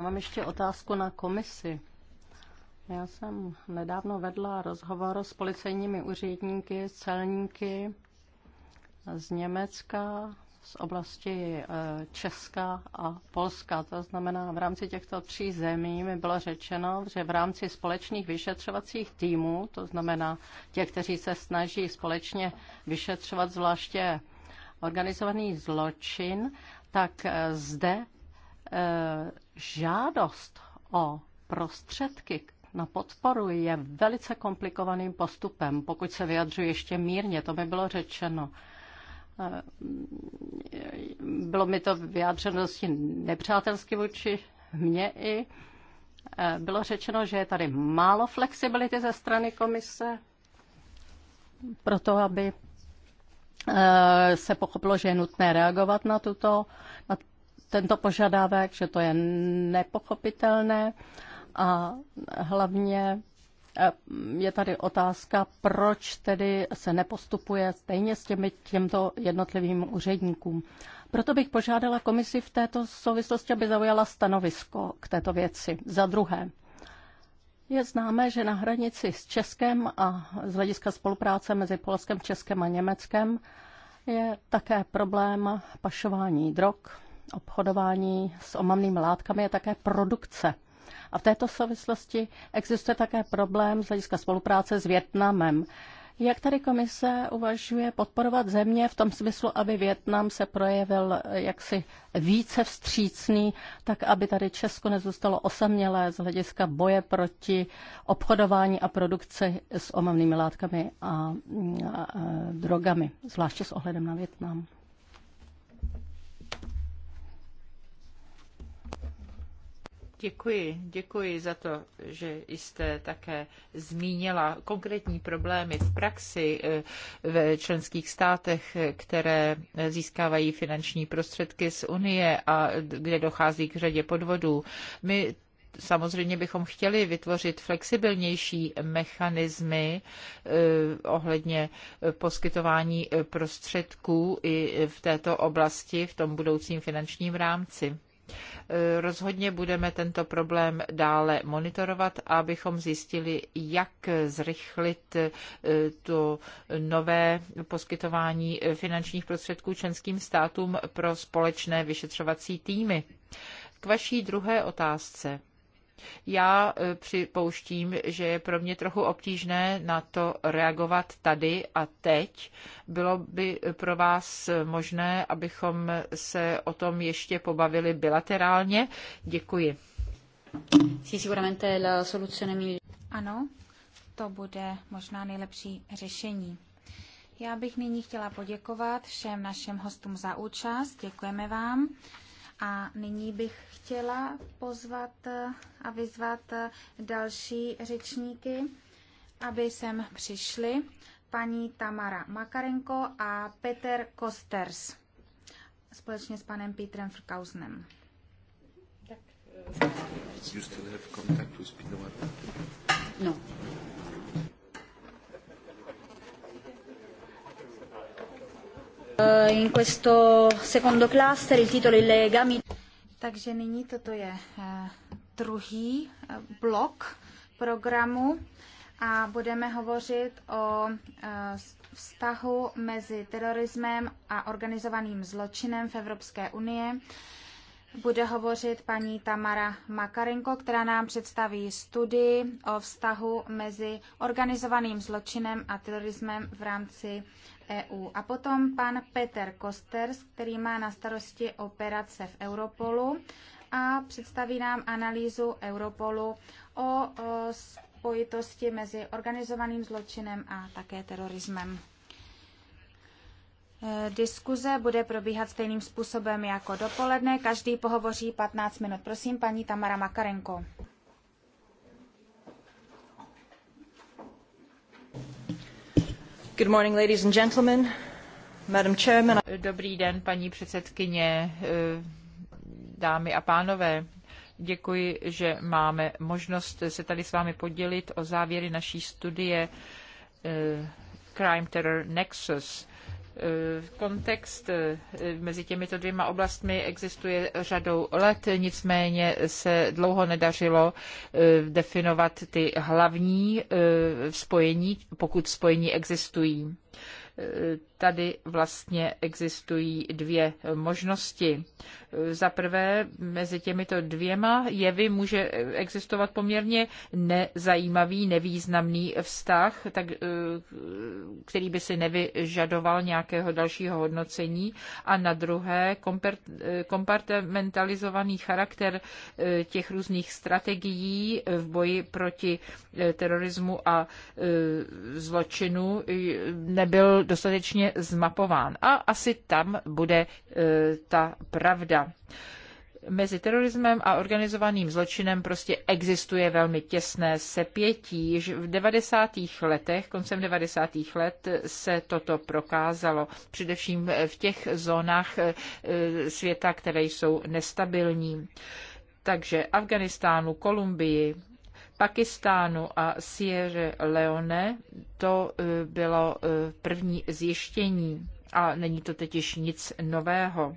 Mám ještě otázku na komisi. Já jsem nedávno vedla rozhovor s policejními úředníky, s celníky z Německa, z oblasti eh, Česka a Polska. To znamená, v rámci těchto tří zemí mi bylo řečeno, že v rámci společných vyšetřovacích týmů, to znamená těch, kteří se snaží společně vyšetřovat zvláště organizovaný zločin, tak eh, zde eh, žádost o prostředky, na podporu je velice komplikovaným postupem, pokud se vyjadřuji ještě mírně, to mi bylo řečeno. Eh, bylo mi to vyjádřeno dosti nepřátelsky vůči mně i. Eh, bylo řečeno, že je tady málo flexibility ze strany komise pro to, aby eh, se pochopilo, že je nutné reagovat na, tuto, na tento požadavek, že to je nepochopitelné a hlavně e, je tady otázka, proč tedy se nepostupuje stejně s těmi, těmto jednotlivým úředníkům. Proto bych požádala komisi v této souvislosti, aby zaujala stanovisko k této věci. Za druhé, je známé, že na hranici s Českem a z hlediska spolupráce mezi Polskem, Českem a Německem je také problém pašování drog, obchodování s omamnými látkami je také produkce a v této souvislosti existuje také problém z hlediska spolupráce s Větnamem. Jak tady komise uvažuje podporovat země v tom smyslu, aby Větnam se projevil jaksi více vstřícný, tak aby tady Česko nezůstalo osamělé z hlediska boje proti obchodování a produkci s omamnými látkami a, a, a drogami, zvláště s ohledem na Větnam? Děkuji, děkuji za to, že jste také zmínila konkrétní problémy v praxi eh, ve členských státech, které získávají finanční prostředky z Unie a kde dochází k řadě podvodů. My samozřejmě bychom chtěli vytvořit flexibilnější mechanismy eh, ohledně poskytování eh, prostředků i v této oblasti v tom budoucím finančním rámci. Eh, rozhodně budeme tento problém dále monitorovat, abychom zjistili, jak zrychlit eh, to nové poskytování eh, finančních prostředků členským státům pro společné vyšetřovací týmy. K vaší druhé otázce. Já e, připouštím, že je pro mě trochu obtížné na to reagovat tady a teď. Bylo by pro vás možné, abychom se o tom ještě pobavili bilaterálně? Děkuji. la soluzione migliore. Ano, to bude možná nejlepší řešení. Já bych nyní chtěla poděkovat všem našim hostům za účast. Děkujeme vám. A nyní bych chtěla pozvat a vyzvat další řečníky, aby sem přišli paní Tamara Makarenko a Peter Kosters společně s panem Petrem Frkausnem. Tak. Eh, no. Eh, in questo secondo cluster il titolo il legami. Takže nyní toto je eh, druhý eh, blok programu a budeme hovořit o vztahu mezi terorismem a organizovaným zločinem v Evropské unii. Bude hovořit paní Tamara Makarenko, která nám představí studii o vztahu mezi organizovaným zločinem a terorismem v rámci EU. A potom pan Peter Kosters, který má na starosti operace v Europolu a představí nám analýzu Europolu o spojitosti mezi organizovaným zločinem a také terorismem. E, diskuze bude probíhat stejným způsobem jako dopoledne. Každý pohovoří 15 minut. Prosím, paní Tamara Makarenko. Good morning, ladies and gentlemen. Madam Chairman. Dobrý den, paní předsedkyně, eh, dámy a pánové. Děkuji, že máme možnost se tady s vámi podělit o závěry naší studie eh, Crime Terror Nexus. Eh, kontext eh, mezi těmito dvěma oblastmi existuje řadou let, nicméně se dlouho nedařilo eh, definovat ty hlavní spojení, pokud spojení existují tady vlastně existují dvě možnosti. Za prvé, mezi těmito dvěma jevy může existovat poměrně nezajímavý, nevýznamný vztah, tak, eh, který by si nevyžadoval nějakého dalšího hodnocení. A na druhé, kompartmentalizovaný charakter eh, těch různých strategií v boji proti eh, terorismu a zločinu nebyl dostatečně zmapován. A asi tam bude e, ta pravda mezi terorismem a organizovaným zločinem prostě existuje velmi těsné sepětí. Již v 90. letech, koncem 90. let se toto prokázalo, především v těch zónách e, světa, které jsou nestabilní. Takže Afganistánu, Kolumbii, Pakistánu a Sierra Leone to eh, bylo eh, první zjištění a není to teď nic nového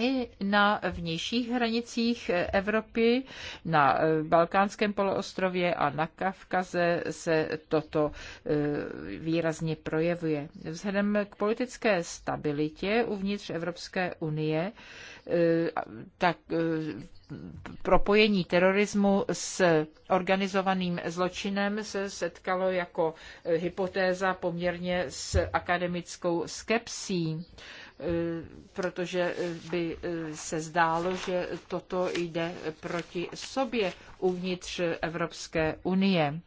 i na vnějších hranicích Evropy, na eh, Balkánském poloostrově a na Kavkaze se toto eh, výrazně projevuje. Vzhledem k politické stabilitě uvnitř Evropské unie, eh, tak propojení terorismu s organizovaným zločinem se setkalo jako hypotéza poměrně s akademickou skepsí Eh, protože eh, by eh, se zdálo, že toto jde proti sobě uvnitř Evropské unie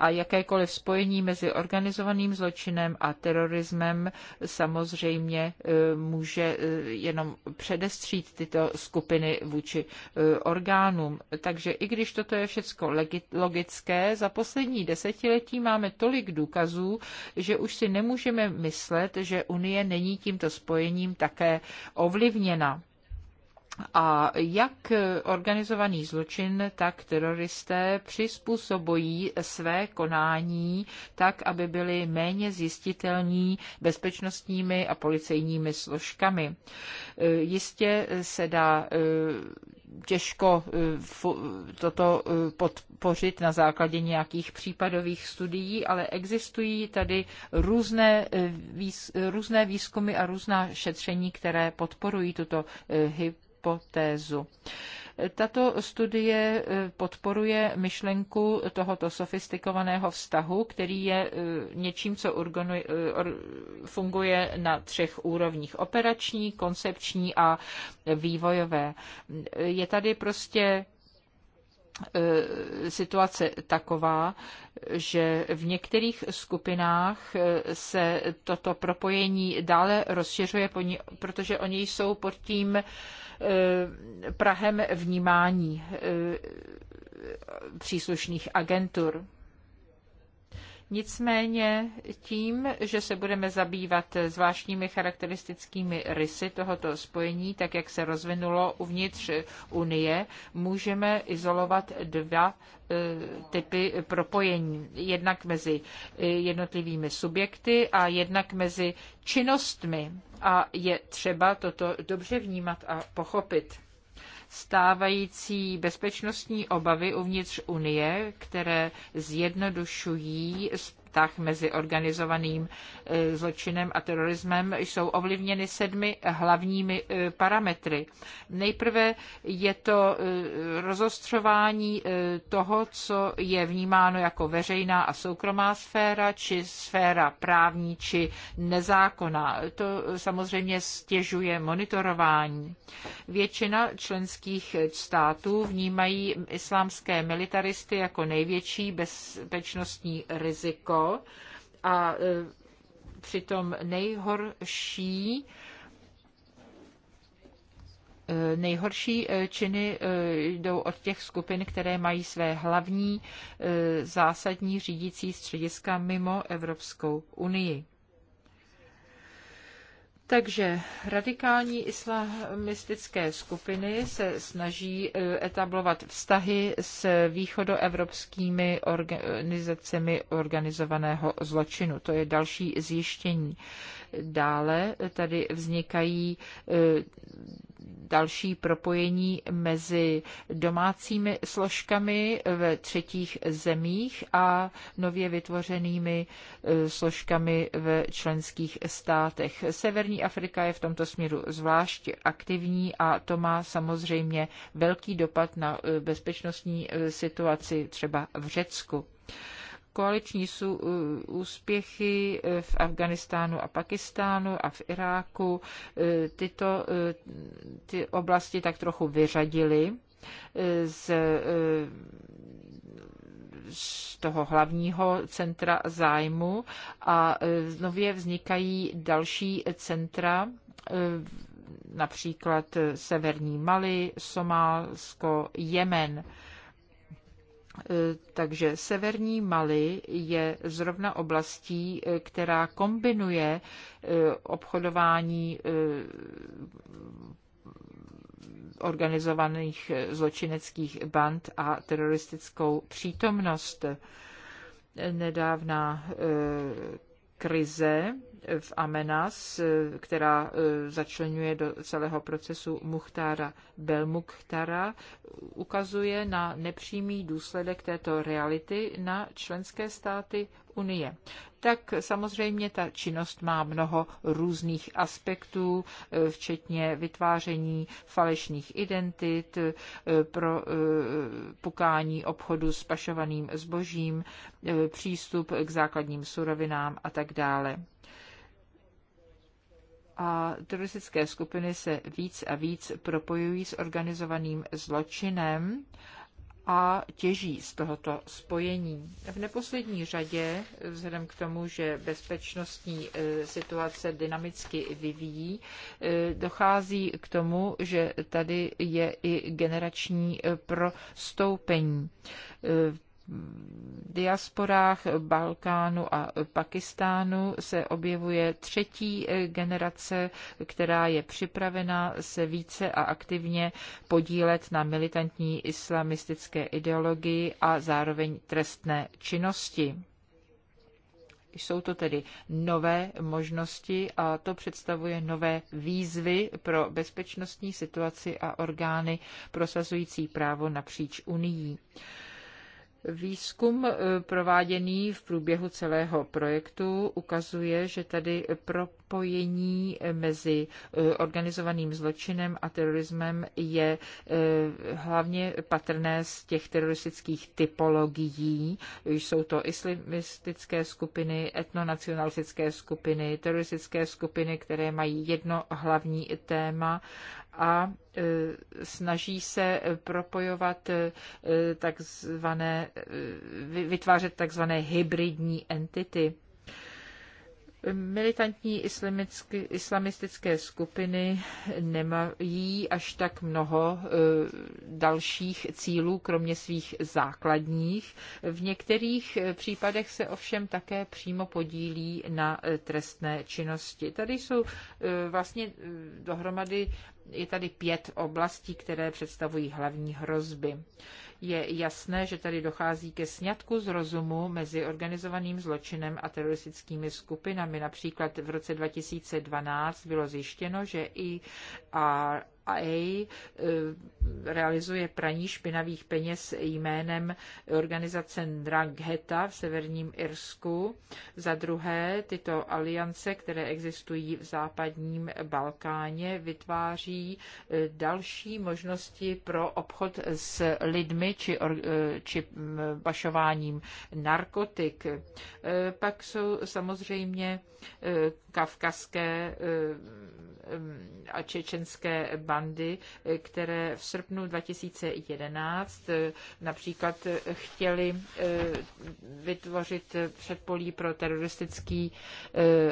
a jakékoliv spojení mezi organizovaným zločinem a terorismem samozřejmě e, může e, jenom předestřít tyto skupiny vůči e, orgánům. Takže i když toto je všecko logické, za poslední desetiletí máme tolik důkazů, že už si nemůžeme myslet, že Unie není tímto spojením také ovlivněna. A jak organizovaný zločin, tak teroristé přizpůsobují své konání tak, aby byly méně zjistitelní bezpečnostními a policejními složkami. Eh, jistě se dá eh, těžko eh, toto podpořit na základě nějakých případových studií, ale existují tady různé, různé výzkumy a různá šetření, které podporují tuto hypotézu hypotézu. Tato studie e, podporuje myšlenku tohoto sofistikovaného vztahu, který je e, něčím, co e, funguje na třech úrovních. Operační, koncepční a vývojové. Je tady prostě E, situace taková, že v některých skupinách e, se toto propojení dále rozšiřuje, protože oni jsou pod tím e, Prahem vnímání příslušných agentur. Nicméně tím, že se budeme zabývat zvláštními charakteristickými rysy tohoto spojení, tak jak se rozvinulo uvnitř Unie, můžeme izolovat dva eh, typy propojení. Jednak mezi eh, jednotlivými subjekty a jednak mezi činnostmi. A je třeba toto dobře vnímat a pochopit stávající bezpečnostní obavy uvnitř Unie, které zjednodušují vztah mezi organizovaným e, zločinem a terorismem jsou ovlivněny sedmi hlavními e, parametry. Nejprve je to e, rozostřování toho, co je vnímáno jako veřejná a soukromá sféra, či sféra právní, či nezákonná. To samozřejmě stěžuje monitorování. Většina členských států vnímají islámské militaristy jako největší bezpečnostní riziko Rusko a e, přitom nejhorší e, nejhorší e, činy jdou od těch skupin, které mají své hlavní zásadní řídící střediska mimo Evropskou unii. Takže radikální islamistické skupiny se snaží eh, etablovat vztahy s východoevropskými organizacemi organizovaného zločinu. To je další zjištění. Dále tady vznikají eh, další propojení mezi domácími složkami ve třetích zemích a nově vytvořenými e, složkami ve členských státech. Severní Afrika je v tomto směru zvlášť aktivní a to má samozřejmě velký dopad na e, bezpečnostní e, situaci třeba v Řecku koaliční sů, uh, úspěchy eh, v Afganistánu a Pakistánu a v Iráku eh, tyto eh, ty oblasti tak trochu vyřadily z, z toho hlavního centra zájmu a nově vznikají další centra například Severní Mali, Somálsko, Jemen. Eh, takže severní Mali je zrovna oblastí, eh, která kombinuje eh, obchodování organizovaných zločineckých band a teroristickou přítomnost. Nedávná krize v Amenas, která e, začlenuje do celého procesu Muchtára Belmukhtara, ukazuje na nepřímý důsledek této reality na členské státy unie. Tak samozřejmě ta činnost má mnoho různých aspektů, eh, včetně vytváření falešných identit, eh, pro eh, pukání obchodu s pašovaným zbožím, přístup k základním surovinám a tak dále a teroristické skupiny se víc a víc propojují s organizovaným zločinem a těží z tohoto spojení. V neposlední řadě, vzhledem k tomu, že bezpečnostní e, situace dynamicky vyvíjí, e, dochází k tomu, že tady je i generační e, prostoupení diasporách Balkánu a Pakistánu se objevuje třetí eh, generace, která je připravena se více a aktivně podílet na militantní islamistické ideologii a zároveň trestné činnosti. Jsou to tedy nové možnosti a to představuje nové výzvy pro bezpečnostní situaci a orgány prosazující právo napříč Unii. Výzkum eh, prováděný v průběhu celého projektu ukazuje, že tady propojení eh, mezi eh, organizovaným zločinem a terorismem je hlavně patrné z těch teroristických typologií. Jsou to islamistické skupiny, etnonacionalistické skupiny, teroristické skupiny, které mají jedno hlavní téma a e, snaží se propojovat e, takzvané, e, vytvářet takzvané hybridní entity militantní islamistické skupiny nemají až tak mnoho e, dalších cílů, kromě svých základních. V některých e, případech se ovšem také přímo podílí na e, trestné činnosti. Tady jsou vlastně dohromady je tady pět oblastí, které představují hlavní hrozby. Je jasné, že tady dochází ke sňatku z rozumu mezi organizovaným zločinem a teroristickými skupinami. Například v roce 2012 bylo zjištěno, že i a Eh, realizuje praní špinavých peněz jménem organizace Drangheta v severním Irsku. Za druhé, tyto aliance, které existují v západním Balkáně, vytváří eh, další možnosti pro obchod s lidmi či, or, eh, či mm, pašováním narkotik. Pak jsou samozřejmě Eh, kavkazské eh, a čečenské bandy, eh, které v srpnu 2011 například chtěli vytvořit předpolí pro teroristický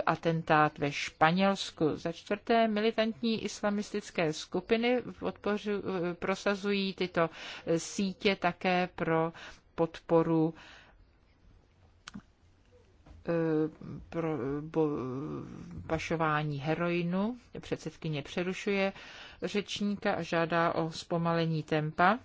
atentát ve Španělsku. Za čtvrté, militantní islamistické skupiny podpořu, prosazují tyto sítě také pro podporu Eh, pro bo, pašování heroinu. Předsedkyně přerušuje řečníka a žádá o zpomalení tempa.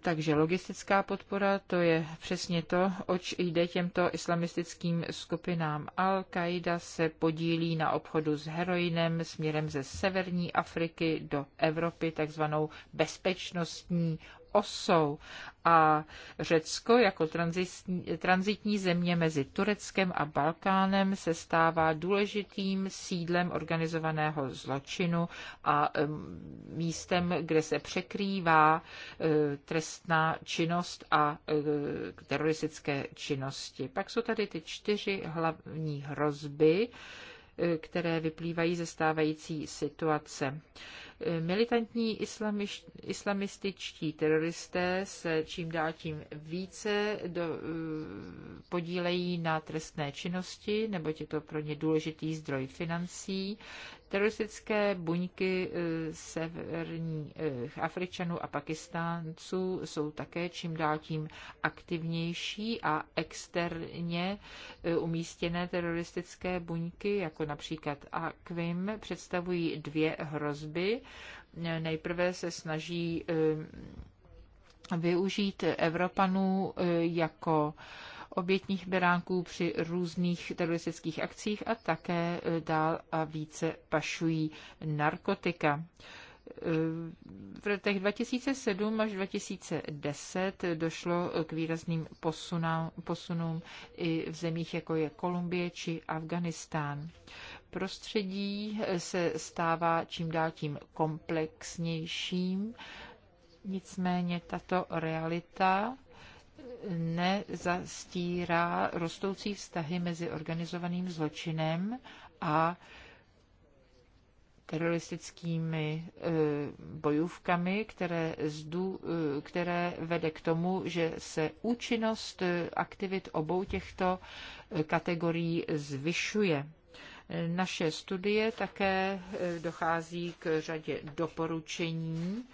Takže logistická podpora, to je přesně to, oč jde těmto islamistickým skupinám. Al-Qaida se podílí na obchodu s heroinem směrem ze severní Afriky do Evropy, takzvanou bezpečnostní osou. A Řecko jako transitní země mezi Tureckem a Balkánem se stává důležitým sídlem organizovaného zločinu a místem, kde se překrývá e, trestná činnost a e, teroristické činnosti. Pak jsou tady ty čtyři hlavní hrozby, e, které vyplývají ze stávající situace. Militantní islamiš, islamističtí teroristé se čím dál tím více do, eh, podílejí na trestné činnosti, neboť je to pro ně důležitý zdroj financí. Teroristické buňky eh, severních eh, Afričanů a Pakistánců jsou také čím dál tím aktivnější a externě umístěné teroristické buňky, jako například AQUIM, představují dvě hrozby, Nejprve se snaží eh, využít Evropanů eh, jako obětních beránků při různých teroristických akcích a také eh, dál a více pašují narkotika. V letech 2007 až 2010 došlo k výrazným posunám, posunům i v zemích jako je Kolumbie či Afganistán prostředí se stává čím dál tím komplexnějším. Nicméně tato realita nezastírá rostoucí vztahy mezi organizovaným zločinem a teroristickými eh, bojůvkami, které, zdu, eh, které vede k tomu, že se účinnost eh, aktivit obou těchto kategorií zvyšuje naše studie také e, dochází k řadě doporučení,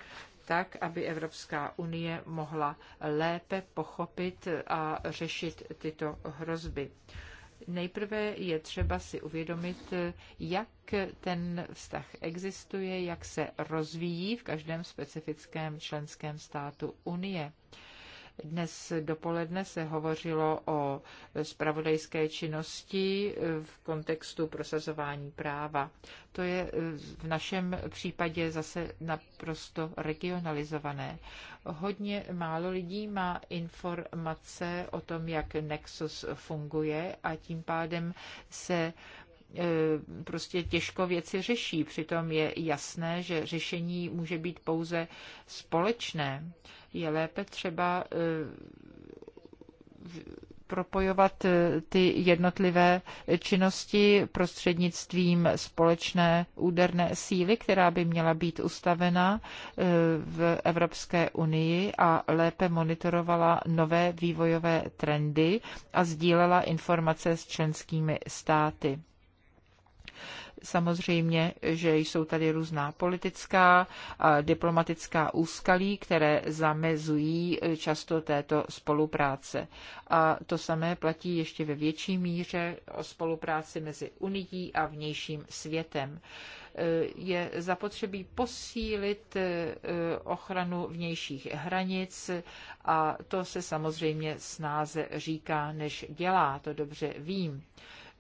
tak, aby Evropská unie mohla lépe pochopit a řešit tyto hrozby. Nejprve je třeba si uvědomit, e, jak ten vztah existuje, jak se rozvíjí v každém specifickém členském státu Unie. Dnes dopoledne se hovořilo o spravodajské činnosti v kontextu prosazování práva. To je eh, v našem případě zase naprosto regionalizované. Hodně málo lidí má informace o tom, jak Nexus funguje a tím pádem se eh, prostě těžko věci řeší. Přitom je jasné, že řešení může být pouze společné je lépe třeba eh, propojovat eh, ty jednotlivé činnosti prostřednictvím společné úderné síly, která by měla být ustavena eh, v Evropské unii a lépe monitorovala nové vývojové trendy a sdílela informace s členskými státy. Samozřejmě, že jsou tady různá politická a diplomatická úskalí, které zamezují eh, často této spolupráce. A to samé platí ještě ve větší míře o spolupráci mezi Unií a vnějším světem eh, je zapotřebí posílit eh, ochranu vnějších hranic a to se samozřejmě snáze říká, než dělá, to dobře vím.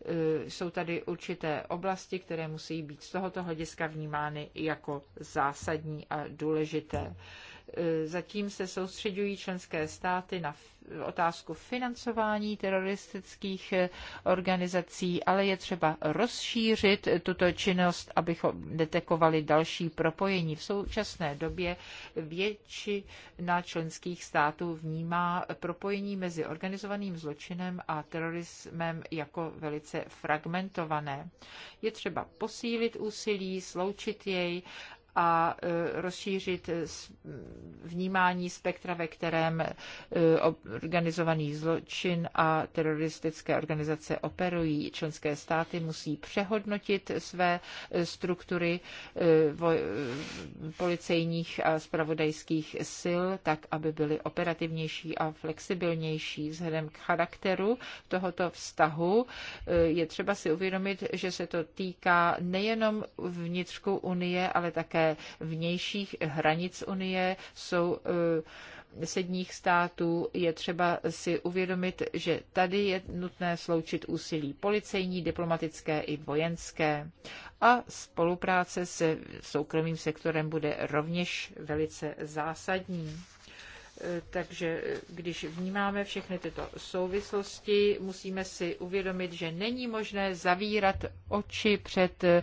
Eh, jsou tady určité oblasti, které musí být z tohoto hlediska vnímány jako zásadní a důležité. Eh, zatím se soustředují členské státy na otázku financování teroristických eh, organizací, ale je třeba rozšířit tuto činnost, abychom detekovali další propojení. V současné době většina členských států vnímá propojení mezi organizovaným zločinem a terorismem jako velice fragmentované. Je třeba posílit úsilí, sloučit jej a e, rozšířit vnímání spektra, ve kterém e, organizovaný zločin a teroristické organizace operují. Členské státy musí přehodnotit své e, struktury policejních a spravodajských sil tak, aby byly operativnější a flexibilnější vzhledem k charakteru tohoto vztahu. Je třeba si uvědomit, že se to týká nejenom vnitřku Unie, ale také vnějších hranic Unie, jsou eh, sedních států, je třeba si uvědomit, že tady je nutné sloučit úsilí policejní, diplomatické i vojenské. A spolupráce se soukromým sektorem bude rovněž velice zásadní. Eh, takže eh, když vnímáme všechny tyto souvislosti, musíme si uvědomit, že není možné zavírat oči před eh,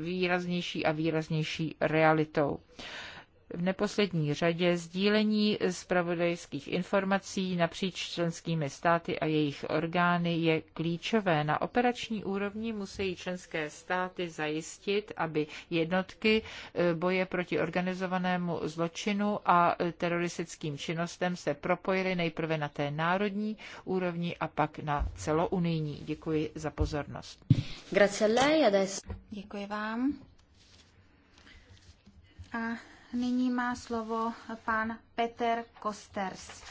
výraznější a výraznější realitou v neposlední řadě sdílení zpravodajských informací napříč členskými státy a jejich orgány je klíčové. Na operační úrovni musí členské státy zajistit, aby jednotky e, boje proti organizovanému zločinu a e, teroristickým činnostem se propojily nejprve na té národní úrovni a pak na celounijní. Děkuji za pozornost. Děkuji vám. A nyní má slovo pan Peter Kosters.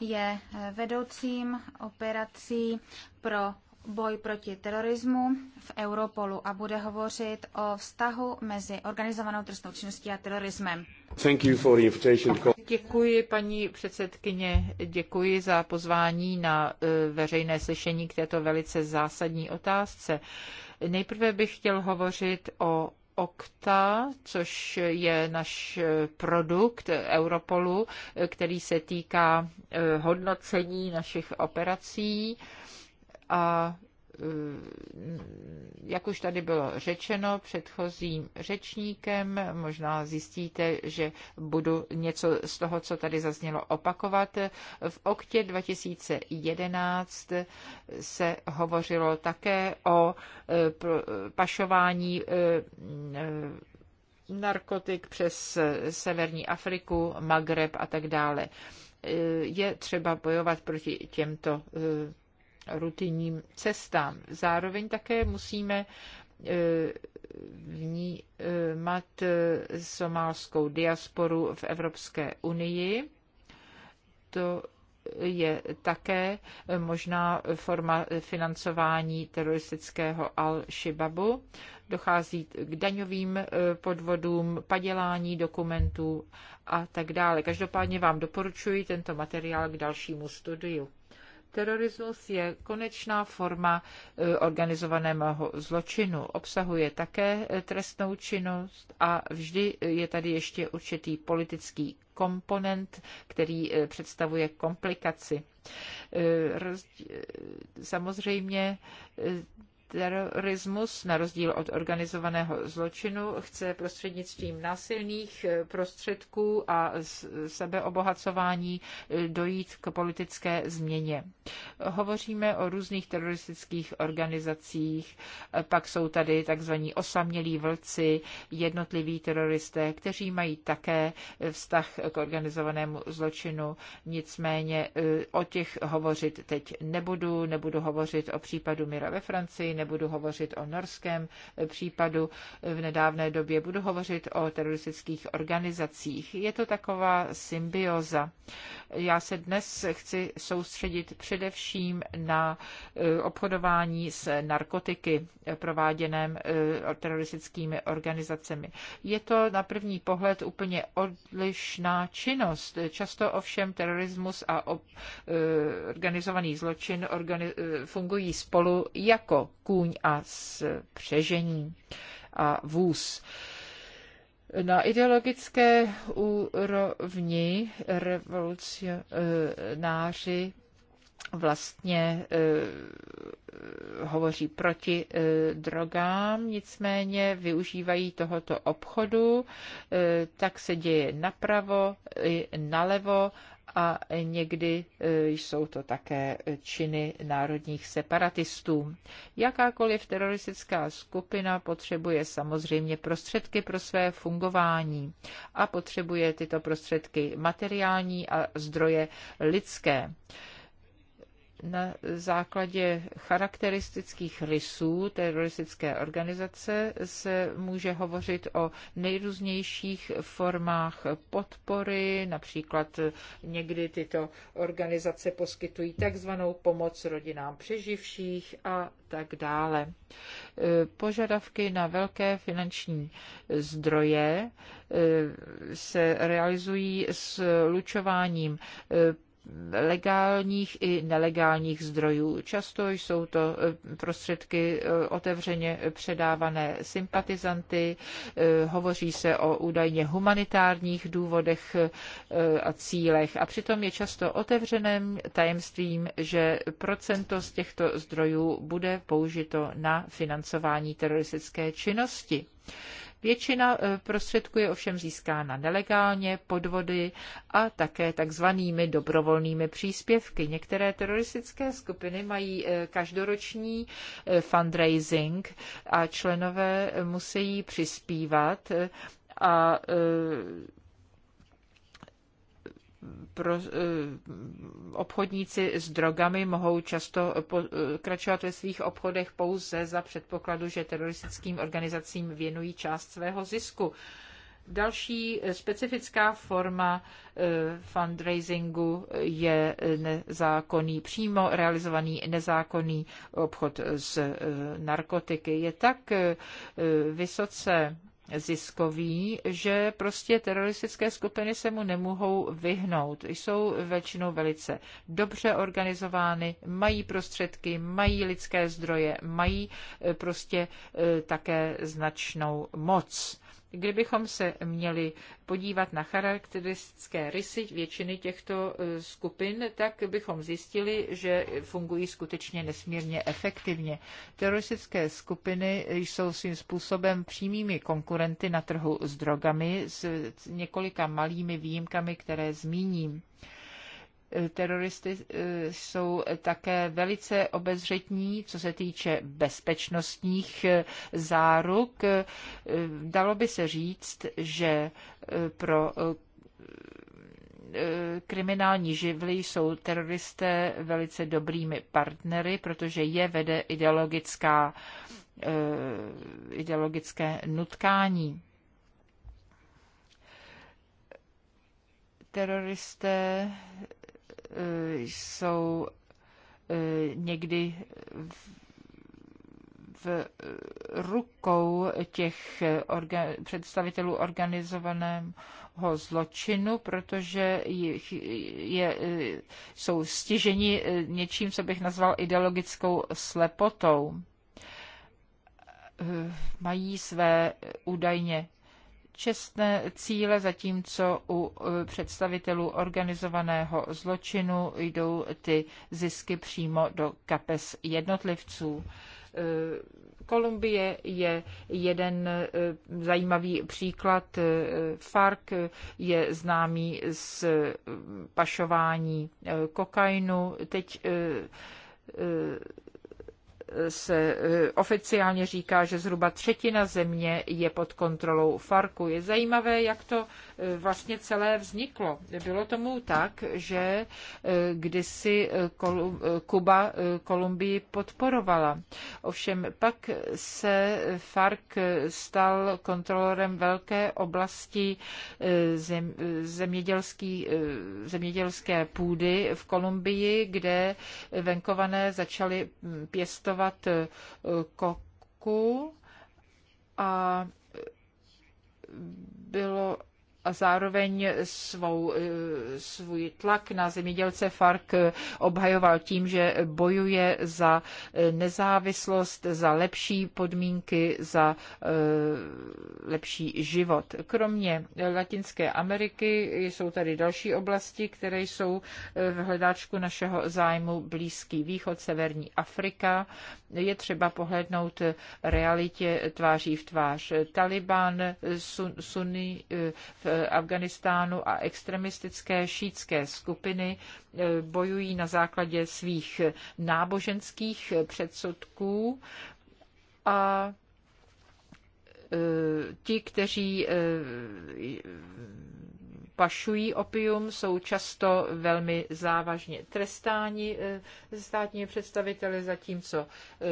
Je eh, vedoucím operací pro boj proti terorismu v Europolu a bude hovořit o vztahu mezi organizovanou trestnou činností a terorismem. Thank you for the invitation. Děkuji, paní předsedkyně, děkuji za pozvání na eh, veřejné slyšení k této velice zásadní otázce. Nejprve bych chtěl hovořit o Okta, což je náš produkt Europolu, který se týká eh, hodnocení našich operací a Eh, jak už tady bylo řečeno předchozím řečníkem, možná zjistíte, že budu něco z toho, co tady zaznělo, opakovat. V oktě 2011 se hovořilo také o eh, pašování eh, narkotik přes severní Afriku, Magreb a tak dále. Je třeba bojovat proti těmto rutinním cestám. Zároveň také musíme e, vnímat e, somálskou diasporu v Evropské unii. To je také možná forma financování teroristického Al-Shibabu. Dochází k daňovým e, podvodům, padělání dokumentů a tak dále. Každopádně vám doporučuji tento materiál k dalšímu studiu. Terorismus je konečná forma eh, organizovaného zločinu. Obsahuje také eh, trestnou činnost a vždy eh, je tady ještě určitý politický komponent, který představuje komplikaci. Samozřejmě Terorismus, na rozdíl od organizovaného zločinu, chce prostřednictvím násilných eh, prostředků a sebeobohacování eh, dojít k politické změně. Hovoříme o různých teroristických organizacích, eh, pak jsou tady tzv. osamělí vlci, jednotliví teroristé, kteří mají také vztah k organizovanému zločinu. Nicméně o těch hovořit teď nebudu, nebudu hovořit o případu Mira ve Francii nebudu hovořit o norském případu v nedávné době, budu hovořit o teroristických organizacích. Je to taková symbioza. Já se dnes chci soustředit především na eh, obchodování s narkotiky prováděném eh, teroristickými organizacemi. Je to na první pohled úplně odlišná činnost. Často ovšem terorismus a eh, organizovaný zločin fungují spolu jako kůň a s přežení a vůz. Na ideologické úrovni revolucionáři vlastně e, hovoří proti e, drogám, nicméně využívají tohoto obchodu, e, tak se děje napravo i nalevo a někdy e, jsou to také činy národních separatistů. Jakákoliv teroristická skupina potřebuje samozřejmě prostředky pro své fungování a potřebuje tyto prostředky materiální a zdroje lidské na základě charakteristických rysů teroristické organizace se může hovořit o nejrůznějších formách podpory, například někdy tyto organizace poskytují takzvanou pomoc rodinám přeživších a tak dále. Požadavky na velké finanční zdroje eh, se realizují s lučováním eh, legálních i nelegálních zdrojů. Často jsou to eh, prostředky eh, otevřeně předávané sympatizanty, eh, hovoří se o údajně humanitárních důvodech a cílech a přitom je často otevřeným tajemstvím, že procento z těchto zdrojů bude použito na financování teroristické činnosti. Většina eh, prostředků je ovšem získána nelegálně, podvody a také takzvanými dobrovolnými příspěvky. Některé teroristické skupiny mají eh, každoroční eh, fundraising a členové musí přispívat a pro, eh, obchodníci s drogami mohou často pokračovat ve svých obchodech pouze za předpokladu, že teroristickým organizacím věnují část svého zisku. Další eh, specifická forma eh, fundraisingu je nezákonný, přímo realizovaný nezákonný obchod s narkotiky. Je tak vysoce ziskový, že prostě teroristické skupiny se mu nemohou vyhnout. Jsou většinou velice dobře organizovány, mají prostředky, mají lidské zdroje, mají eh, prostě eh, také značnou moc. Kdybychom se měli podívat na charakteristické rysy většiny těchto e, skupin, tak bychom zjistili, že fungují skutečně nesmírně efektivně. Teroristické skupiny jsou svým způsobem přímými konkurenty na trhu s drogami s několika malými výjimkami, které zmíním teroristy eh, jsou také velice obezřetní, co se týče bezpečnostních eh, záruk. Eh, dalo by se říct, že pro kriminální živly jsou teroristé velice dobrými partnery, protože je vede ideologická, ideologické nutkání. Teroristé Eh, jsou eh, někdy v eh, rukou těch orga, představitelů organizovaného zločinu, protože je, jsou stiženi něčím, co bych nazval ideologickou slepotou. Mají své údajně čestné cíle, zatímco u e, představitelů organizovaného zločinu jdou ty zisky přímo do kapes jednotlivců. E, Kolumbie je jeden e, zajímavý příklad. FARC je známý z pašování kokainu. Teď se eh, oficiálně říká, že zhruba třetina země je pod kontrolou Farku. Je zajímavé, jak to vlastně celé vzniklo. Bylo tomu tak, že eh, kdysi eh, eh, Kuba Kolumbii podporovala. Ovšem pak se FARC stal kontrolorem velké oblasti zemědělský, zemědělské půdy v Kolumbii, kde venkované začali hm, pěstovat koku a bylo a zároveň svou, eh, svůj tlak na zemědělce FARC obhajoval tím, že bojuje za eh, nezávislost, za lepší podmínky, za eh, lepší život. Kromě Latinské Ameriky jsou tady další oblasti, které jsou v hledáčku našeho zájmu Blízký východ, Severní Afrika. Je třeba pohlednout realitě tváří v tvář. Taliban, sun, Sunni v Afganistánu a extremistické šítské skupiny eh, bojují na základě svých náboženských předsudků a eh, ti, kteří eh, pašují opium, jsou často velmi závažně trestáni státními představiteli, zatímco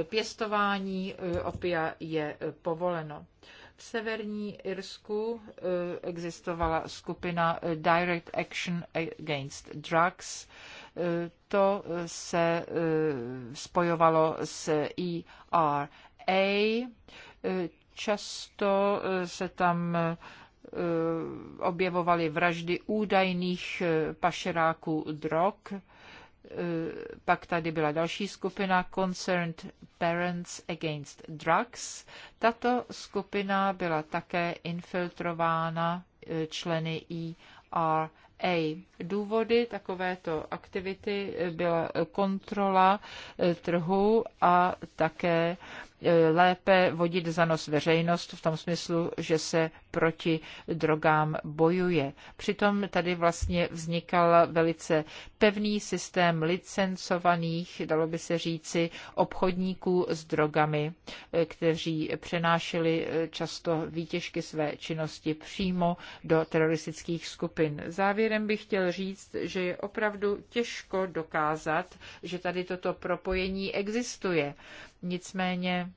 pěstování opia je povoleno. V severní Irsku eh, existovala skupina eh, Direct Action Against Drugs. Eh, to se spojovalo s ERA. Často se tam objevovaly vraždy údajných pašeráků drog Eh, pak tady byla další skupina Concerned Parents Against Drugs. Tato skupina byla také infiltrována eh, členy ERA. Důvody takovéto aktivity byla kontrola eh, trhu a také lépe vodit za nos veřejnost v tom smyslu, že se proti drogám bojuje. Přitom tady vlastně vznikal velice pevný systém licencovaných, dalo by se říci, obchodníků s drogami, eh, kteří přenášeli eh, často výtěžky své činnosti přímo do teroristických skupin. Závěrem bych chtěl říct, že je opravdu těžko dokázat, že tady toto propojení existuje. Nicméně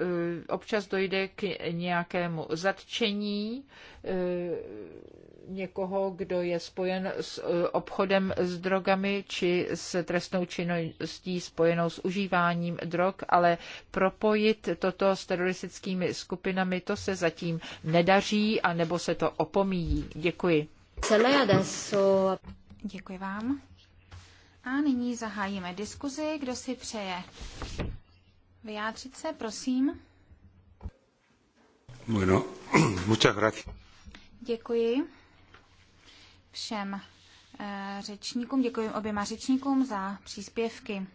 eh, občas dojde k nějakému zatčení eh, někoho, kdo je spojen s eh, obchodem s drogami či s trestnou činností spojenou s užíváním drog, ale propojit toto s teroristickými skupinami, to se zatím nedaří, anebo se to opomíjí. Děkuji. Děkuji vám. A nyní zahájíme diskuzi. Kdo si přeje vyjádřit se, prosím. Bueno, *clears throat* muchas gracias. Děkuji všem eh, řečníkům, děkuji oběma řečníkům za příspěvky.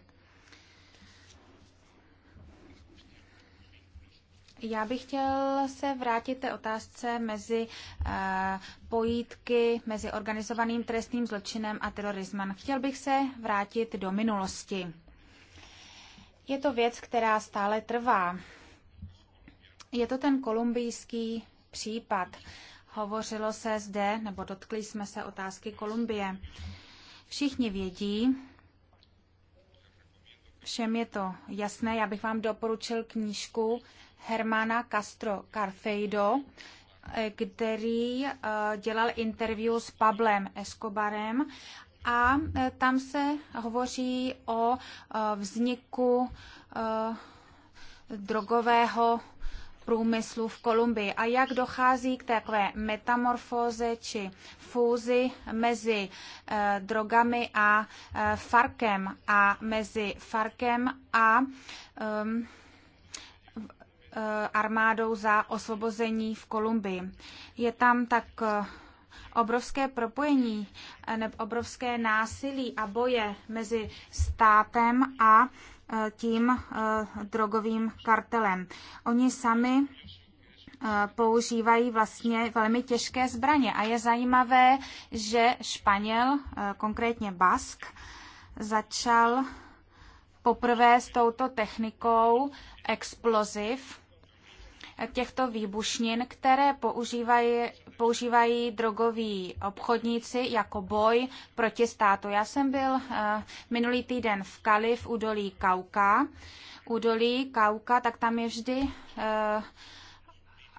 Já bych chtěl se vrátit té otázce mezi eh, pojítky, mezi organizovaným trestným zločinem a terorismem. Chtěl bych se vrátit do minulosti. Je to věc, která stále trvá. Je to ten kolumbijský případ. Hovořilo se zde, nebo dotkli jsme se otázky Kolumbie. Všichni vědí, všem je to jasné, já bych vám doporučil knížku Hermana Castro Carfeido, eh, který eh, dělal interview s Pablem Escobarem a eh, tam se hovoří o vzniku drogového průmyslu v Kolumbii a jak dochází k takové metamorfóze či fúzi mezi eh, drogami a eh, Farkem a mezi Farkem a eh, Eh, armádou za osvobození v Kolumbii. Je tam tak eh, obrovské propojení, eh, nebo obrovské násilí a boje mezi státem a tím drogovým kartelem. Oni sami používají vlastně velmi těžké zbraně. A je zajímavé, že Španěl, konkrétně Bask, začal poprvé s touto technikou exploziv těchto výbušnin, které používají, používají drogoví obchodníci jako boj proti státu. Já jsem byl eh, minulý týden v Kali v údolí Kauka. Údolí Kauka, tak tam je vždy eh,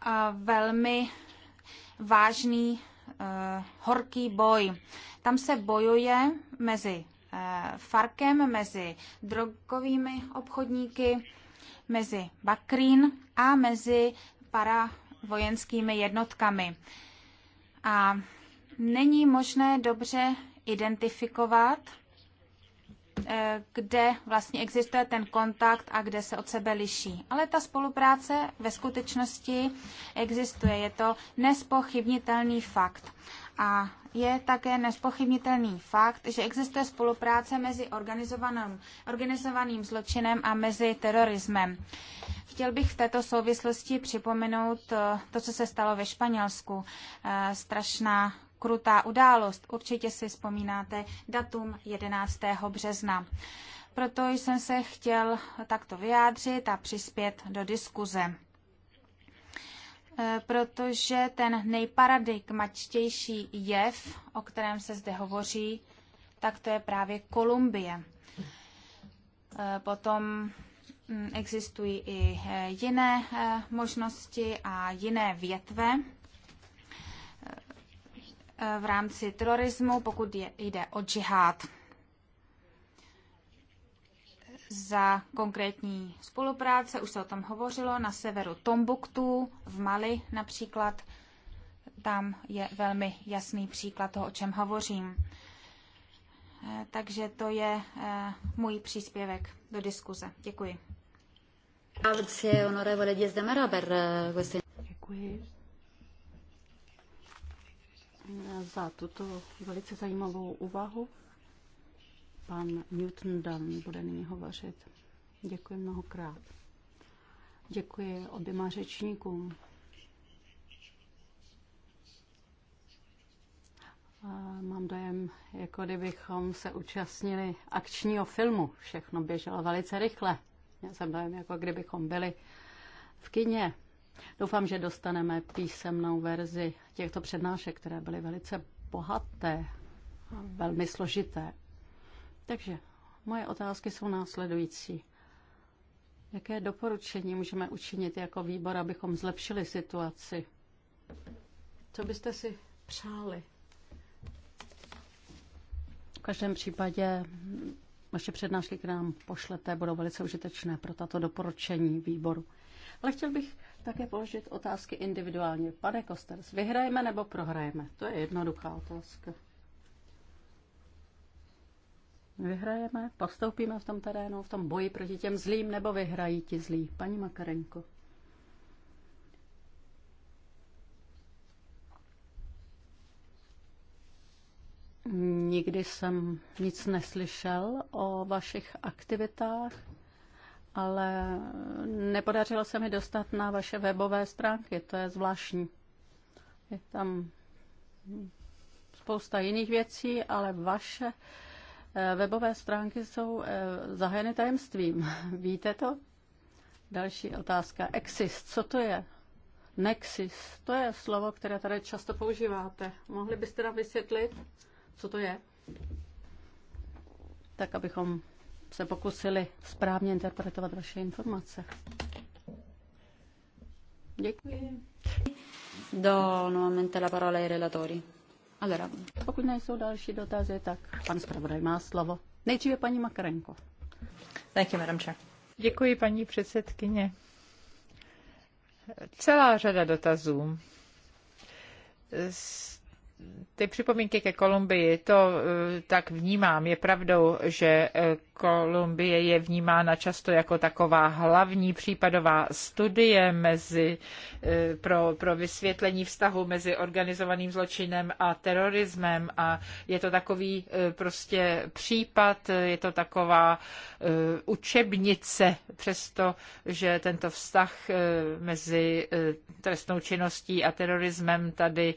eh, velmi vážný horký boj. Tam se bojuje mezi farkem, mezi drogovými obchodníky, mezi Bakrín a mezi vojenskými jednotkami. A není možné dobře identifikovat, eh, kde vlastně existuje ten kontakt a kde se od sebe liší. Ale ta spolupráce ve skutečnosti existuje. Je to nespochybnitelný fakt. A je také nespochybnitelný fakt, že existuje spolupráce mezi organizovaným, organizovaným zločinem a mezi terorismem. Chtěl bych v této souvislosti připomenout eh, to, co se stalo ve Španělsku. Eh, strašná krutá událost. Určitě si vzpomínáte datum 11. března. Proto jsem se chtěl takto vyjádřit a přispět do diskuze. Eh, protože ten nejparadigmatičtější jev, o kterém se zde hovoří, tak to je právě Kolumbie. Eh, potom hm, existují i eh, jiné možnosti a jiné větve v rámci terorismu, pokud jde o džihad za konkrétní spolupráce, už se o tom hovořilo, na severu Tombuktu, v Mali například. Tam je velmi jasný příklad toho, o čem hovořím. Eh, takže to je eh, můj příspěvek do diskuze. Děkuji. Eh, Děkuji za tuto velice zajímavou úvahu. Pan Newton Dunn bude nyní hovořit. Děkuji mnohokrát. Děkuji oběma řečníkům. A mám dojem, jako kdybychom se účastnili akčního filmu. Všechno běželo velice rychle. Já jsem dojem, jako kdybychom byli v kině. Doufám, že dostaneme písemnou verzi těchto přednášek, které byly velice bohaté a velmi složité. Takže moje otázky jsou následující. Jaké doporučení můžeme učinit jako výbor, abychom zlepšili situaci? Co byste si přáli? V každém případě vaše přednášky, které nám pošlete, budou velice užitečné pro tato doporučení výboru. Ale chtěl bych také položit otázky individuálně. Pane Kosters, vyhrajeme nebo prohrajeme? To je jednoduchá otázka vyhrajeme, postoupíme v tom terénu, v tom boji proti těm zlým, nebo vyhrají ti zlí. Paní Makarenko. Nikdy jsem nic neslyšel o vašich aktivitách, ale nepodařilo se mi dostat na vaše webové stránky, to je zvláštní. Je tam spousta jiných věcí, ale vaše Eh, webové stránky jsou eh, zahájeny tajemstvím. *laughs* Víte to? Další otázka. Exist, co to je? Nexis, to je slovo, které tady často používáte. Mohli byste nám vysvětlit, co to je? Tak, abychom se pokusili správně interpretovat vaše informace. Děkuji. Do nuovamente la parola ai relatori. Ale pokud nejsou další dotazy, tak pan zpravodaj má slovo. Nejdříve paní Makarenko. Thank you, Madam Chair. Děkuji, paní předsedkyně. Celá řada dotazů ty připomínky ke Kolumbii, to eh, tak vnímám. Je pravdou, že eh, Kolumbie je vnímána často jako taková hlavní případová studie mezi, eh, pro, pro vysvětlení vztahu mezi organizovaným zločinem a terorismem a je to takový prostě případ, je to taková učebnice, že tento vztah mezi trestnou činností a terorismem tady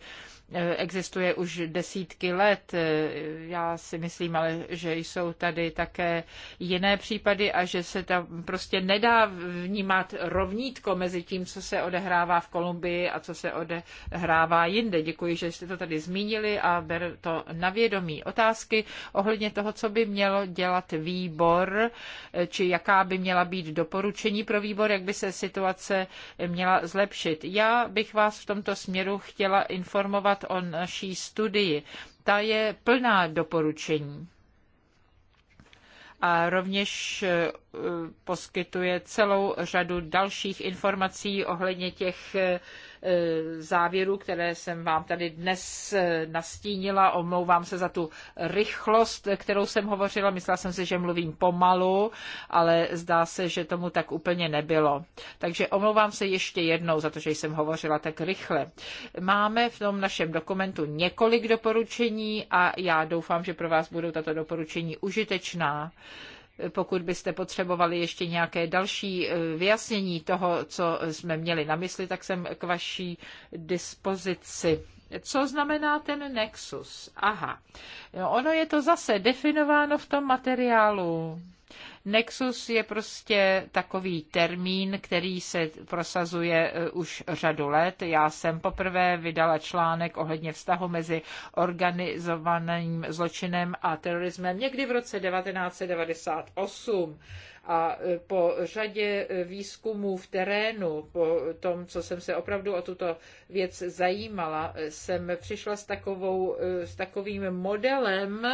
Eh, existuje už desítky let. Eh, já si myslím ale, že jsou tady také jiné případy a že se tam prostě nedá vnímat rovnítko mezi tím, co se odehrává v Kolumbii a co se odehrává jinde. Děkuji, že jste to tady zmínili a beru to na vědomí. Otázky ohledně toho, co by mělo dělat výbor, eh, či jaká by měla být doporučení pro výbor, jak by se situace měla zlepšit. Já bych vás v tomto směru chtěla informovat požádat o naší studii. Ta je plná doporučení a rovněž e, poskytuje celou řadu dalších informací ohledně těch e, Eh, závěrů, které jsem vám tady dnes eh, nastínila. Omlouvám se za tu rychlost, kterou jsem hovořila. Myslela jsem si, že mluvím pomalu, ale zdá se, že tomu tak úplně nebylo. Takže omlouvám se ještě jednou za to, že jsem hovořila tak rychle. Máme v tom našem dokumentu několik doporučení a já doufám, že pro vás budou tato doporučení užitečná pokud byste potřebovali ještě nějaké další eh, vyjasnění toho, co jsme měli na mysli, tak jsem k vaší dispozici. Co znamená ten nexus? Aha, no ono je to zase definováno v tom materiálu. Nexus je prostě takový termín, který se prosazuje e, už řadu let. Já jsem poprvé vydala článek ohledně vztahu mezi organizovaným zločinem a terorismem někdy v roce 1998 a e, po řadě e, výzkumů v terénu, po tom, co jsem se opravdu o tuto věc zajímala, jsem přišla s, takovou, s takovým modelem,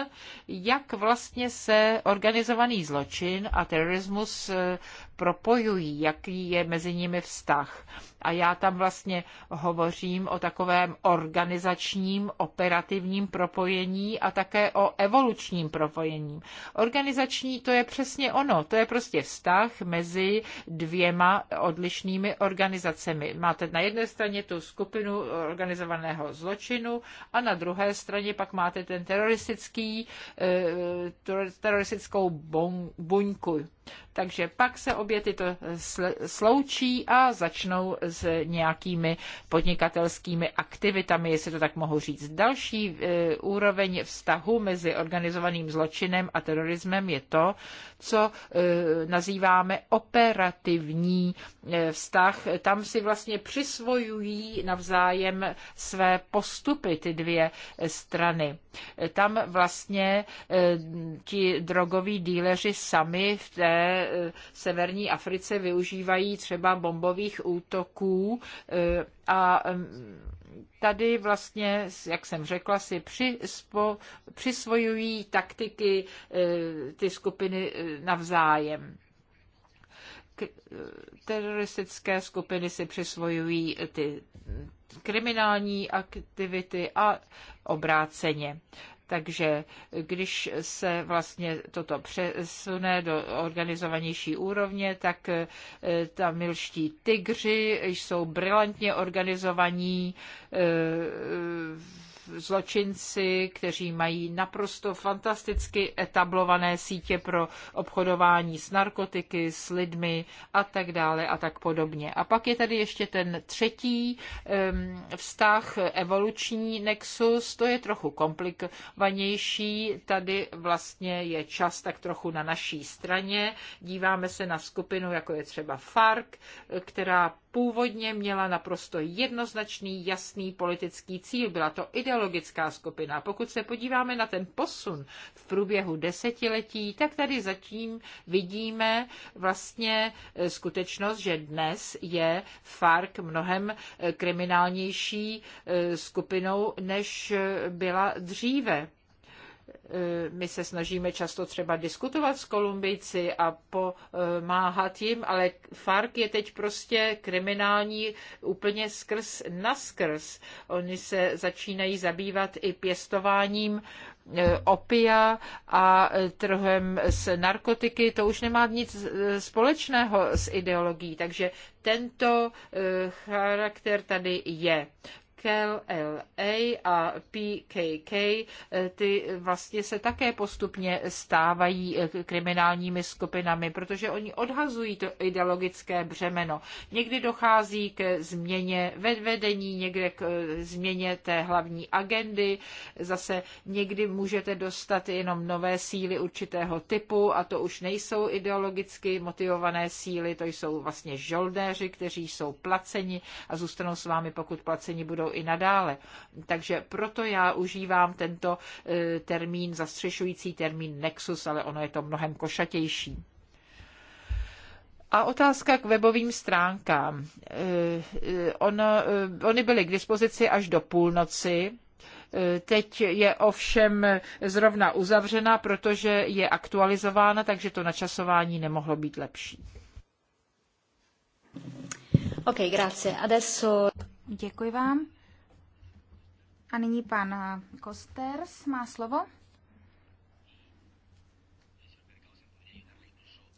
jak vlastně se organizovaný zločin zločin a terorismus eh, propojují, jaký je mezi nimi vztah. A já tam vlastně hovořím o takovém organizačním, operativním propojení a také o evolučním propojení. Organizační to je přesně ono, to je prostě vztah mezi dvěma odlišnými organizacemi. Máte na jedné straně tu skupinu organizovaného zločinu a na druhé straně pak máte ten teroristický, eh, teroristickou buňku. Takže pak se obě tyto sloučí a začnou s nějakými podnikatelskými aktivitami, jestli to tak mohu říct. Další e, úroveň vztahu mezi organizovaným zločinem a terorismem je to, co e, nazýváme operativní e, vztah. Tam si vlastně přisvojují navzájem své postupy ty dvě strany. Tam vlastně ti drogoví díleři sami v té Eh, ve severní Africe využívají třeba bombových útoků eh, a tady vlastně, jak jsem řekla, si přispo, přisvojují taktiky eh, ty skupiny navzájem teroristické skupiny si přisvojují ty mm, kriminální aktivity a obráceně. Takže když se vlastně toto přesune do organizovanější úrovně, tak eh, milští tygři jsou brilantně organizovaní eh, zločinci, kteří mají naprosto fantasticky etablované sítě pro obchodování s narkotiky, s lidmi a tak dále a tak podobně. A pak je tady ještě ten třetí vztah, evoluční nexus, to je trochu komplikovanější. Tady vlastně je čas tak trochu na naší straně. Díváme se na skupinu, jako je třeba FARC, která původně měla naprosto jednoznačný, jasný politický cíl. Byla to ideologická skupina. A pokud se podíváme na ten posun v průběhu desetiletí, tak tady zatím vidíme vlastně eh, skutečnost, že dnes je FARC mnohem eh, kriminálnější eh, skupinou, než byla dříve. Eh, my se snažíme často třeba diskutovat s Kolumbijci a pomáhat jim, ale FARC je teď prostě kriminální úplně skrz naskrz. Oni se začínají zabývat i pěstováním eh, opia a eh, trhem s narkotiky, to už nemá nic společného s ideologií, takže tento charakter tady je. LA a PKK, eh, ty vlastně se také postupně stávají eh, kriminálními skupinami, protože oni odhazují to ideologické břemeno. Někdy dochází k změně ve vedení, někde k eh, změně té hlavní agendy, zase někdy můžete dostat jenom nové síly určitého typu a to už nejsou ideologicky motivované síly, to jsou vlastně žoldéři, kteří jsou placeni a zůstanou s vámi, pokud placeni budou budou i nadále. Takže proto já užívám tento eh, termín, zastřešující termín Nexus, ale ono je to mnohem košatější. A otázka k webovým stránkám. Eh, eh, ono, ony byly k dispozici až do půlnoci. Teď je ovšem zrovna uzavřena, protože je aktualizována, takže to načasování nemohlo být lepší. Ok, grazie. Adesso... Děkuji vám. A nyní pan eh, Kosters má slovo.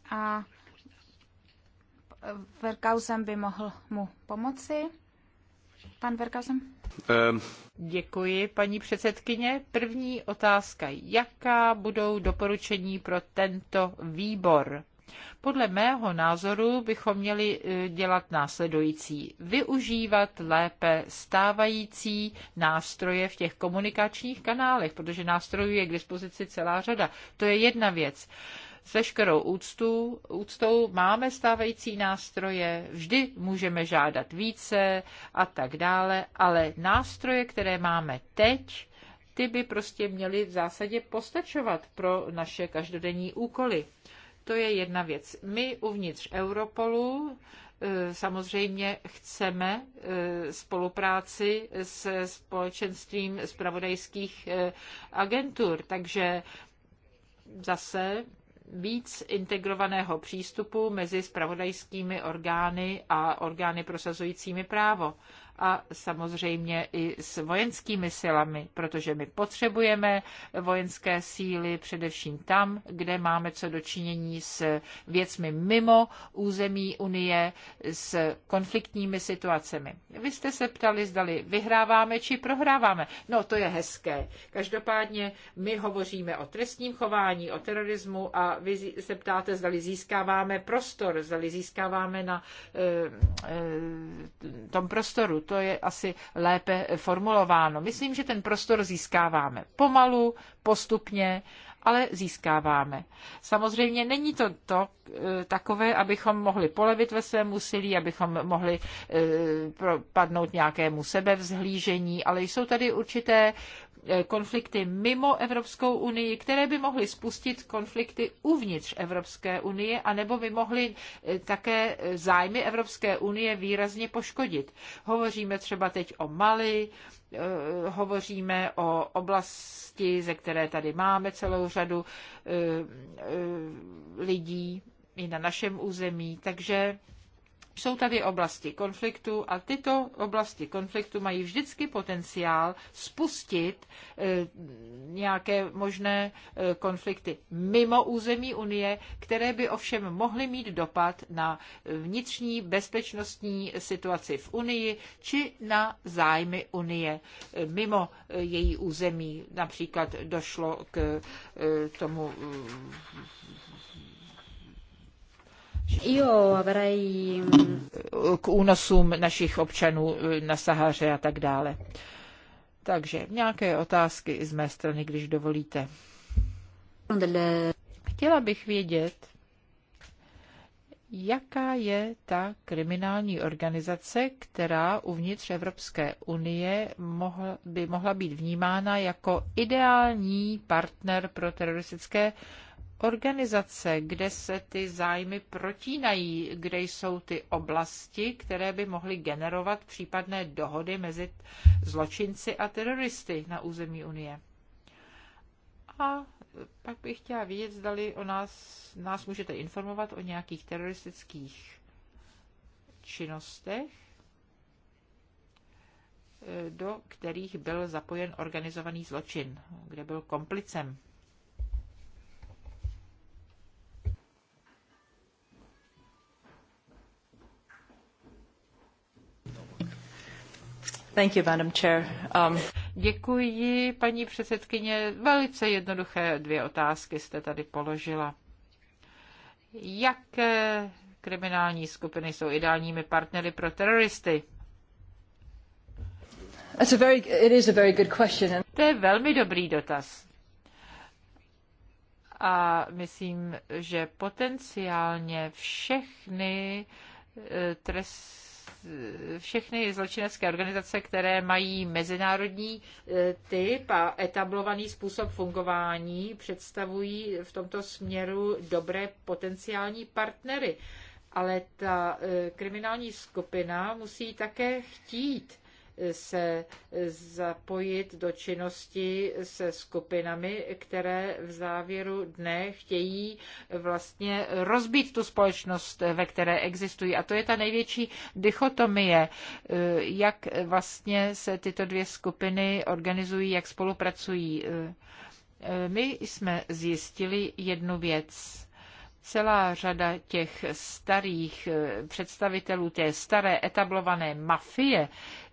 A eh, Verkausem by mohl mu pomoci. Pan Verkausem? Ehm. Um. Děkuji, paní předsedkyně. První otázka. Jaká budou doporučení pro tento výbor? Podle mého názoru bychom měli e, dělat následující. Využívat lépe stávající nástroje v těch komunikačních kanálech, protože nástrojů je k dispozici celá řada. To je jedna věc s veškerou úctou, úctou máme stávající nástroje, vždy můžeme žádat více a tak dále, ale nástroje, které máme teď, ty by prostě měly v zásadě postačovat pro naše každodenní úkoly to je jedna věc. My uvnitř Europolu eh, samozřejmě chceme eh, spolupráci se společenstvím spravodajských eh, agentur, takže zase víc integrovaného přístupu mezi spravodajskými orgány a orgány prosazujícími právo a samozřejmě i s vojenskými silami, protože my potřebujeme vojenské síly především tam, kde máme co dočinění s věcmi mimo území Unie, s konfliktními situacemi. Vy jste se ptali, zdali vyhráváme či prohráváme. No, to je hezké. Každopádně my hovoříme o trestním chování, o terorismu a vy se ptáte, zdali získáváme prostor, zdali získáváme na e, e, tom prostoru to je asi lépe formulováno. Myslím, že ten prostor získáváme pomalu, postupně, ale získáváme. Samozřejmě není to, to eh, takové, abychom mohli polevit ve svém úsilí, abychom mohli eh, padnout nějakému sebevzhlížení, ale jsou tady určité Eh, konflikty mimo Evropskou unii, které by mohly spustit konflikty uvnitř Evropské unie, anebo by mohly eh, také eh, zájmy Evropské unie výrazně poškodit. Hovoříme třeba teď o Mali, hovoříme o oblasti, ze které tady máme celou řadu lidí i na našem území, takže jsou tady oblasti konfliktu a tyto oblasti konfliktu mají vždycky potenciál spustit eh, nějaké možné eh, konflikty mimo území Unie, které by ovšem mohly mít dopad na vnitřní bezpečnostní situaci v Unii či na zájmy Unie eh, mimo její území. Například došlo k tomu Mm, K únosům našich občanů eh, na Sahaře a tak dále. Takže nějaké otázky z mé strany, když dovolíte. Chtěla bych vědět, jaká je ta kriminální organizace, která uvnitř Evropské unie mohla, by mohla být vnímána jako ideální partner pro teroristické organizace, kde se ty zájmy protínají, kde jsou ty oblasti, které by mohly generovat případné dohody mezi zločinci a teroristy na území Unie. A pak bych chtěla vědět, zdali o nás, nás můžete informovat o nějakých teroristických činnostech, do kterých byl zapojen organizovaný zločin, kde byl komplicem. Um, Děkuji, paní předsedkyně. Velice jednoduché dvě otázky jste tady položila. Jaké kriminální skupiny jsou ideálními partnery pro teroristy? Very, to je velmi dobrý dotaz. A myslím, že potenciálně všechny eh, trest všechny zločinecké organizace, které mají mezinárodní eh, typ a etablovaný způsob fungování, představují v tomto směru dobré potenciální partnery. Ale ta eh, kriminální skupina musí také chtít se zapojit do činnosti se skupinami, které v závěru dne chtějí vlastně rozbít tu společnost, ve které existují. A to je ta největší dichotomie, jak vlastně se tyto dvě skupiny organizují, jak spolupracují. My jsme zjistili jednu věc celá řada těch starých představitelů té staré etablované mafie,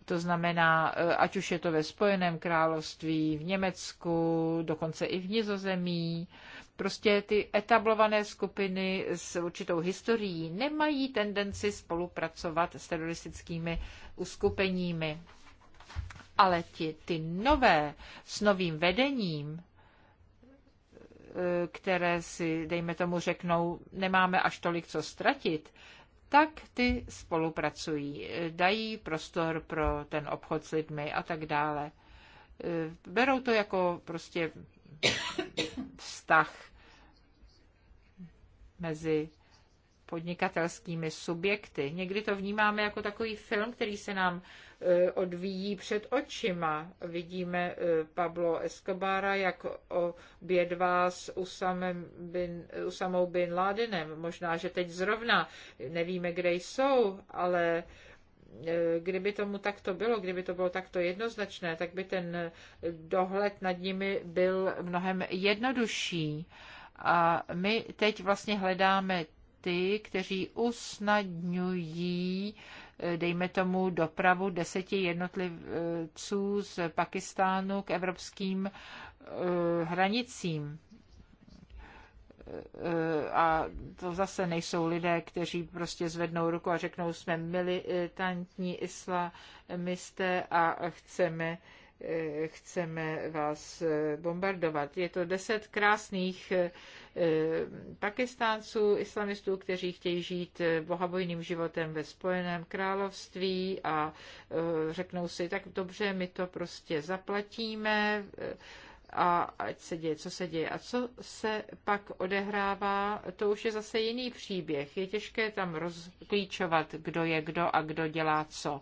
to znamená, e, ať už je to ve Spojeném království, v Německu, dokonce i v Nizozemí, prostě ty etablované skupiny s určitou historií nemají tendenci spolupracovat s teroristickými uskupeními. Ale ti, ty nové s novým vedením, e, které si, dejme tomu, řeknou, nemáme až tolik co ztratit, tak ty spolupracují, dají prostor pro ten obchod s lidmi a tak dále. Eh, berou to jako prostě vztah mezi podnikatelskými subjekty. Někdy to vnímáme jako takový film, který se nám Eh, odvíjí před očima. Vidíme eh, Pablo Escobara, jak obědvá s Usamem bin, Usamou bin Ládenem. Možná, že teď zrovna nevíme, kde jsou, ale eh, kdyby tomu takto bylo, kdyby to bylo takto jednoznačné, tak by ten dohled nad nimi byl mnohem jednodušší. A my teď vlastně hledáme ty, kteří usnadňují dejme tomu, dopravu deseti jednotlivců z Pakistánu k evropským eh, hranicím eh, a to zase nejsou lidé, kteří prostě zvednou ruku a řeknou, jsme militantní islamisté a chceme Eh, chceme vás eh, bombardovat. Je to deset krásných eh, pakistánců, islamistů, kteří chtějí žít bohabojným životem ve Spojeném království a řeknou si, tak dobře, my to prostě zaplatíme a ať se děje, co se děje. A co se pak odehrává, to už je zase jiný příběh. Je těžké tam rozklíčovat, kdo je kdo a kdo dělá co.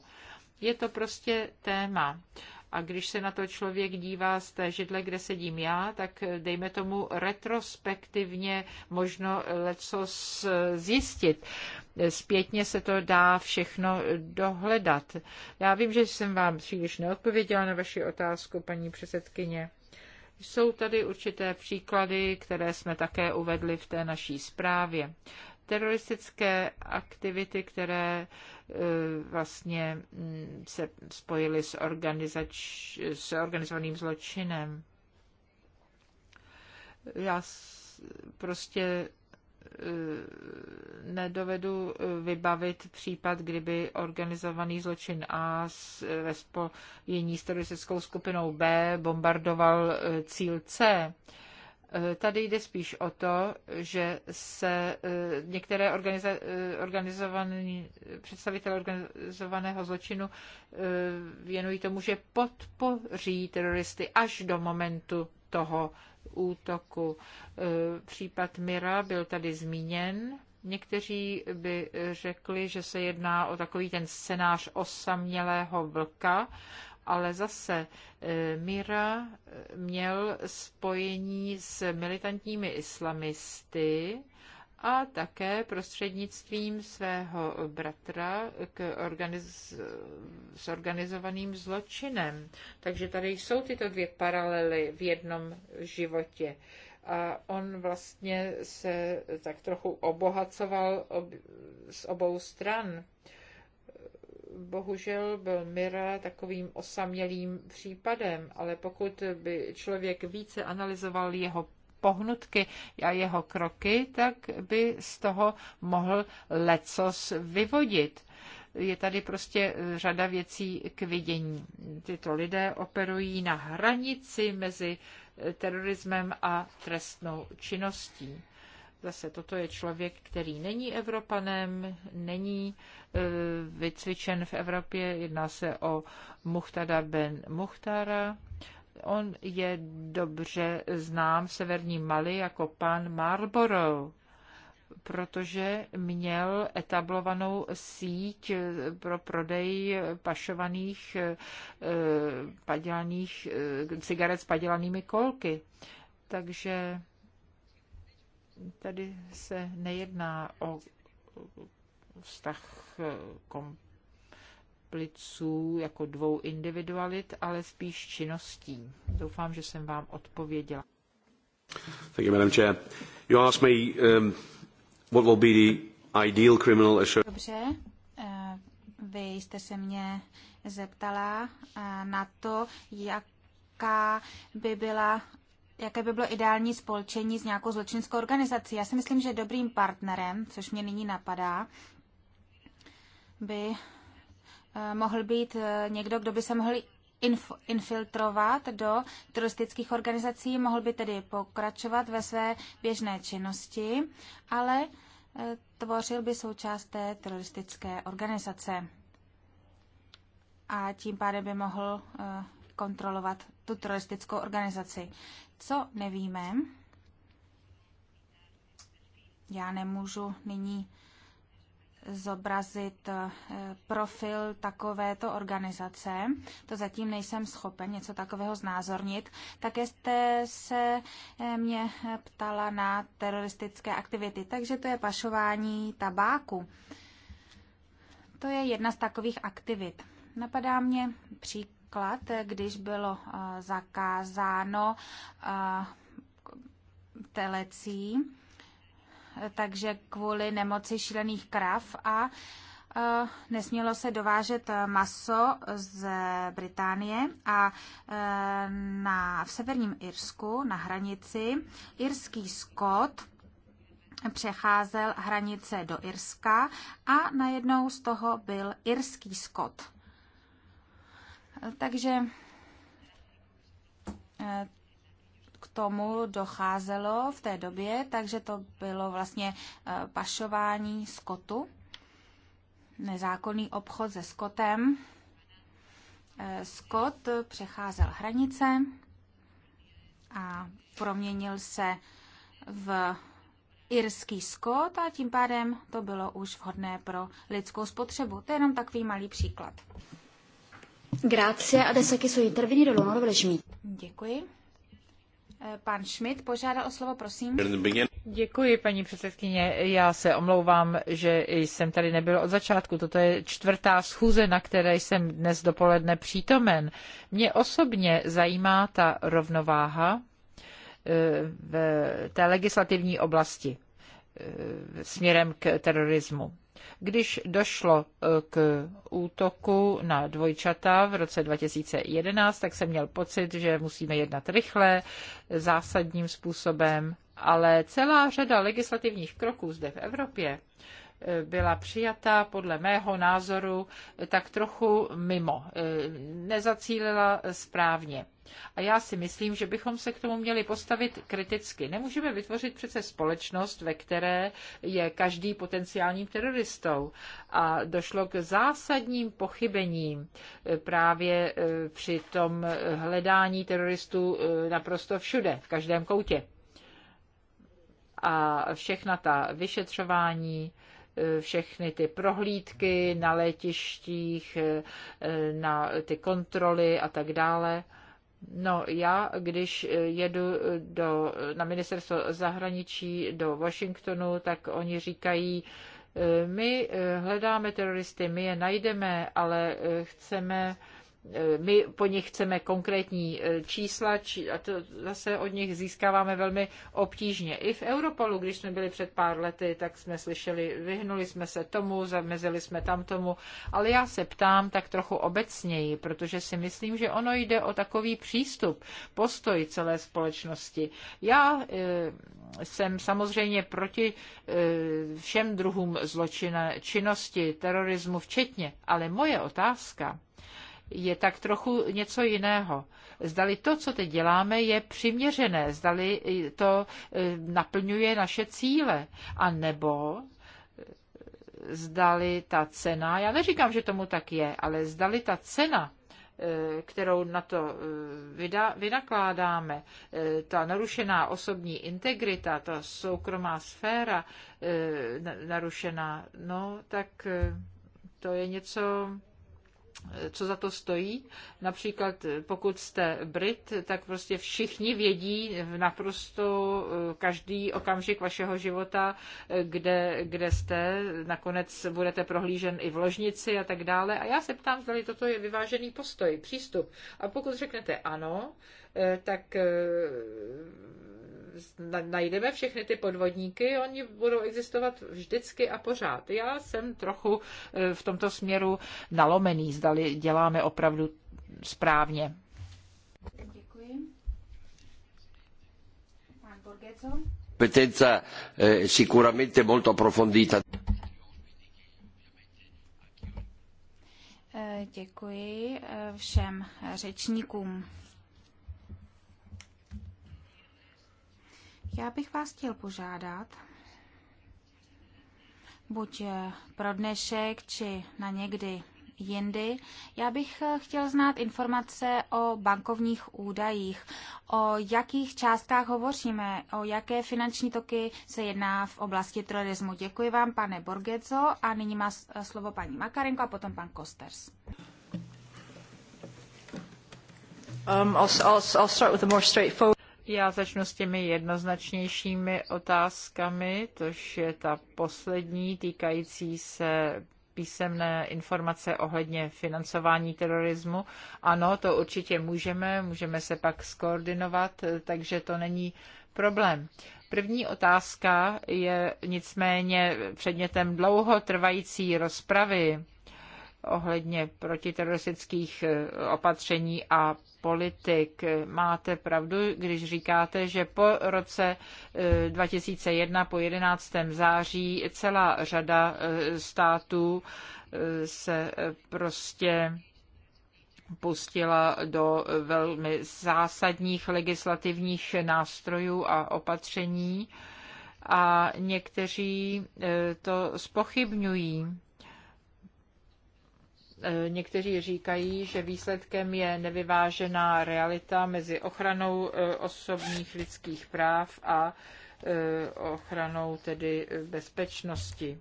Je to prostě téma. Uh, a když se na to člověk dívá z té židle, kde sedím já, tak dejme tomu retrospektivně možno leco zjistit. Zpětně se to dá všechno dohledat. Já vím, že jsem vám příliš neodpověděla na vaši otázku, paní předsedkyně. Jsou tady určité příklady, které jsme také uvedli v té naší zprávě teroristické aktivity, které eh, vlastně mm, se spojily s, organizač, s organizovaným zločinem. Já prostě eh, nedovedu eh, vybavit případ, kdyby organizovaný zločin A ve spojení s teroristickou skupinou B bombardoval cíl C. Eh, tady jde spíš o to, že se eh, některé organiza- eh, organizovaný, představitelé organizovaného zločinu věnují tomu, že podpoří teroristy až do momentu toho útoku. Případ Mira byl tady zmíněn. Někteří by řekli, že se jedná o takový ten scénář osamělého vlka, ale zase eh, Mira eh, měl spojení s militantními islamisty a také prostřednictvím svého bratra k organiz- s organizovaným zločinem. Takže tady jsou tyto dvě paralely v jednom životě. A on vlastně se tak trochu obohacoval ob- z obou stran bohužel byl Mira takovým osamělým případem, ale pokud by člověk více analyzoval jeho pohnutky a jeho kroky, tak by z toho mohl lecos vyvodit. Je tady prostě eh, řada věcí k vidění. Tyto lidé operují na hranici mezi eh, terorismem a trestnou činností. Zase toto je člověk, který není Evropanem, není e, vycvičen v Evropě, jedná se o Muhtada Ben Muhtara. On je dobře znám v severní Mali jako pan Marlborough protože měl etablovanou síť pro prodej pašovaných e, padělaných, e, cigaret s padělanými kolky. Takže Tady se nejedná o vztah eh, kompliců jako dvou individualit, ale spíš činností. Doufám, že jsem vám odpověděla. Thank you, Madam Chair. You asked me um, what will be the ideal criminal assurance. Dobře, eh, vy jste se mě zeptala eh, na to, jak jaká by byla jaké by bylo ideální spolčení s nějakou zločinskou organizací. Já si myslím, že dobrým partnerem, což mě nyní napadá, by eh, mohl být eh, někdo, kdo by se mohl infiltrovat do turistických organizací, mohl by tedy pokračovat ve své běžné činnosti, ale eh, tvořil by součást té teroristické organizace. A tím pádem by mohl kontrolovat tu teroristickou organizaci. Co nevíme, já nemůžu nyní zobrazit eh, profil takovéto organizace. To zatím nejsem schopen něco takového znázornit. tak jste se eh, mě ptala na teroristické aktivity, takže to je pašování tabáku. To je jedna z takových aktivit. Napadá mě příklad Například, když bylo eh, zakázáno eh, telecí, takže kvůli nemoci šílených krav a eh, nesmělo se dovážet maso z Británie a na, v severním Irsku na hranici irský skot přecházel hranice do Irska a najednou z toho byl irský skot. Takže eh, k tomu docházelo v té době, takže to bylo vlastně eh, pašování skotu, nezákonný obchod se skotem. Eh, skot přecházel hranice a proměnil se v irský skot a tím pádem to bylo už vhodné pro lidskou spotřebu. To je jenom takový malý příklad. Grazie. Adesso intervenire l'onorevole Schmidt. Děkuji. Eh, pan Schmidt požádal o slovo, prosím. Děkuji, paní předsedkyně. Já se omlouvám, že jsem tady nebyl od začátku. Toto je čtvrtá schůze, na které jsem dnes dopoledne přítomen. Mě osobně zajímá ta rovnováha eh, v té legislativní oblasti eh, směrem k terorismu. Když došlo e, k útoku na dvojčata v roce 2011, tak jsem měl pocit, že musíme jednat rychle, zásadním způsobem, ale celá řada legislativních kroků zde v Evropě byla přijata podle mého názoru tak trochu mimo, e, nezacílila správně. A já si myslím, že bychom se k tomu měli postavit kriticky. Nemůžeme vytvořit přece společnost, ve které je každý potenciálním teroristou. A došlo k zásadním pochybením e, právě e, při tom hledání teroristů naprosto všude, v každém koutě. A všechna ta vyšetřování, všechny ty prohlídky na letištích, eh, na ty kontroly a tak dále. No, já, když jedu do, na ministerstvo zahraničí do Washingtonu, tak oni říkají, eh, my eh, hledáme teroristy, my je najdeme, ale chceme my po nich chceme konkrétní e, čísla či, a to zase od nich získáváme velmi obtížně. I v Europolu, když jsme byli před pár lety, tak jsme slyšeli, vyhnuli jsme se tomu, zamezili jsme tam tomu, ale já se ptám tak trochu obecněji, protože si myslím, že ono jde o takový přístup, postoj celé společnosti. Já e, jsem samozřejmě proti e, všem druhům zločina, činnosti, terorismu včetně, ale moje otázka, je tak trochu něco jiného. Zdali to, co teď děláme, je přiměřené, zdali to e, naplňuje naše cíle, a nebo e, zdali ta cena, já neříkám, že tomu tak je, ale zdali ta cena, e, kterou na to vynakládáme, ta narušená osobní integrita, ta soukromá sféra narušená, no tak to je něco co za to stojí. Například eh, pokud jste Brit, tak prostě všichni vědí v naprosto eh, každý okamžik vašeho života, eh, kde, kde jste, nakonec budete prohlížen i v ložnici a tak dále. A já se ptám, zda toto je vyvážený postoj, přístup. A pokud řeknete ano, tak najdeme všechny ty podvodníky, oni budou existovat vždycky a pořád. Já jsem trochu e, v tomto směru nalomený, zdali děláme opravdu správně. Děkuji. Pan Borgeco. Competenza eh, sicuramente molto approfondita. Eh, děkuji eh, všem řečníkům. Já bych vás chtěl požádat, buď eh, pro dnešek, či na někdy jindy. Já bych eh, chtěl znát informace o bankovních údajích, o jakých částkách hovoříme, o jaké finanční toky se jedná v oblasti terorismu. Děkuji vám, pane Borgezo, a nyní má eh, slovo paní Makarenko a potom pan Kosters. Um, I'll, I'll, I'll start with a more straightforward... Já začnu s těmi jednoznačnějšími otázkami, tož je ta poslední týkající se písemné informace ohledně financování terorismu. Ano, to určitě můžeme, můžeme se pak skoordinovat, takže to není problém. První otázka je nicméně předmětem dlouhotrvající rozpravy ohledně protiteroristických eh, opatření a politik. Máte pravdu, když říkáte, že po roce 2001, eh, po 11. září, celá řada eh, států eh, se prostě pustila do velmi zásadních legislativních nástrojů a opatření a někteří to spochybňují E, někteří říkají, že výsledkem je nevyvážená realita mezi ochranou e, osobních lidských práv a e, ochranou tedy bezpečnosti.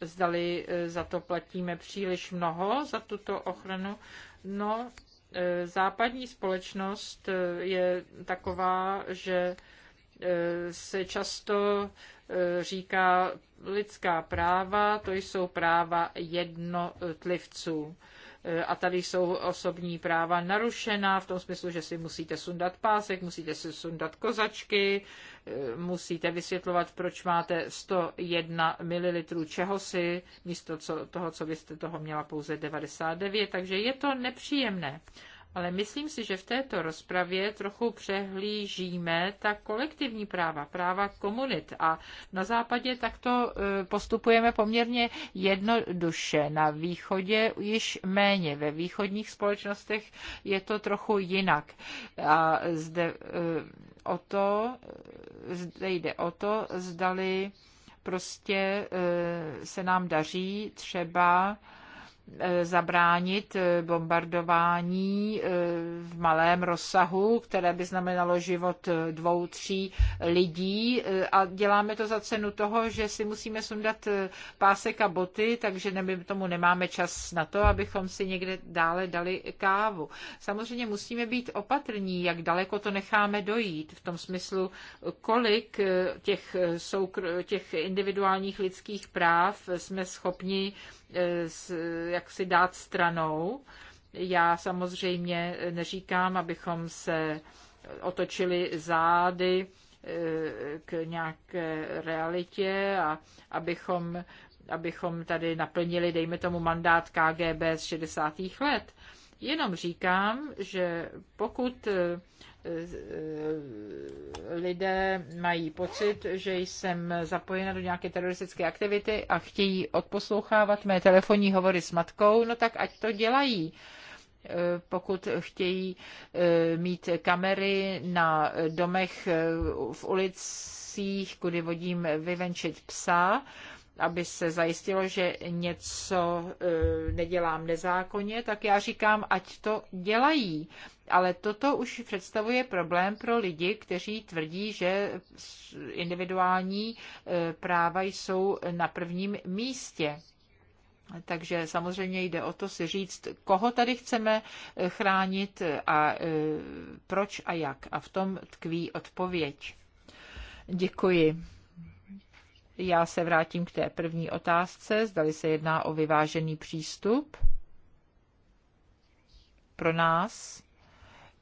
Zdali za to platíme příliš mnoho, za tuto ochranu? No, západní společnost je taková, že se často říká lidská práva, to jsou práva jednotlivců. A tady jsou osobní práva narušená v tom smyslu, že si musíte sundat pásek, musíte si sundat kozačky, eh, musíte vysvětlovat, proč máte 101 ml čehosi, místo toho, co byste toho měla pouze 99, takže je to nepříjemné ale myslím si, že v této rozpravě trochu přehlížíme ta kolektivní práva, práva komunit a na západě takto e, postupujeme poměrně jednoduše. Na východě již méně, ve východních společnostech je to trochu jinak. A zde e, o to, e, zde jde o to, zdali prostě se nám daří třeba Eh, zabránit eh, bombardování eh, v malém rozsahu, které by znamenalo život dvou, tří lidí a děláme to za cenu toho, že si musíme sundat pásek a boty, takže neby tomu nemáme čas na to, abychom si někde dále dali kávu. Samozřejmě musíme být opatrní, jak daleko to necháme dojít, v tom smyslu, kolik těch, soukr- těch individuálních lidských práv jsme schopni Eh, jak si dát stranou. Já samozřejmě neříkám, abychom se otočili zády eh, k nějaké realitě a abychom, abychom tady naplnili, dejme tomu, mandát KGB z 60. let. Jenom říkám, že pokud eh, Eh, lidé mají pocit, že jsem zapojena do nějaké teroristické aktivity a chtějí odposlouchávat mé telefonní hovory s matkou, no tak ať to dělají eh, pokud chtějí eh, mít kamery na domech v ulicích, kudy vodím vyvenčit psa, aby se zajistilo, že něco e, nedělám nezákonně, tak já říkám, ať to dělají. Ale toto už představuje problém pro lidi, kteří tvrdí, že individuální e, práva jsou na prvním místě. Takže samozřejmě jde o to si říct, koho tady chceme e, chránit a proč a jak. A v tom tkví odpověď. Děkuji. Já se vrátím k té první otázce, zdali se jedná o vyvážený přístup pro nás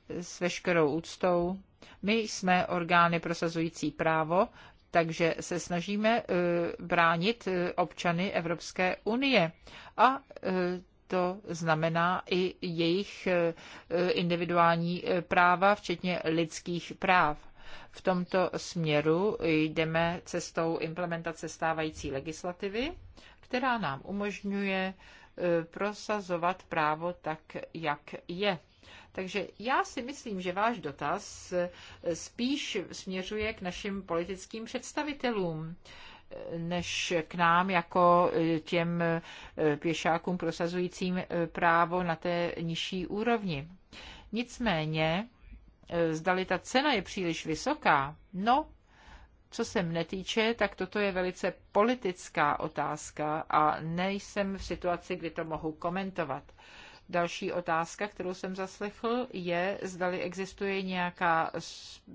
s veškerou úctou. My jsme orgány prosazující právo, takže se snažíme eh, bránit eh, občany Evropské unie. A eh, to znamená i jejich individuální práva, včetně lidských práv. V tomto směru jdeme cestou implementace stávající legislativy, která nám umožňuje e, prosazovat právo tak, jak je. Takže já si myslím, že váš dotaz e, spíš směřuje k našim politickým představitelům e, než k nám jako těm pěšákům prosazujícím právo na té nižší úrovni. Nicméně Eh, zdali ta cena je příliš vysoká, no, co se mne týče, tak toto je velice politická otázka a nejsem v situaci, kdy to mohu komentovat. Další otázka, kterou jsem zaslechl, je, zdali existuje nějaká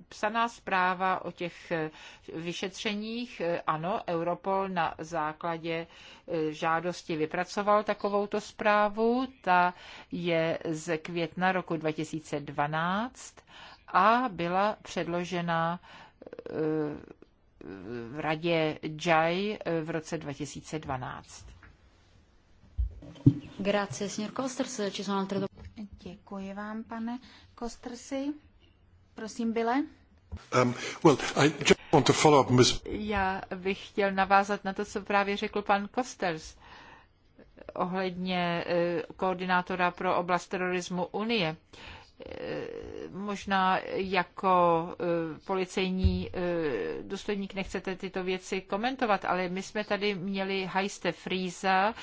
psaná zpráva o těch e, vyšetřeních. E, ano, Europol na základě e, žádosti vypracoval takovouto zprávu. Ta je z května roku 2012 a byla předložena v radě JAI v roce 2012. Grazie, signor Ci sono altre domande? Děkuji vám, pane Prosím, Bile. Um, well, I just want to follow up, Ms. Já bych chtěl navázat na to, co právě řekl pan Kosters ohledně eh, koordinátora pro oblast terorismu Unie. Uh, Eh, možná jako eh, policejní eh, důstojník nechcete tyto věci komentovat, ale my jsme tady měli Heiste Frýza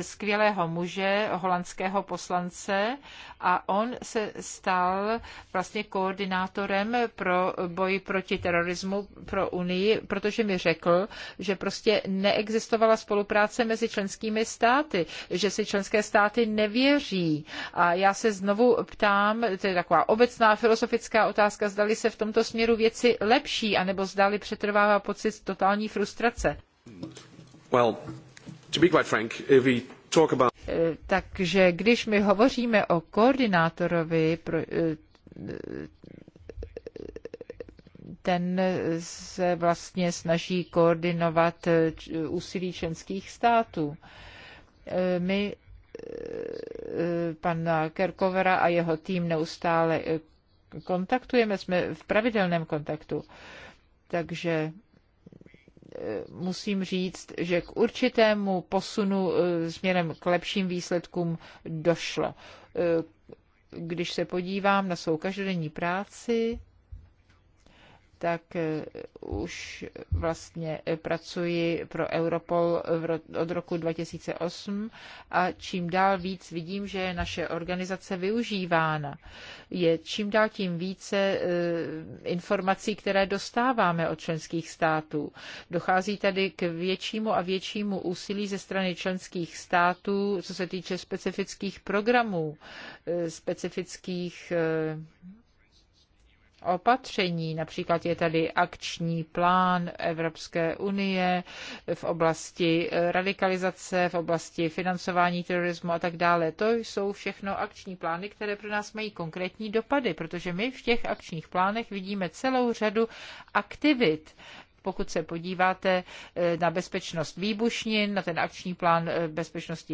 skvělého muže, holandského poslance a on se stal vlastně koordinátorem pro boj proti terorismu pro Unii, protože mi řekl, že prostě neexistovala spolupráce mezi členskými státy, že si členské státy nevěří. A já se znovu ptám, to je taková obecná filozofická otázka, zdali se v tomto směru věci lepší, anebo zdali přetrvává pocit totální frustrace. Well, to be quite frank, if we talk about... Eh, takže když my hovoříme o koordinátorovi, pro, eh, ten se vlastně snaží koordinovat eh, úsilí členských států. My Eh, pana Kerkovera a jeho tým neustále eh, kontaktujeme, jsme v pravidelném kontaktu. Takže eh, musím říct, že k určitému posunu směrem k lepším výsledkům došlo. Když se podívám na svou každodenní práci, tak eh, už vlastně eh, pracuji pro Europol od roku 2008 a čím dál víc vidím, že je naše organizace využívána. Je čím dál tím více eh, informací, které dostáváme od členských států. Dochází tady k většímu a většímu úsilí ze strany členských států, co se týče specifických programů, specifických opatření. Například je tady akční plán Evropské unie v oblasti eh, radikalizace, v oblasti financování terorismu a tak dále. To jsou všechno akční plány, které pro nás mají konkrétní dopady, protože my v těch akčních plánech vidíme celou řadu aktivit, pokud se podíváte eh, na bezpečnost výbušnin, na ten akční plán eh, bezpečnosti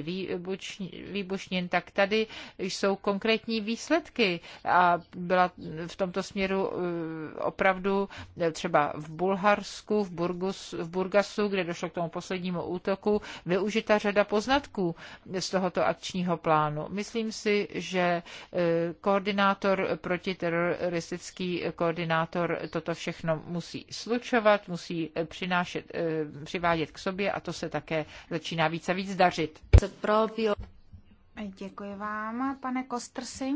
výbušnin, tak tady jsou konkrétní výsledky a byla v tomto směru eh, opravdu třeba v Bulharsku, v, Burgus, v Burgasu, kde došlo k tomu poslednímu útoku, využita řada poznatků z tohoto akčního plánu. Myslím si, že koordinátor protiteroristický koordinátor toto všechno musí slučovat, musí musí eh, přinášet, eh, přivádět k sobě a to se také začíná více a víc dařit. Děkuji vám, pane Kostrsi.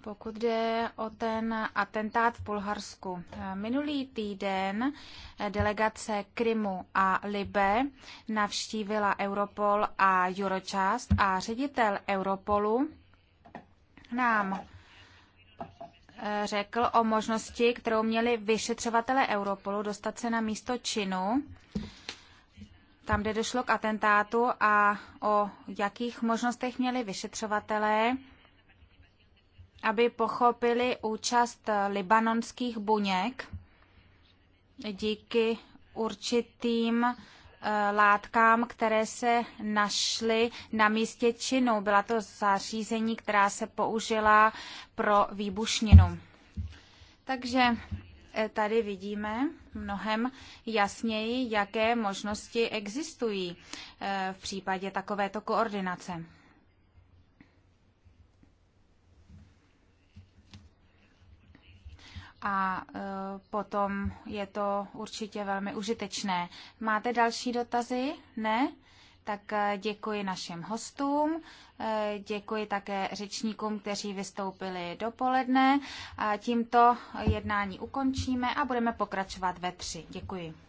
Pokud jde o ten atentát v Bulharsku. Eh, minulý týden delegace Krymu a Libe navštívila Europol a Eurojust a ředitel Europolu nám řekl o možnosti, kterou měli vyšetřovatele Europolu dostat se na místo činu, tam, kde došlo k atentátu a o jakých možnostech měli vyšetřovatelé, aby pochopili účast libanonských buněk díky určitým Eh, látkám, které se našly na místě činu. Byla to zařízení, která se použila pro výbušninu. Takže eh, tady vidíme mnohem jasněji, jaké možnosti existují eh, v případě takovéto koordinace. a e, potom je to určitě velmi užitečné. Máte další dotazy? Ne? Tak e, děkuji našim hostům, e, děkuji také řečníkům, kteří vystoupili dopoledne. Tímto jednání ukončíme a budeme pokračovat ve tři. Děkuji.